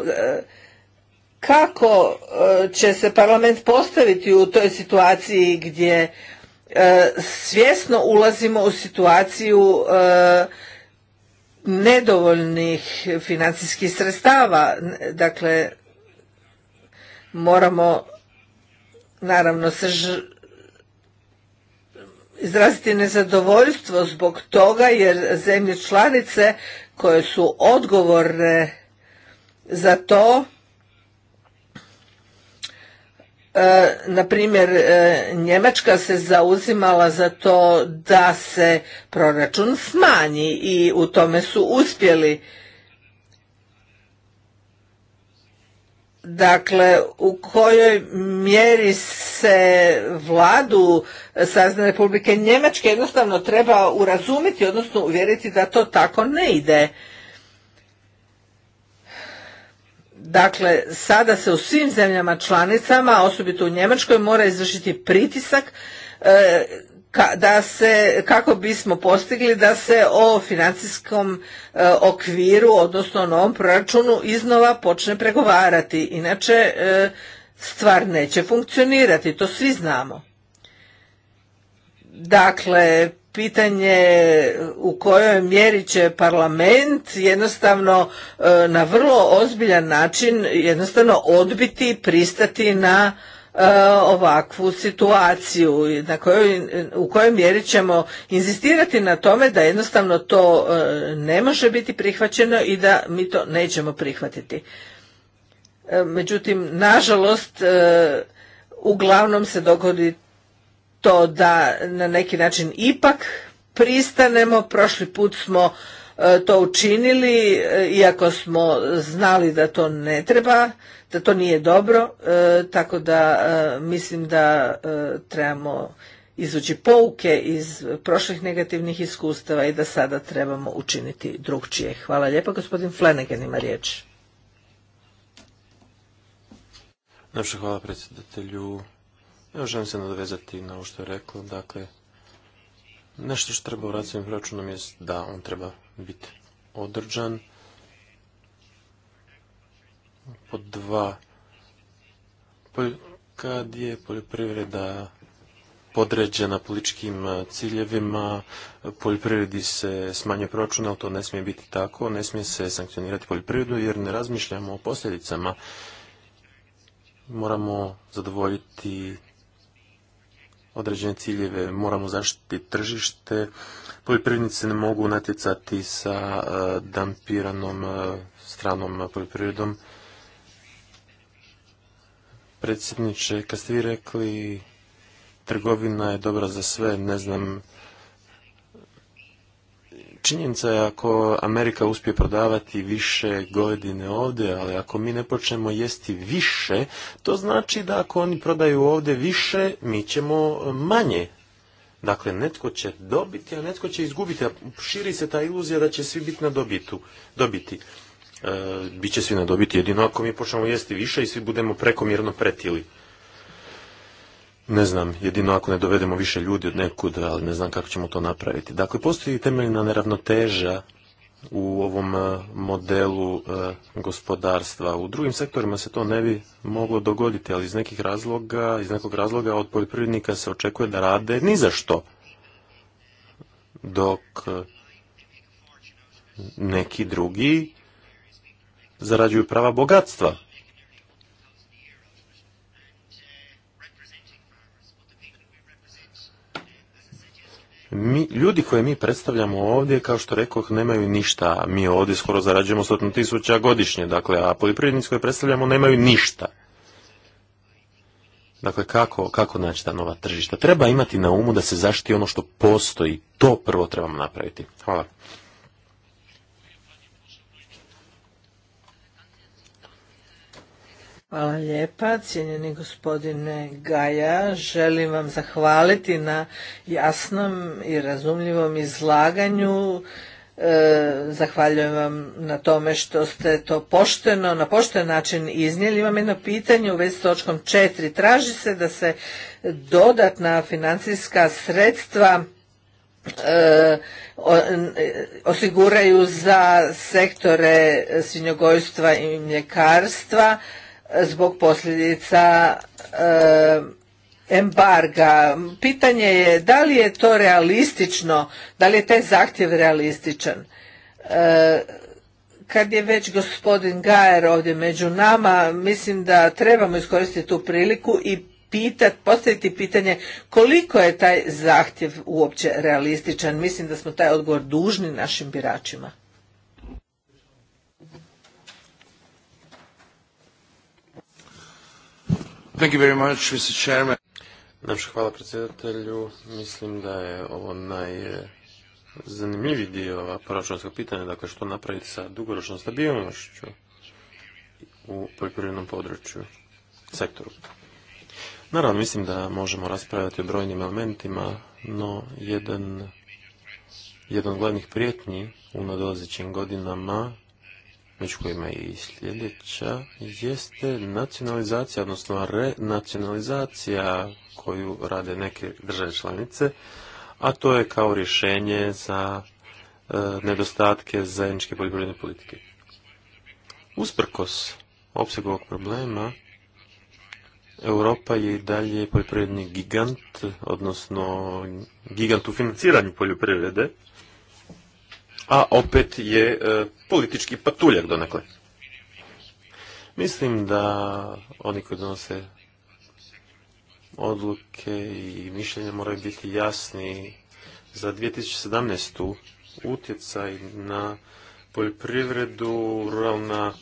kako e, će se parlament postaviti u toj situaciji gdje e, svjesno ulazimo u situaciju nedovoljnih financijskih sredstava. Dakle, moramo naravno se izraziti nezadovoljstvo zbog toga jer zemlje članice koje su odgovorne za to E, na primjer, e, Njemačka se zauzimala za to da se proračun smanji i u tome su uspjeli. Dakle, u kojoj mjeri se vladu Sazne Republike Njemačke jednostavno treba urazumiti, odnosno uvjeriti da to tako ne ide. Dakle, sada se u svim zemljama članicama, osobito u Njemačkoj, mora izvršiti pritisak e, da se, kako bismo postigli da se o financijskom e, okviru, odnosno o novom proračunu, iznova počne pregovarati. Inače, e, stvar neće funkcionirati, to svi znamo. Dakle, pitanje u kojoj mjeri će parlament jednostavno e, na vrlo ozbiljan način jednostavno odbiti pristati na e, ovakvu situaciju na u kojoj mjeri ćemo inzistirati na tome da jednostavno to e, ne može biti prihvaćeno i da mi to nećemo prihvatiti. Međutim, nažalost, uglavnom se dogodi to da na neki način ipak pristanemo. Prošli put smo e, to učinili, e, iako smo znali da to ne treba, da to nije dobro, e, tako da mislim da trebamo izvući pouke iz prošlih negativnih iskustava i da sada trebamo učiniti drugčije. Hvala lijepa, gospodin Flanagan ima riječ. hvala predsjedatelju ja želim se nadvezati na ovo što je rekao. Dakle, nešto što treba vratiti svojim proračunom je da on treba biti održan po dva kad je poljoprivreda podređena političkim ciljevima, poljoprivredi se smanjuje proračun, ali to ne smije biti tako, ne smije se sankcionirati poljoprivredu jer ne razmišljamo o posljedicama. Moramo zadovoljiti određene ciljeve. Moramo zaštiti tržište. Poljoprivrednici ne mogu natjecati sa e, dampiranom e, stranom poljoprivredom. Predsjedniče, kad ste vi rekli trgovina je dobra za sve, ne znam Činjenica je ako Amerika uspije prodavati više godine ovdje, ali ako mi ne počnemo jesti više, to znači da ako oni prodaju ovdje više, mi ćemo manje. Dakle, netko će dobiti, a netko će izgubiti. A širi se ta iluzija da će svi biti na dobitu, dobiti. E, Biće svi na dobiti jedino ako mi počnemo jesti više i svi budemo prekomjerno pretili ne znam, jedino ako ne dovedemo više ljudi od nekud, ali ne znam kako ćemo to napraviti. Dakle, postoji temeljna neravnoteža u ovom e, modelu e, gospodarstva. U drugim sektorima se to ne bi moglo dogoditi, ali iz nekih razloga, iz nekog razloga od poljoprivrednika se očekuje da rade ni za što. Dok e, neki drugi zarađuju prava bogatstva. mi, ljudi koje mi predstavljamo ovdje, kao što rekoh, nemaju ništa. Mi ovdje skoro zarađujemo stotinu tisuća godišnje, dakle, a poljoprivrednici koje predstavljamo nemaju ništa. Dakle, kako, kako naći ta nova tržišta? Treba imati na umu da se zaštiti ono što postoji. To prvo trebamo napraviti. Hvala. Hvala lijepa, cijenjeni gospodine Gaja. Želim vam zahvaliti na jasnom i razumljivom izlaganju. E, zahvaljujem vam na tome što ste to pošteno, na pošten način iznijeli. Imam jedno pitanje u vezi s točkom 4. Traži se da se dodatna financijska sredstva e, osiguraju za sektore svinjogojstva i mljekarstva zbog posljedica eh, embarga. Pitanje je da li je to realistično, da li je taj zahtjev realističan. Eh, kad je već gospodin Gajer ovdje među nama, mislim da trebamo iskoristiti tu priliku i pitati, postaviti pitanje koliko je taj zahtjev uopće realističan. Mislim da smo taj odgovor dužni našim biračima. Thank you very hvala predsjedatelju. Mislim da je ovo najzanimljiviji dio proračunskog pitanja, dakle što napraviti sa dugoročnom stabilnošću u poljoprivrednom području, sektoru. Naravno, mislim da možemo raspravljati o brojnim elementima, no jedan, jedan od glavnih prijetnji u nadolazećim godinama među kojima je i sljedeća, jeste nacionalizacija, odnosno renacionalizacija koju rade neke države članice, a to je kao rješenje za e, nedostatke zajedničke poljoprivredne politike. Usprkos opsegu ovog problema, Europa je i dalje poljoprivredni gigant, odnosno gigant u financiranju poljoprivrede, a opet je e, politički patuljak donekle. Mislim da oni koji donose odluke i mišljenja moraju biti jasni za 2017. utjecaj na poljoprivredu, ruralna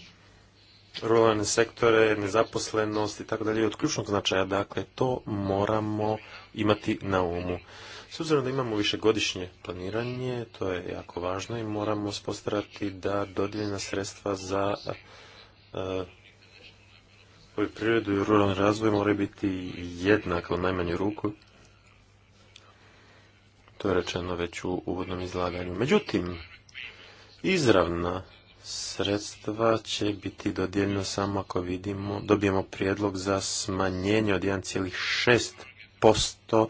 ruralne sektore, nezaposlenost i tako dalje od ključnog značaja. Dakle, to moramo imati na umu. S obzirom da imamo višegodišnje planiranje, to je jako važno i moramo spostarati da dodijeljena sredstva za e, poljoprivredu i ruralni razvoj moraju biti jednaka u najmanju ruku. To je rečeno već u uvodnom izlaganju. Međutim, izravna sredstva će biti dodijeljena samo ako vidimo, dobijemo prijedlog za smanjenje od 1,6%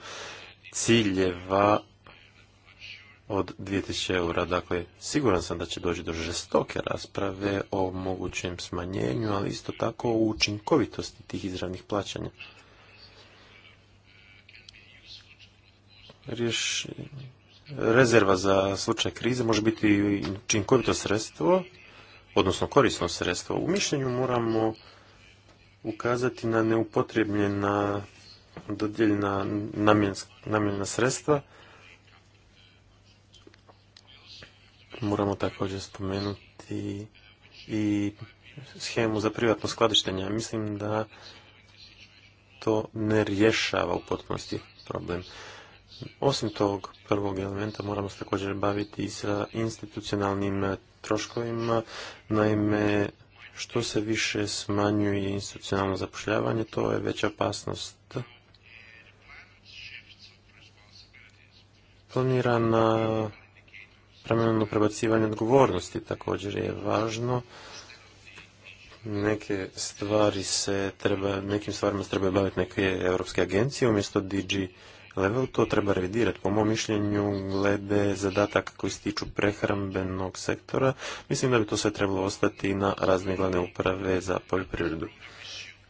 ciljeva od 2000 eura. Dakle, siguran sam da će doći do žestoke rasprave o mogućem smanjenju, ali isto tako o učinkovitosti tih izravnih plaćanja. Rezerva za slučaj krize može biti učinkovito sredstvo, odnosno korisno sredstvo. U mišljenju moramo ukazati na neupotrebljena dodijeljena namjena sredstva. Moramo također spomenuti i schemu za privatno skladištenje. Mislim da to ne rješava u potpunosti problem. Osim tog prvog elementa moramo se također baviti i sa institucionalnim troškovima. Naime, što se više smanjuje institucionalno zapošljavanje, to je veća opasnost na premjerno prebacivanje odgovornosti također je važno. Neke stvari se treba, nekim stvarima se treba baviti neke europske agencije umjesto DG level. To treba revidirati po mom mišljenju glede zadataka koji se tiču prehrambenog sektora. Mislim da bi to sve trebalo ostati na razne glavne uprave za poljoprivredu.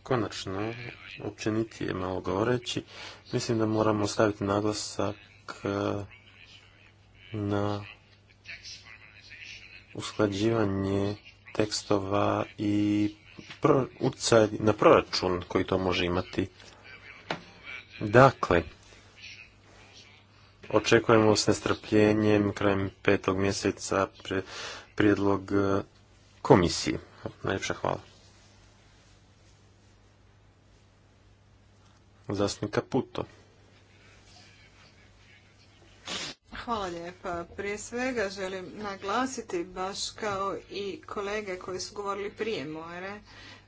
Konačno, općenitije malo govoreći, mislim da moramo staviti naglasak E, na usklađivanje tekstova i na proračun koji to može imati. Dakle, očekujemo s nestrpljenjem krajem petog mjeseca prijedlog e, komisije. Najljepša hvala. Zastupnika Puto. Hvala lijepa. Prije svega želim naglasiti, baš kao i kolege koji su govorili prije more,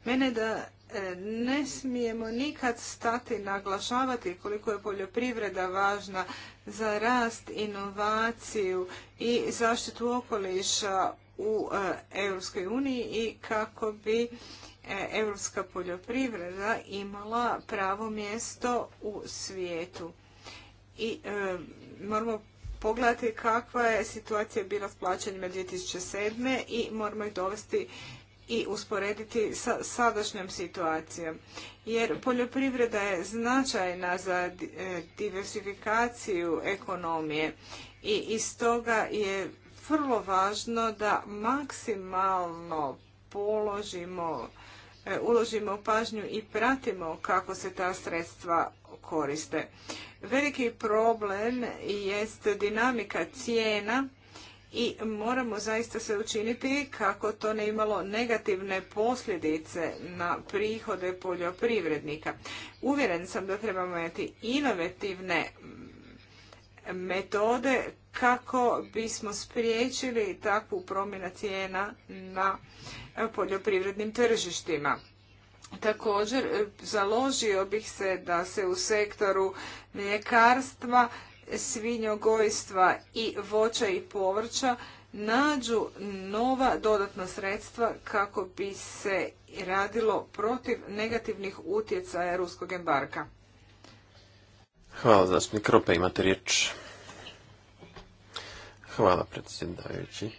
mene da e, ne smijemo nikad stati naglašavati koliko je poljoprivreda važna za rast, inovaciju i zaštitu okoliša u e, Europskoj uniji i kako bi e, europska poljoprivreda imala pravo mjesto u svijetu. I moramo pogledati kakva je situacija bila s plaćanjima 2007. i moramo ih dovesti i usporediti sa sadašnjom situacijom. Jer poljoprivreda je značajna za e, diversifikaciju ekonomije i iz toga je vrlo važno da maksimalno položimo, e, uložimo pažnju i pratimo kako se ta sredstva koriste. Veliki problem jest dinamika cijena i moramo zaista se učiniti kako to ne imalo negativne posljedice na prihode poljoprivrednika. Uvjeren sam da trebamo imati inovativne metode kako bismo spriječili takvu promjena cijena na poljoprivrednim tržištima. Također, e, založio bih se da se u sektoru mljekarstva, svinjogojstva i voća i povrća nađu nova dodatna sredstva kako bi se radilo protiv negativnih utjecaja ruskog embarka. Hvala zastupnik Rope, imate riječ. Hvala predsjedavajući.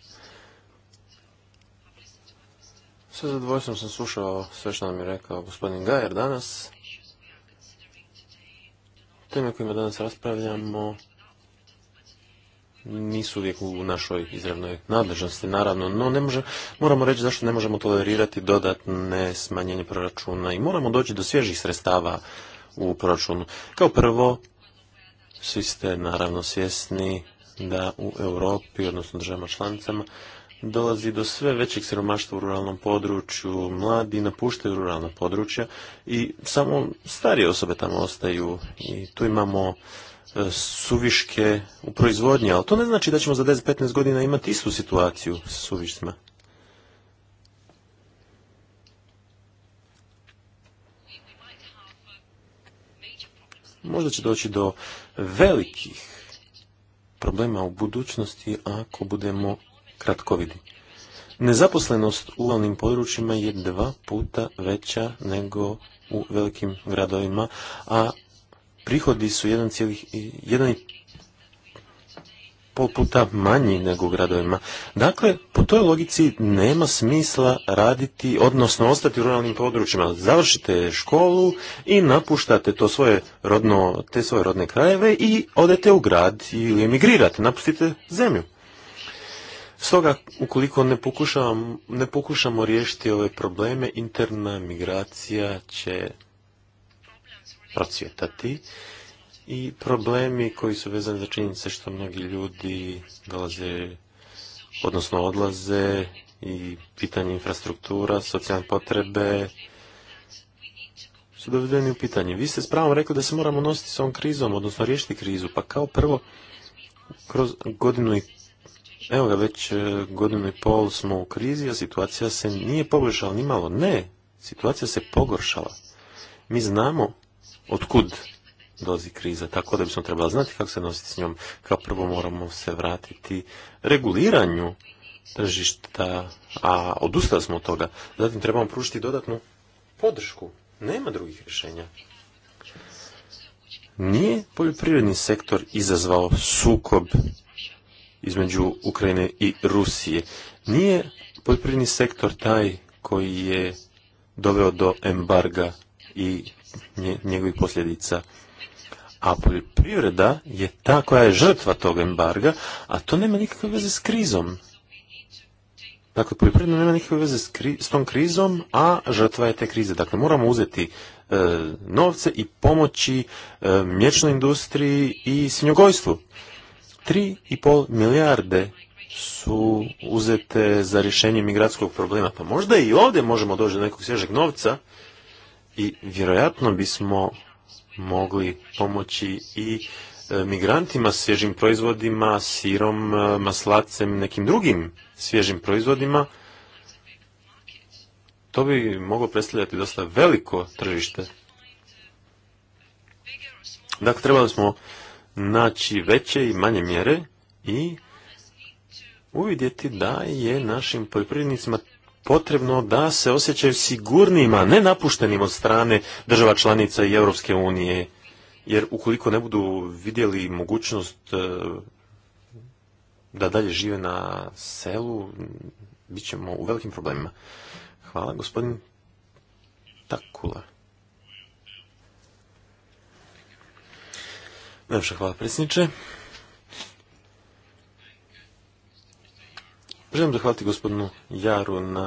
Sa zadovoljstvom sam slušao sve što nam je rekao gospodin Gajer danas. Teme kojima danas raspravljamo nisu uvijek u našoj izravnoj nadležnosti, naravno, no ne može, moramo reći zašto ne možemo tolerirati dodatne smanjenje proračuna i moramo doći do svježih sredstava u proračunu. Kao prvo, svi ste naravno svjesni da u Europi, odnosno državama članicama, dolazi do sve većeg siromaštva u ruralnom području, mladi napuštaju ruralna područja i samo starije osobe tamo ostaju i tu imamo e, suviške u proizvodnji, ali to ne znači da ćemo za 10-15 godina imati istu situaciju s suvištima. Možda će doći do velikih problema u budućnosti ako budemo kratkovidi. Nezaposlenost u ruralnim područjima je dva puta veća nego u velikim gradovima, a prihodi su 1,5 pol puta manji nego u gradovima. Dakle, po toj logici nema smisla raditi, odnosno ostati u ruralnim područjima. Završite školu i napuštate to svoje rodno, te svoje rodne krajeve i odete u grad ili emigrirate, napustite zemlju. Stoga, ukoliko ne pokušamo, ne pokušamo riješiti ove probleme, interna migracija će procvjetati i problemi koji su vezani za činjenice što mnogi ljudi dolaze, odnosno odlaze i pitanje infrastruktura, socijalne potrebe su dovedeni u pitanje. Vi ste s pravom rekli da se moramo nositi s ovom krizom, odnosno riješiti krizu, pa kao prvo kroz godinu i Evo ga, već e, godinu i pol smo u krizi, a situacija se nije poboljšala ni malo. Ne, situacija se pogoršala. Mi znamo otkud dozi kriza, tako da bismo trebali znati kako se nositi s njom. Kao prvo moramo se vratiti reguliranju tržišta, a odustali smo od toga. Zatim trebamo pružiti dodatnu podršku. Nema drugih rješenja. Nije poljoprivredni sektor izazvao sukob između Ukrajine i Rusije. Nije poljoprivredni sektor taj koji je doveo do embarga i njegovih posljedica. A poljoprivreda je ta koja je žrtva tog embarga, a to nema nikakve veze s krizom. Dakle, poljoprivreda nema nikakve veze s, tom krizom, a žrtva je te krize. Dakle, moramo uzeti e, novce i pomoći e, mliječnoj industriji i svinjogojstvu. 3,5 milijarde su uzete za rješenje migratskog problema. Pa možda i ovdje možemo doći do nekog svježeg novca i vjerojatno bismo mogli pomoći i e, migrantima s svježim proizvodima, sirom, e, maslacem, nekim drugim svježim proizvodima. To bi moglo predstavljati dosta veliko tržište. Dakle, trebali smo naći veće i manje mjere i uvidjeti da je našim poljoprivrednicima potrebno da se osjećaju sigurnijima, ne napuštenim od strane država članica i Europske unije. Jer ukoliko ne budu vidjeli mogućnost e, da dalje žive na selu, bit ćemo u velikim problemima. Hvala, gospodin Takula. Najviše hvala predsjedniče. Želim zahvaliti gospodinu Jaru na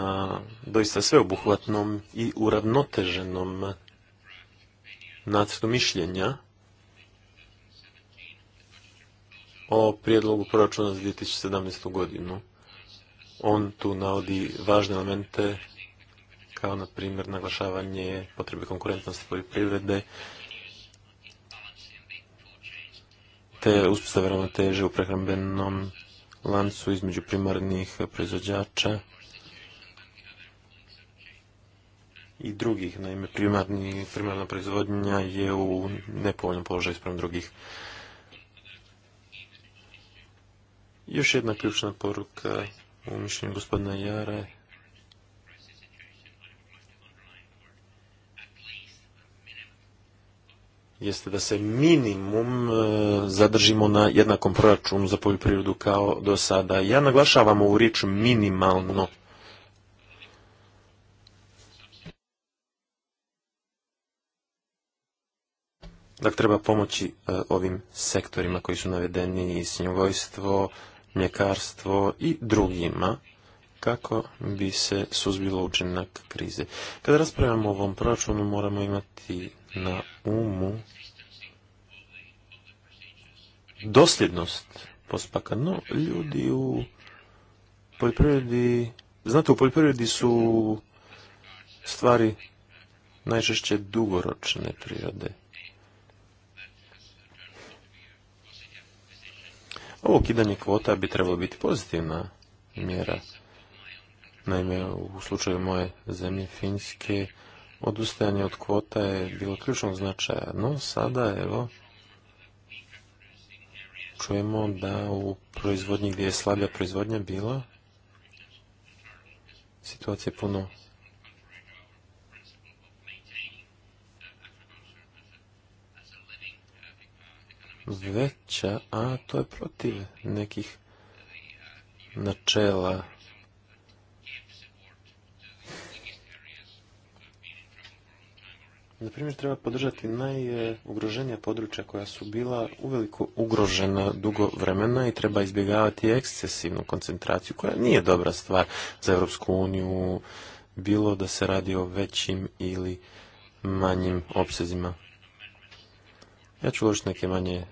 doista sveobuhvatnom i uravnoteženom nacrtu mišljenja o prijedlogu proračuna za 2017. godinu. On tu navodi važne elemente kao na primjer naglašavanje potrebe konkurentnosti poljoprivrede, te uspostave ravnoteže u prehrambenom lancu između primarnih proizvođača i drugih. Naime, primarni, primarna proizvodnja je u nepovoljnom položaju sprem drugih. Još jedna ključna poruka u mišljenju gospodina Jara jeste da se minimum e, zadržimo na jednakom proračunu za poljoprivredu kao do sada. Ja naglašavam ovu riječ minimalno. Dakle, treba pomoći e, ovim sektorima koji su navedeni i snjogojstvo, mljekarstvo i drugima kako bi se suzbilo učinak krize. Kada raspravljamo o ovom proračunu moramo imati na umu dosljednost pospaka. No, ljudi u poljoprivredi, znate, u poljoprivredi su stvari najčešće dugoročne prirode. Ovo ukidanje kvota bi trebalo biti pozitivna mjera. Naime, u slučaju moje zemlje Finjske, odustajanje od kvota je bilo ključnog značaja, no sada evo čujemo da u proizvodnji gdje je slabija proizvodnja bila situacija je puno veća, a to je protiv nekih načela Na primjer, treba podržati najugroženija područja koja su bila uveliko ugrožena dugo vremena i treba izbjegavati ekscesivnu koncentraciju koja nije dobra stvar za Europsku uniju, bilo da se radi o većim ili manjim opsezima. Ja ću uložiti neke manje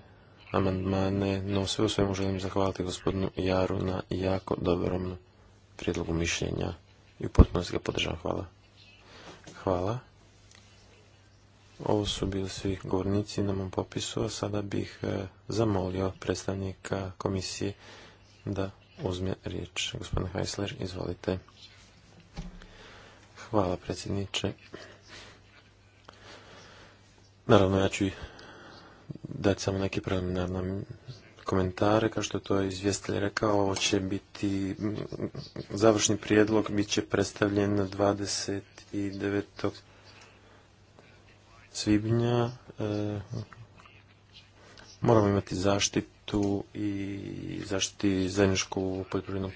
amandmane, no sve u svemu želim zahvaliti gospodinu Jaru na jako dobrom prijedlogu mišljenja i u potpunosti ga podržavam. Hvala. Hvala. Ovo su bili svi govornici na mom popisu, a sada bih e, zamolio predstavnika komisije da uzme riječ. Gospodin Heisler, izvolite. Hvala predsjedniče. Naravno, ja ću dati samo neke preliminarne komentare, kao što je to izvjestelj rekao, ovo će biti završni prijedlog, bit će predstavljen 29 svibnja e, moramo imati zaštitu i zaštiti zajedničku poljoprivrednu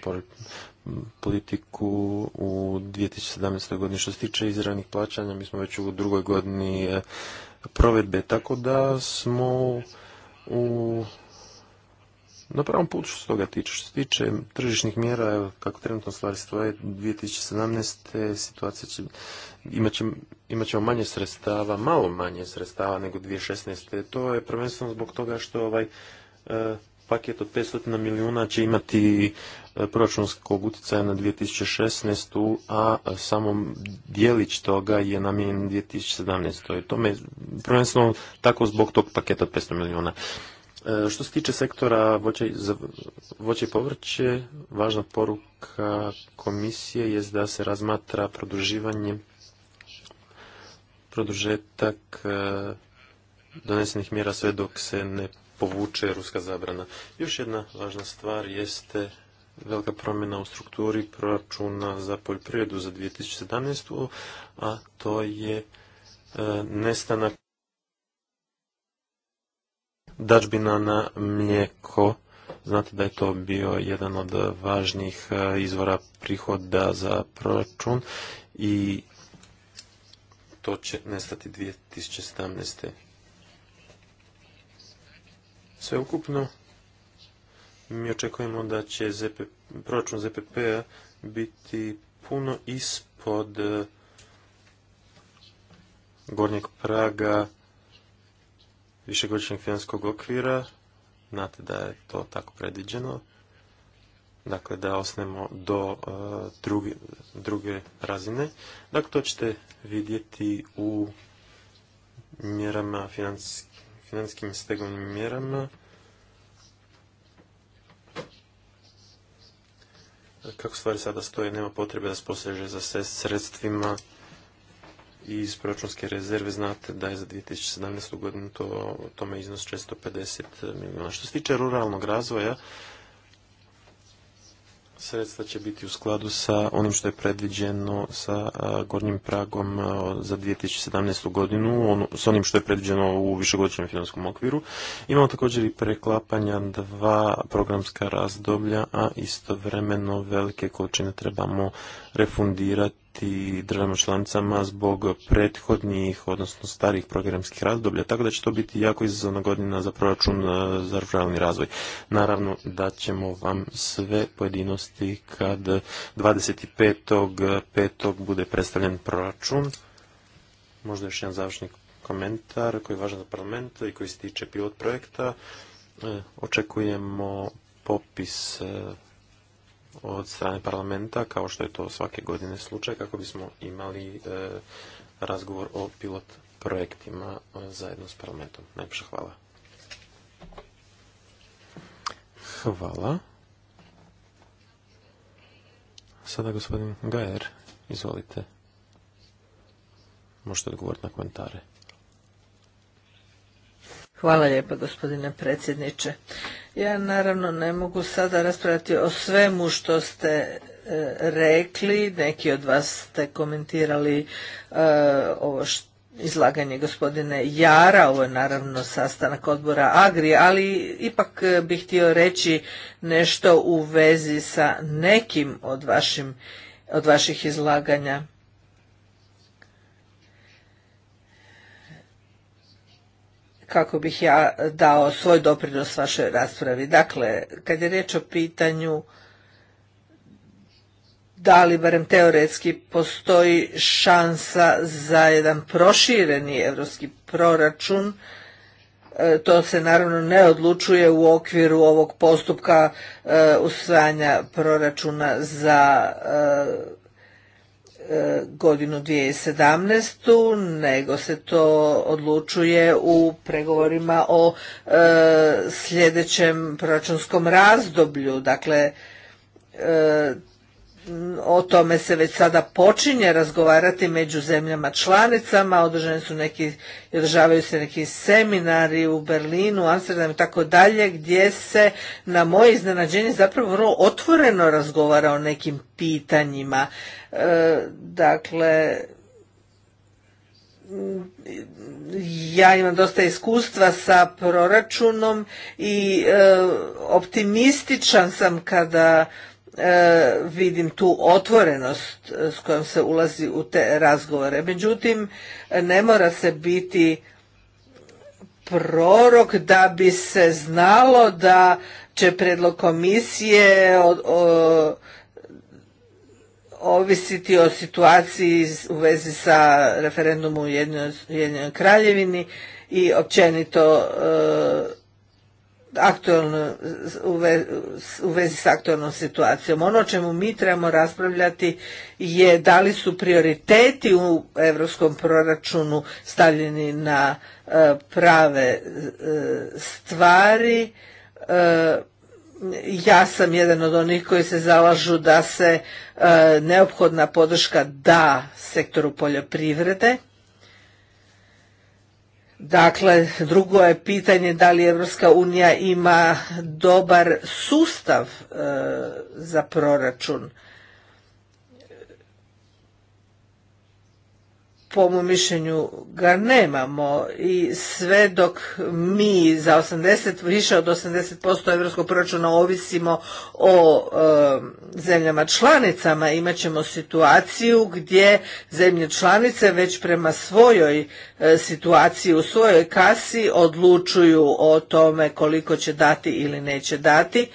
politiku u 2017. godini. Što se tiče izravnih plaćanja, mi smo već u drugoj godini e, provedbe, tako da smo u na pravom putu što se toga tiče. Što se tiče tržišnih mjera, kako trenutno stvari stoje, 2017. situacija će, imat, ćemo, manje sredstava, malo manje sredstava nego 2016. To je prvenstveno zbog toga što ovaj e, paket od 500 milijuna će imati e, proračunskog utjecaja na 2016. a e, samo dijelić toga je namijenjen 2017. To tome prvenstveno tako zbog tog paketa od 500 milijuna. E, što se tiče sektora voće, voće i povrće, važna poruka komisije je da se razmatra produživanje produžetak e, donesenih mjera sve dok se ne povuče ruska zabrana. Još jedna važna stvar jeste velika promjena u strukturi proračuna za poljoprivredu za 2017. a to je e, nestanak dačbina na mlijeko. Znate da je to bio jedan od važnijih e, izvora prihoda za proračun i to će nestati 2017. Sve ukupno mi očekujemo da će ZP, proračun ZPP-a biti puno ispod e, gornjeg praga višegodišnjeg finanskog okvira. Znate da je to tako predviđeno. Dakle, da osnemo do e, druge, razine. Dakle, to ćete vidjeti u mjerama, finanskim financijskim stegovnim mjerama. Kako stvari sada stoje, nema potrebe da se poseže za sredstvima iz proračunske rezerve znate da je za 2017. godinu to, tome iznos 450 milijuna. Što se tiče ruralnog razvoja, sredstva će biti u skladu sa onim što je predviđeno sa gornjim pragom za 2017. godinu, on, s onim što je predviđeno u višegodišnjem finanskom okviru. Imamo također i preklapanja dva programska razdoblja, a istovremeno velike količine trebamo refundirati i državama članicama zbog prethodnih, odnosno starih programskih razdoblja, tako da će to biti jako izazovna godina za proračun e, za ruralni razvoj. Naravno da ćemo vam sve pojedinosti kad 25.5. bude predstavljen proračun. Možda još jedan završni komentar koji je važan za parlament i koji se tiče pilot projekta. E, očekujemo popis e, od strane parlamenta, kao što je to svake godine slučaj, kako bismo imali e, razgovor o pilot projektima e, zajedno s parlamentom. Najpša hvala. Hvala. Sada gospodin Gajer, izvolite. Možete odgovoriti na komentare. Hvala lijepa gospodine predsjedniče. Ja naravno ne mogu sada raspravljati o svemu što ste e, rekli, neki od vas ste komentirali e, ovo izlaganje gospodine Jara, ovo je naravno sastanak odbora Agri, ali ipak e, bih htio reći nešto u vezi sa nekim od, vašim, od vaših izlaganja. kako bih ja dao svoj doprinos vašoj raspravi. Dakle, kad je riječ o pitanju da li barem teoretski postoji šansa za jedan prošireni europski proračun, e, to se naravno ne odlučuje u okviru ovog postupka e, usvajanja proračuna za e, E, godinu 2017. nego se to odlučuje u pregovorima o e, sljedećem proračunskom razdoblju. Dakle, e, o tome se već sada počinje razgovarati među zemljama članicama, održani su neki, održavaju se neki seminari u Berlinu, Amsterdamu i tako dalje, gdje se na moje iznenađenje zapravo vrlo otvoreno razgovara o nekim pitanjima. E, dakle, ja imam dosta iskustva sa proračunom i e, optimističan sam kada E, vidim tu otvorenost e, s kojom se ulazi u te razgovore. Međutim, ne mora se biti prorok da bi se znalo da će predlog komisije ovisiti o situaciji u vezi sa referendumom u Ujedinjenoj Kraljevini i općenito e, aktualno, u vezi s aktualnom situacijom. Ono o čemu mi trebamo raspravljati je da li su prioriteti u europskom proračunu stavljeni na e, prave e, stvari. E, ja sam jedan od onih koji se zalažu da se neophodna podrška da sektoru poljoprivrede Dakle, drugo je pitanje da li Evropska unija ima dobar sustav e, za proračun. po mom mišljenju ga nemamo i sve dok mi za 80, više od 80% europskog proračuna ovisimo o zemljama članicama, imat ćemo situaciju gdje zemlje članice već prema svojoj e, situaciji u svojoj kasi odlučuju o tome koliko će dati ili neće dati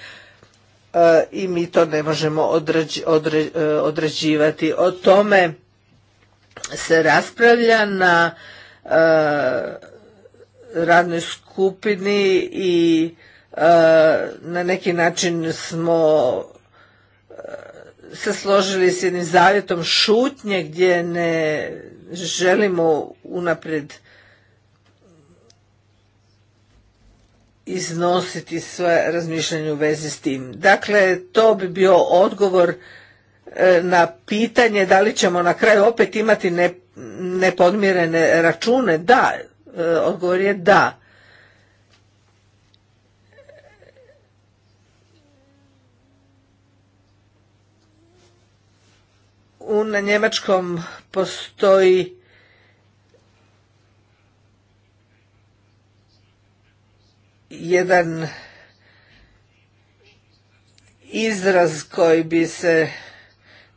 e, i mi to ne možemo određivati o tome se raspravlja na e, radnoj skupini i e, na neki način smo e, se složili s jednim zavjetom šutnje gdje ne želimo unaprijed iznositi svoje razmišljanje u vezi s tim. Dakle, to bi bio odgovor E, na pitanje da li ćemo na kraju opet imati nepodmirene račune, da, e, odgovor je da. U, na njemačkom postoji jedan izraz koji bi se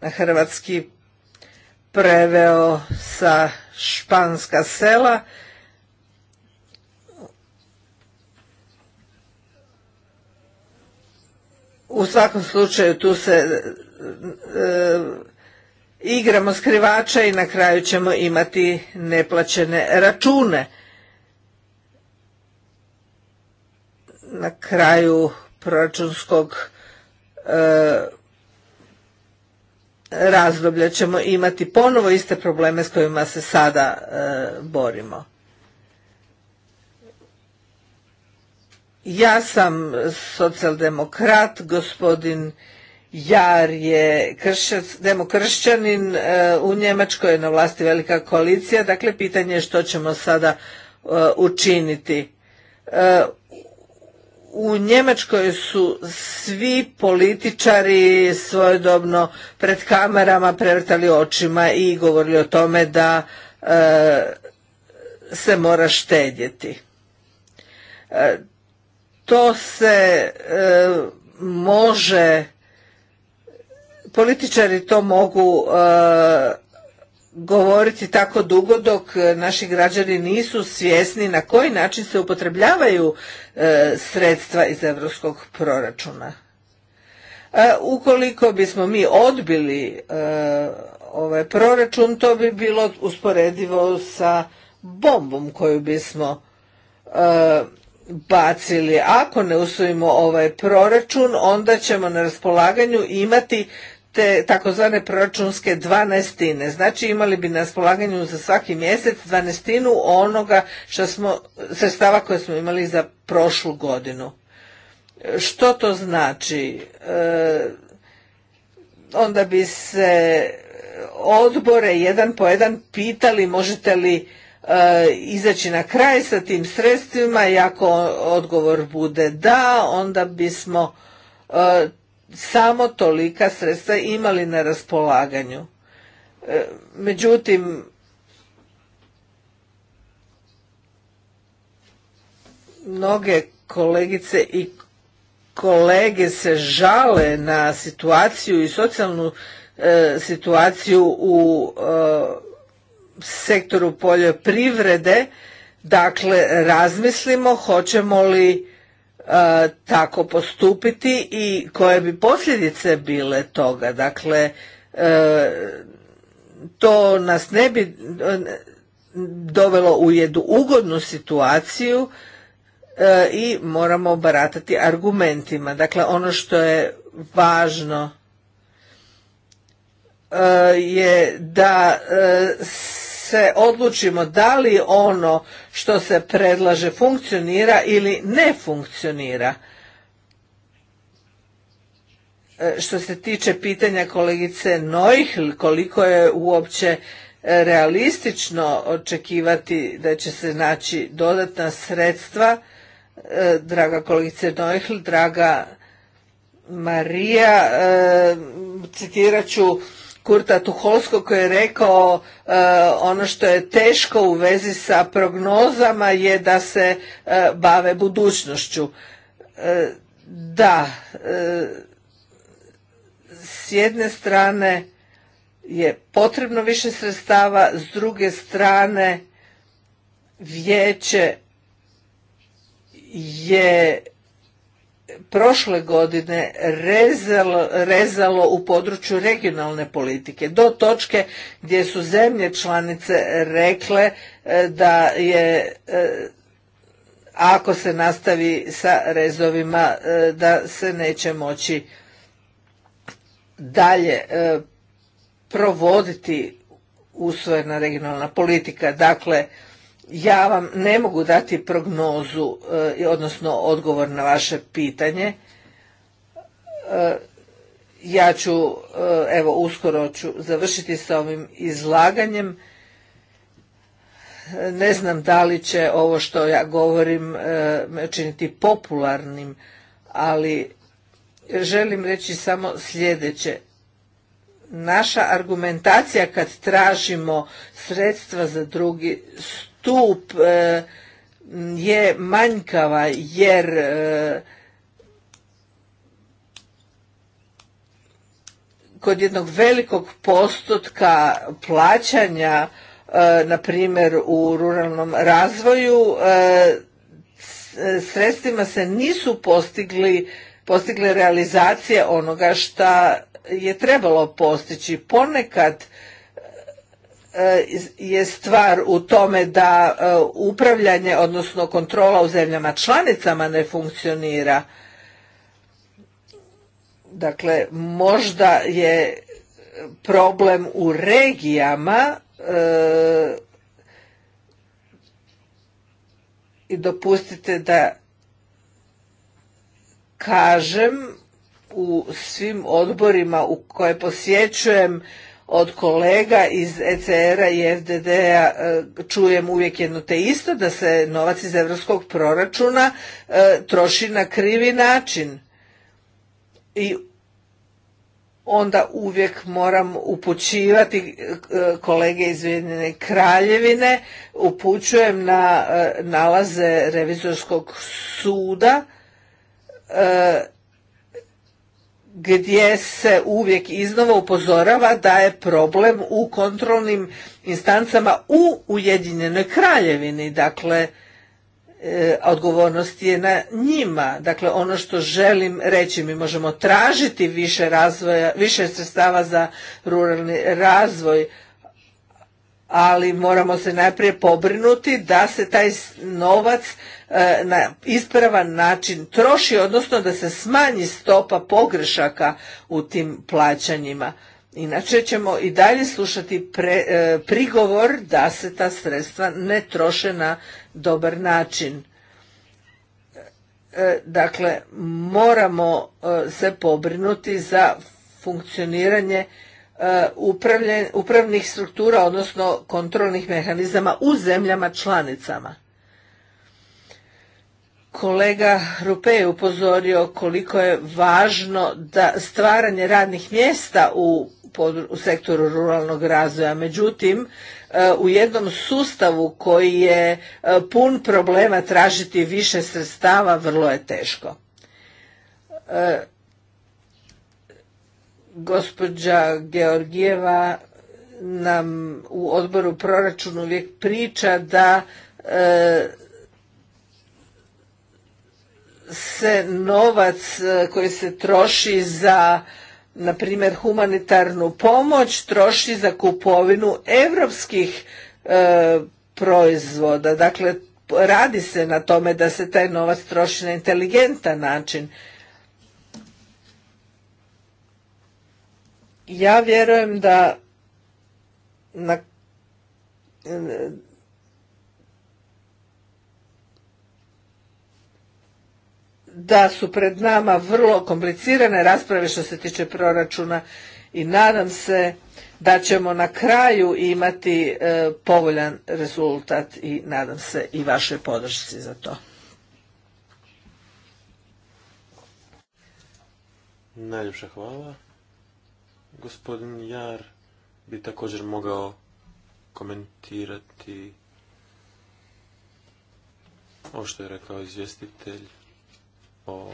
na hrvatski preveo sa španska sela. U svakom slučaju tu se e, e, igramo skrivača i na kraju ćemo imati neplaćene račune. Na kraju proračunskog e, razdoblja ćemo imati ponovo iste probleme s kojima se sada e, borimo. Ja sam socijaldemokrat, gospodin Jar je demokršćanin, e, u Njemačkoj je na vlasti velika koalicija, dakle pitanje je što ćemo sada e, učiniti u Njemačkoj su svi političari svojodobno pred kamerama prevrtali očima i govorili o tome da e, se mora štedjeti. E, to se e, može, političari to mogu govoriti tako dugo dok e, naši građani nisu svjesni na koji način se upotrebljavaju e, sredstva iz europskog proračuna. E, ukoliko bismo mi odbili ovaj proračun, to bi bilo usporedivo sa bombom koju bismo bacili. Ako ne usvojimo ovaj proračun, onda ćemo na raspolaganju imati te takozvane proračunske dvanaestine. Znači imali bi na spolaganju za svaki mjesec dvanaestinu onoga što smo, sredstava koje smo imali za prošlu godinu. Što to znači? E, onda bi se odbore jedan po jedan pitali možete li e, izaći na kraj sa tim sredstvima i ako odgovor bude da, onda bismo e, samo tolika sredstva imali na raspolaganju. E, međutim, mnoge kolegice i kolege se žale na situaciju i socijalnu e, situaciju u e, sektoru poljoprivrede. Dakle, razmislimo hoćemo li E, tako postupiti i koje bi posljedice bile toga. Dakle, e, to nas ne bi e, dovelo u jednu ugodnu situaciju i moramo baratati argumentima. Dakle, ono što je važno je da se odlučimo da li ono što se predlaže funkcionira ili ne funkcionira. E, što se tiče pitanja kolegice Nojh, koliko je uopće e, realistično očekivati da će se naći dodatna sredstva, e, draga kolegice Nojh, draga Marija, citirat ću Kurta Tuholsko koji je rekao e, ono što je teško u vezi sa prognozama je da se e, bave budućnošću. E, da, s jedne strane je potrebno više sredstava, s druge strane vijeće je prošle godine rezalo, rezalo u području regionalne politike do točke gdje su zemlje članice rekle e, da je e, ako se nastavi sa rezovima e, da se neće moći dalje provoditi usvojena regionalna politika. Dakle, ja vam ne mogu dati prognozu, e, odnosno odgovor na vaše pitanje. E, ja ću, e, evo, uskoro ću završiti sa ovim izlaganjem. Ne znam da li će ovo što ja govorim činiti popularnim, ali želim reći samo sljedeće naša argumentacija kad tražimo sredstva za drugi stup e, je manjkava jer e, kod jednog velikog postotka plaćanja e, na primjer u ruralnom razvoju sredstvima se nisu postigli postigle realizacije onoga što je trebalo postići ponekad E, je stvar u tome da e, upravljanje, odnosno kontrola u zemljama članicama ne funkcionira. Dakle, možda je problem u regijama e, i dopustite da kažem u svim odborima u koje posjećujem od kolega iz ECR-a i FDD-a e, čujem uvijek jedno te isto, da se novac iz europskog proračuna e, troši na krivi način. I onda uvijek moram upućivati e, kolege iz Ujedinjene kraljevine, upućujem na nalaze revizorskog suda, gdje se uvijek iznova upozorava da je problem u kontrolnim instancama u Ujedinjenoj kraljevini. Dakle, e, odgovornost je na njima. Dakle, ono što želim reći, mi možemo tražiti više, razvoja, više sredstava za ruralni razvoj, ali moramo se najprije pobrinuti da se taj novac E, na ispravan način troši, odnosno da se smanji stopa pogrešaka u tim plaćanjima. Inače ćemo i dalje slušati e, prigovor da se ta sredstva ne troše na dobar način. E, dakle, moramo se pobrinuti za funkcioniranje upravnih struktura, odnosno kontrolnih mehanizama u zemljama članicama kolega Rupe je upozorio koliko je važno da stvaranje radnih mjesta u, u sektoru ruralnog razvoja. Međutim, e, u jednom sustavu koji je e, pun problema tražiti više sredstava vrlo je teško. E, gospođa Georgijeva nam u odboru proračun uvijek priča da se novac e, koji se troši za na primjer humanitarnu pomoć troši za kupovinu europskih e, proizvoda. Dakle, radi se na tome da se taj novac troši na inteligentan način. Ja vjerujem da na da su pred nama vrlo komplicirane rasprave što se tiče proračuna i nadam se da ćemo na kraju imati e, povoljan rezultat i nadam se i vašoj podršci za to. Najljepša hvala. Gospodin Jar bi također mogao komentirati ovo što je rekao izvjestitelj o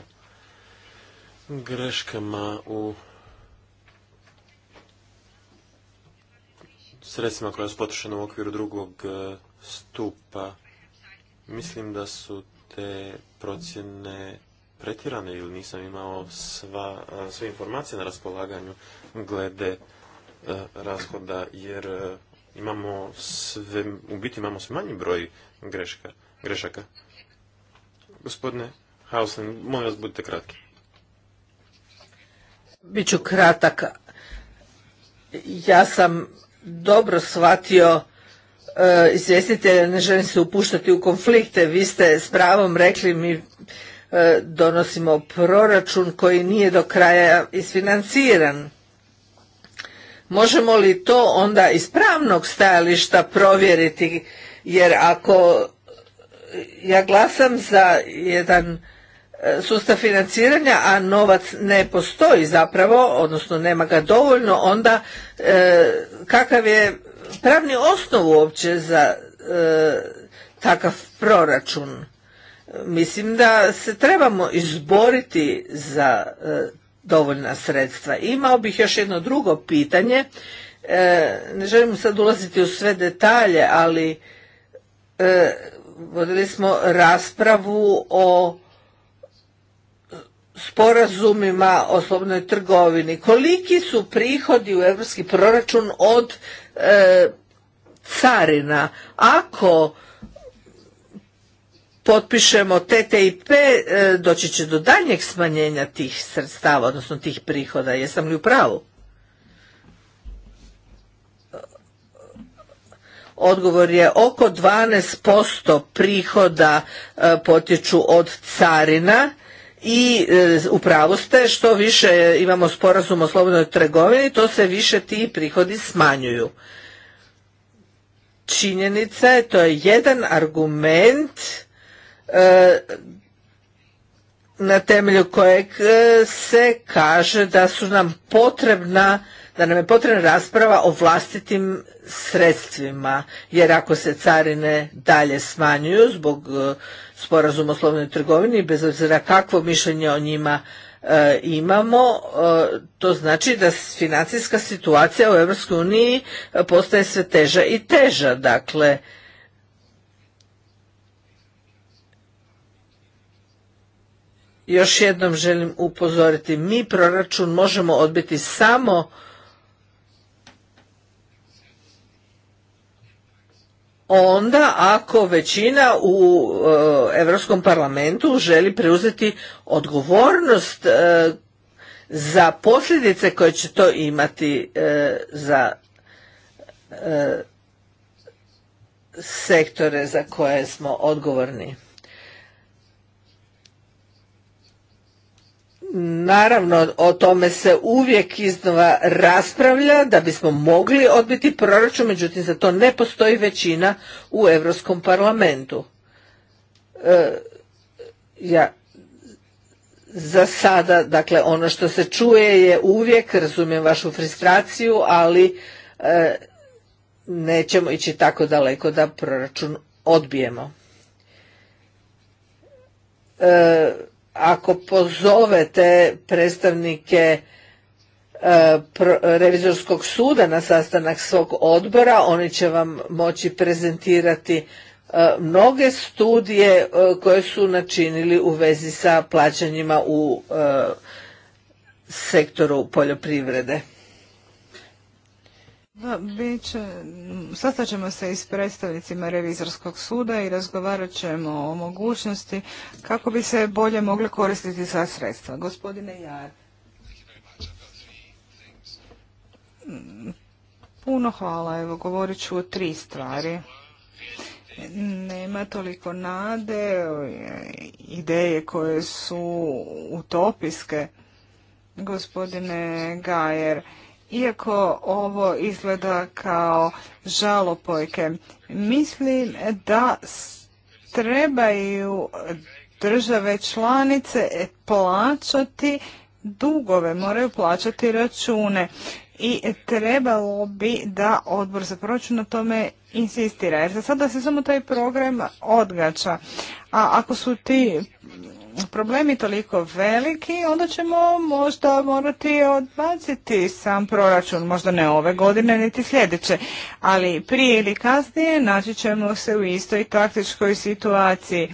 greškama u sredstvima koja su potrošena u okviru drugog e, stupa. Mislim da su te procjene pretjerane ili nisam imao sva, e, sve informacije na raspolaganju glede e, rashoda, jer imamo sve, u biti imamo sve manji broj greška, grešaka. Gospodine Hausen, molim vas budite kratki. Biću kratak. Ja sam dobro shvatio eh, ne želim se upuštati u konflikte. Vi ste s pravom rekli mi eh, donosimo proračun koji nije do kraja isfinanciran. Možemo li to onda iz pravnog stajališta provjeriti? Jer ako ja glasam za jedan sustav financiranja, a novac ne postoji zapravo, odnosno nema ga dovoljno, onda e, kakav je pravni osnov uopće za e, takav proračun? Mislim da se trebamo izboriti za e, dovoljna sredstva. Imao bih još jedno drugo pitanje, ne želim sad ulaziti u sve detalje, ali vodili smo raspravu o sporazumima o slobodnoj trgovini. Koliki su prihodi u europski proračun od e, carina? Ako potpišemo TTIP, e, doći će do daljnjeg smanjenja tih sredstava, odnosno tih prihoda. Jesam li u pravu? Odgovor je oko 12% prihoda e, potječu od carina i e, upravo ste što više imamo sporazum o slobodnoj trgovini to se više ti prihodi smanjuju činjenica je to je jedan argument e, na temelju kojeg e, se kaže da su nam potrebna da nam je potrebna rasprava o vlastitim sredstvima jer ako se carine dalje smanjuju zbog sporazum o slobodnoj trgovini, bez obzira kakvo mišljenje o njima e, imamo, e, to znači da financijska situacija u EU e, postaje sve teža i teža. Dakle, još jednom želim upozoriti, mi proračun možemo odbiti samo onda ako većina u Europskom parlamentu želi preuzeti odgovornost e, za posljedice koje će to imati e, za e, sektore za koje smo odgovorni. Naravno, o tome se uvijek iznova raspravlja da bismo mogli odbiti proračun, međutim za to ne postoji većina u Europskom parlamentu. E, ja za sada, dakle ono što se čuje je uvijek, razumijem vašu frustraciju, ali e, nećemo ići tako daleko da proračun odbijemo. E, ako pozovete predstavnike e, revizorskog suda na sastanak svog odbora, oni će vam moći prezentirati e, mnoge studije e, koje su načinili u vezi sa plaćanjima u sektoru poljoprivrede. Sastat ćemo se i s predstavnicima revizorskog suda i razgovarat ćemo o mogućnosti kako bi se bolje mogli koristiti sva sredstva. Gospodine Jar. Puno hvala. Evo, govorit ću o tri stvari. Nema toliko nade, ideje koje su utopiske Gospodine Gajer, iako ovo izgleda kao žalopojke, mislim da trebaju države članice plaćati dugove, moraju plaćati račune i trebalo bi da odbor za proračun na tome insistira. Jer za sada se samo taj program odgađa. A ako su ti problemi toliko veliki, onda ćemo možda morati odbaciti sam proračun, možda ne ove godine, niti sljedeće. Ali prije ili kasnije naći ćemo se u istoj taktičkoj situaciji.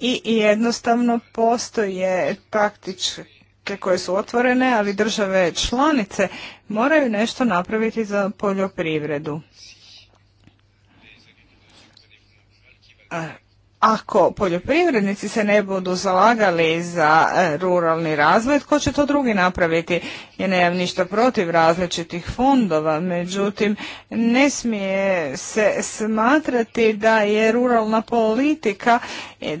I jednostavno postoje taktičke koje su otvorene, ali države članice moraju nešto napraviti za poljoprivredu ako poljoprivrednici se ne budu zalagali za e, ruralni razvoj, tko će to drugi napraviti? Ja nemam ništa protiv različitih fondova, međutim ne smije se smatrati da je ruralna politika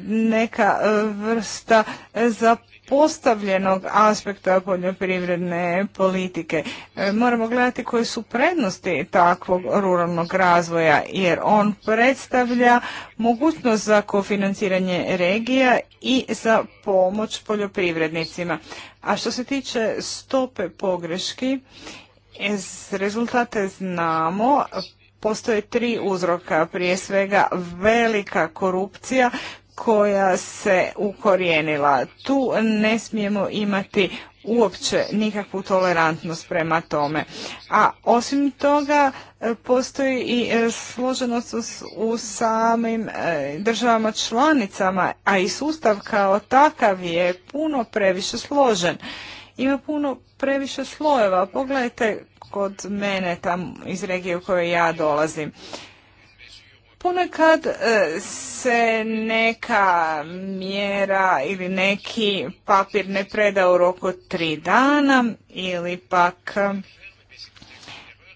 neka vrsta za postavljenog aspekta poljoprivredne politike. E, moramo gledati koje su prednosti takvog ruralnog razvoja jer on predstavlja mogućnost za kofinanciranje regija i za pomoć poljoprivrednicima. A što se tiče stope pogreški, rezultate znamo, postoje tri uzroka. Prije svega velika korupcija koja se ukorijenila. Tu ne smijemo imati uopće nikakvu tolerantnost prema tome. A osim toga e, postoji i e, složenost u samim e, državama članicama, a i sustav kao takav je puno previše složen. Ima puno previše slojeva. Pogledajte kod mene tam iz regije u kojoj ja dolazim. Ponekad e, se neka mjera ili neki papir ne preda u roku tri dana ili pak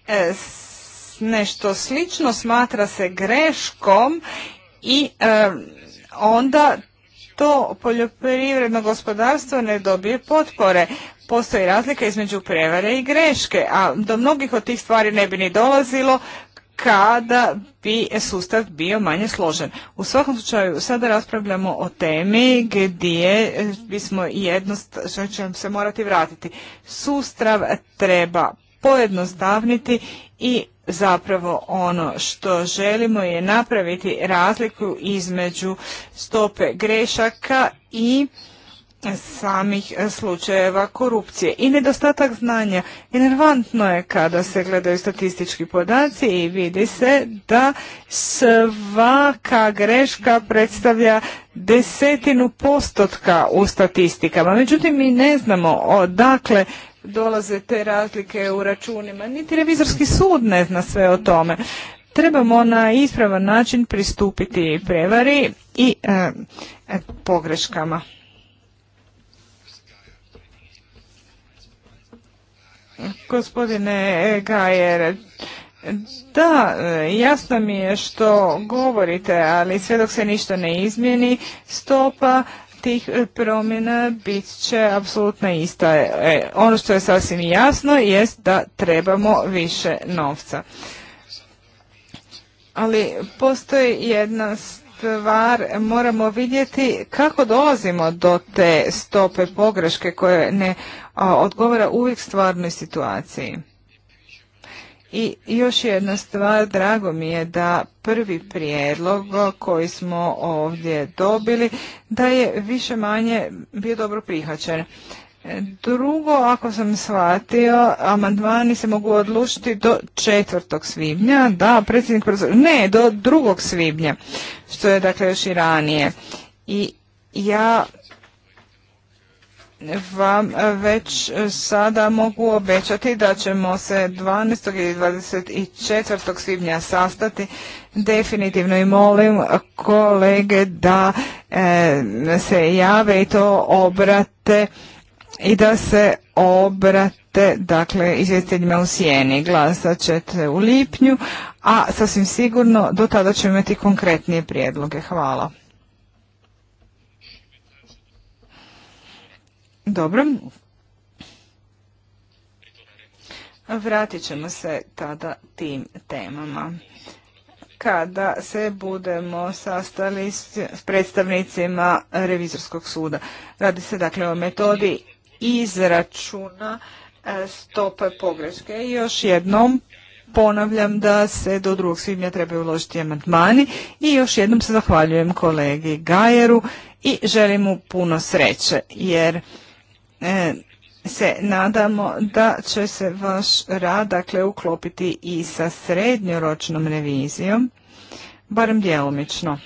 e, nešto slično smatra se greškom i e, onda to poljoprivredno gospodarstvo ne dobije potpore. Postoji razlika između prevare i greške, a do mnogih od tih stvari ne bi ni dolazilo kada bi sustav bio manje složen. U svakom slučaju, sada raspravljamo o temi gdje bismo jednost, što ćemo se morati vratiti. Sustav treba pojednostavniti i zapravo ono što želimo je napraviti razliku između stope grešaka i samih e, slučajeva korupcije i nedostatak znanja. Inervantno je kada se gledaju statistički podaci i vidi se da svaka greška predstavlja desetinu postotka u statistikama. Međutim, mi ne znamo odakle dolaze te razlike u računima. Niti revizorski sud ne zna sve o tome. Trebamo na ispravan način pristupiti prevari i e, e, pogreškama. Gospodine Gajer, da, jasno mi je što govorite, ali sve dok se ništa ne izmjeni, stopa tih promjena bit će apsolutno ista. E, ono što je sasvim jasno jest da trebamo više novca. Ali postoji jedna stvar, moramo vidjeti kako dolazimo do te stope pogreške koje ne odgovara uvijek stvarnoj situaciji. I još jedna stvar, drago mi je da prvi prijedlog koji smo ovdje dobili, da je više manje bio dobro prihvaćen. Drugo, ako sam shvatio, amandmani se mogu odlučiti do 4. svibnja, da, predsjednik ne, do 2. svibnja, što je dakle još i ranije. I ja vam već sada mogu obećati da ćemo se 12. i 24. svibnja sastati definitivno i molim kolege da e, se jave i to obrate i da se obrate dakle izvjestiteljima u sjeni glasat ćete u lipnju a sasvim sigurno do tada ćemo imati konkretnije prijedloge hvala Dobro. Vratit ćemo se tada tim temama. Kada se budemo sastali s predstavnicima revizorskog suda. Radi se dakle o metodi izračuna e, stope pogreške. I još jednom ponavljam da se do drugog svibnja trebaju uložiti amandmani i još jednom se zahvaljujem kolegi Gajeru i želim mu puno sreće jer E, se nadamo da će se vaš rad dakle, uklopiti i sa srednjoročnom revizijom, barem djelomično.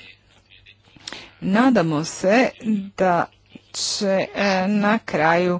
Nadamo se da će e, na kraju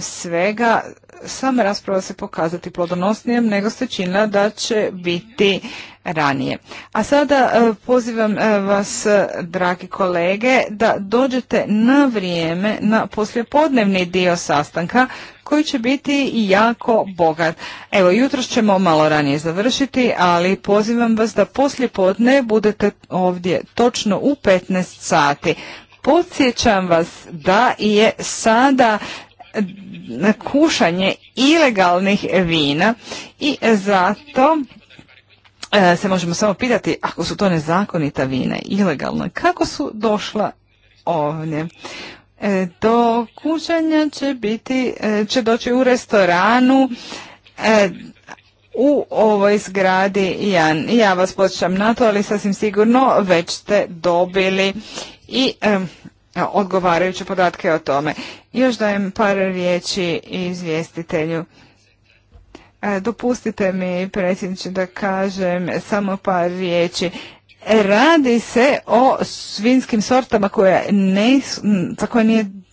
svega sama rasprava se pokazati plodonosnijem nego ste čina da će biti ranije. A sada e, pozivam e, vas, e, dragi kolege, da dođete na vrijeme na poslijepodnevni dio sastanka koji će biti jako bogat. Evo, jutro ćemo malo ranije završiti, ali pozivam vas da poslijepodne budete ovdje točno u 15 sati. Podsjećam vas da je sada kušanje ilegalnih vina i zato E, se možemo samo pitati ako su to nezakonita vina, ilegalna, kako su došla ovdje? E, do kućanja će biti, e, će doći u restoranu u ovoj zgradi Ja vas počnem na to, ali sasvim sigurno već ste dobili i odgovarajuće podatke o tome. Još dajem par riječi izvjestitelju. E, dopustite mi, predsjedniče, da kažem samo par riječi. Radi se o svinskim sortama koje za koje nije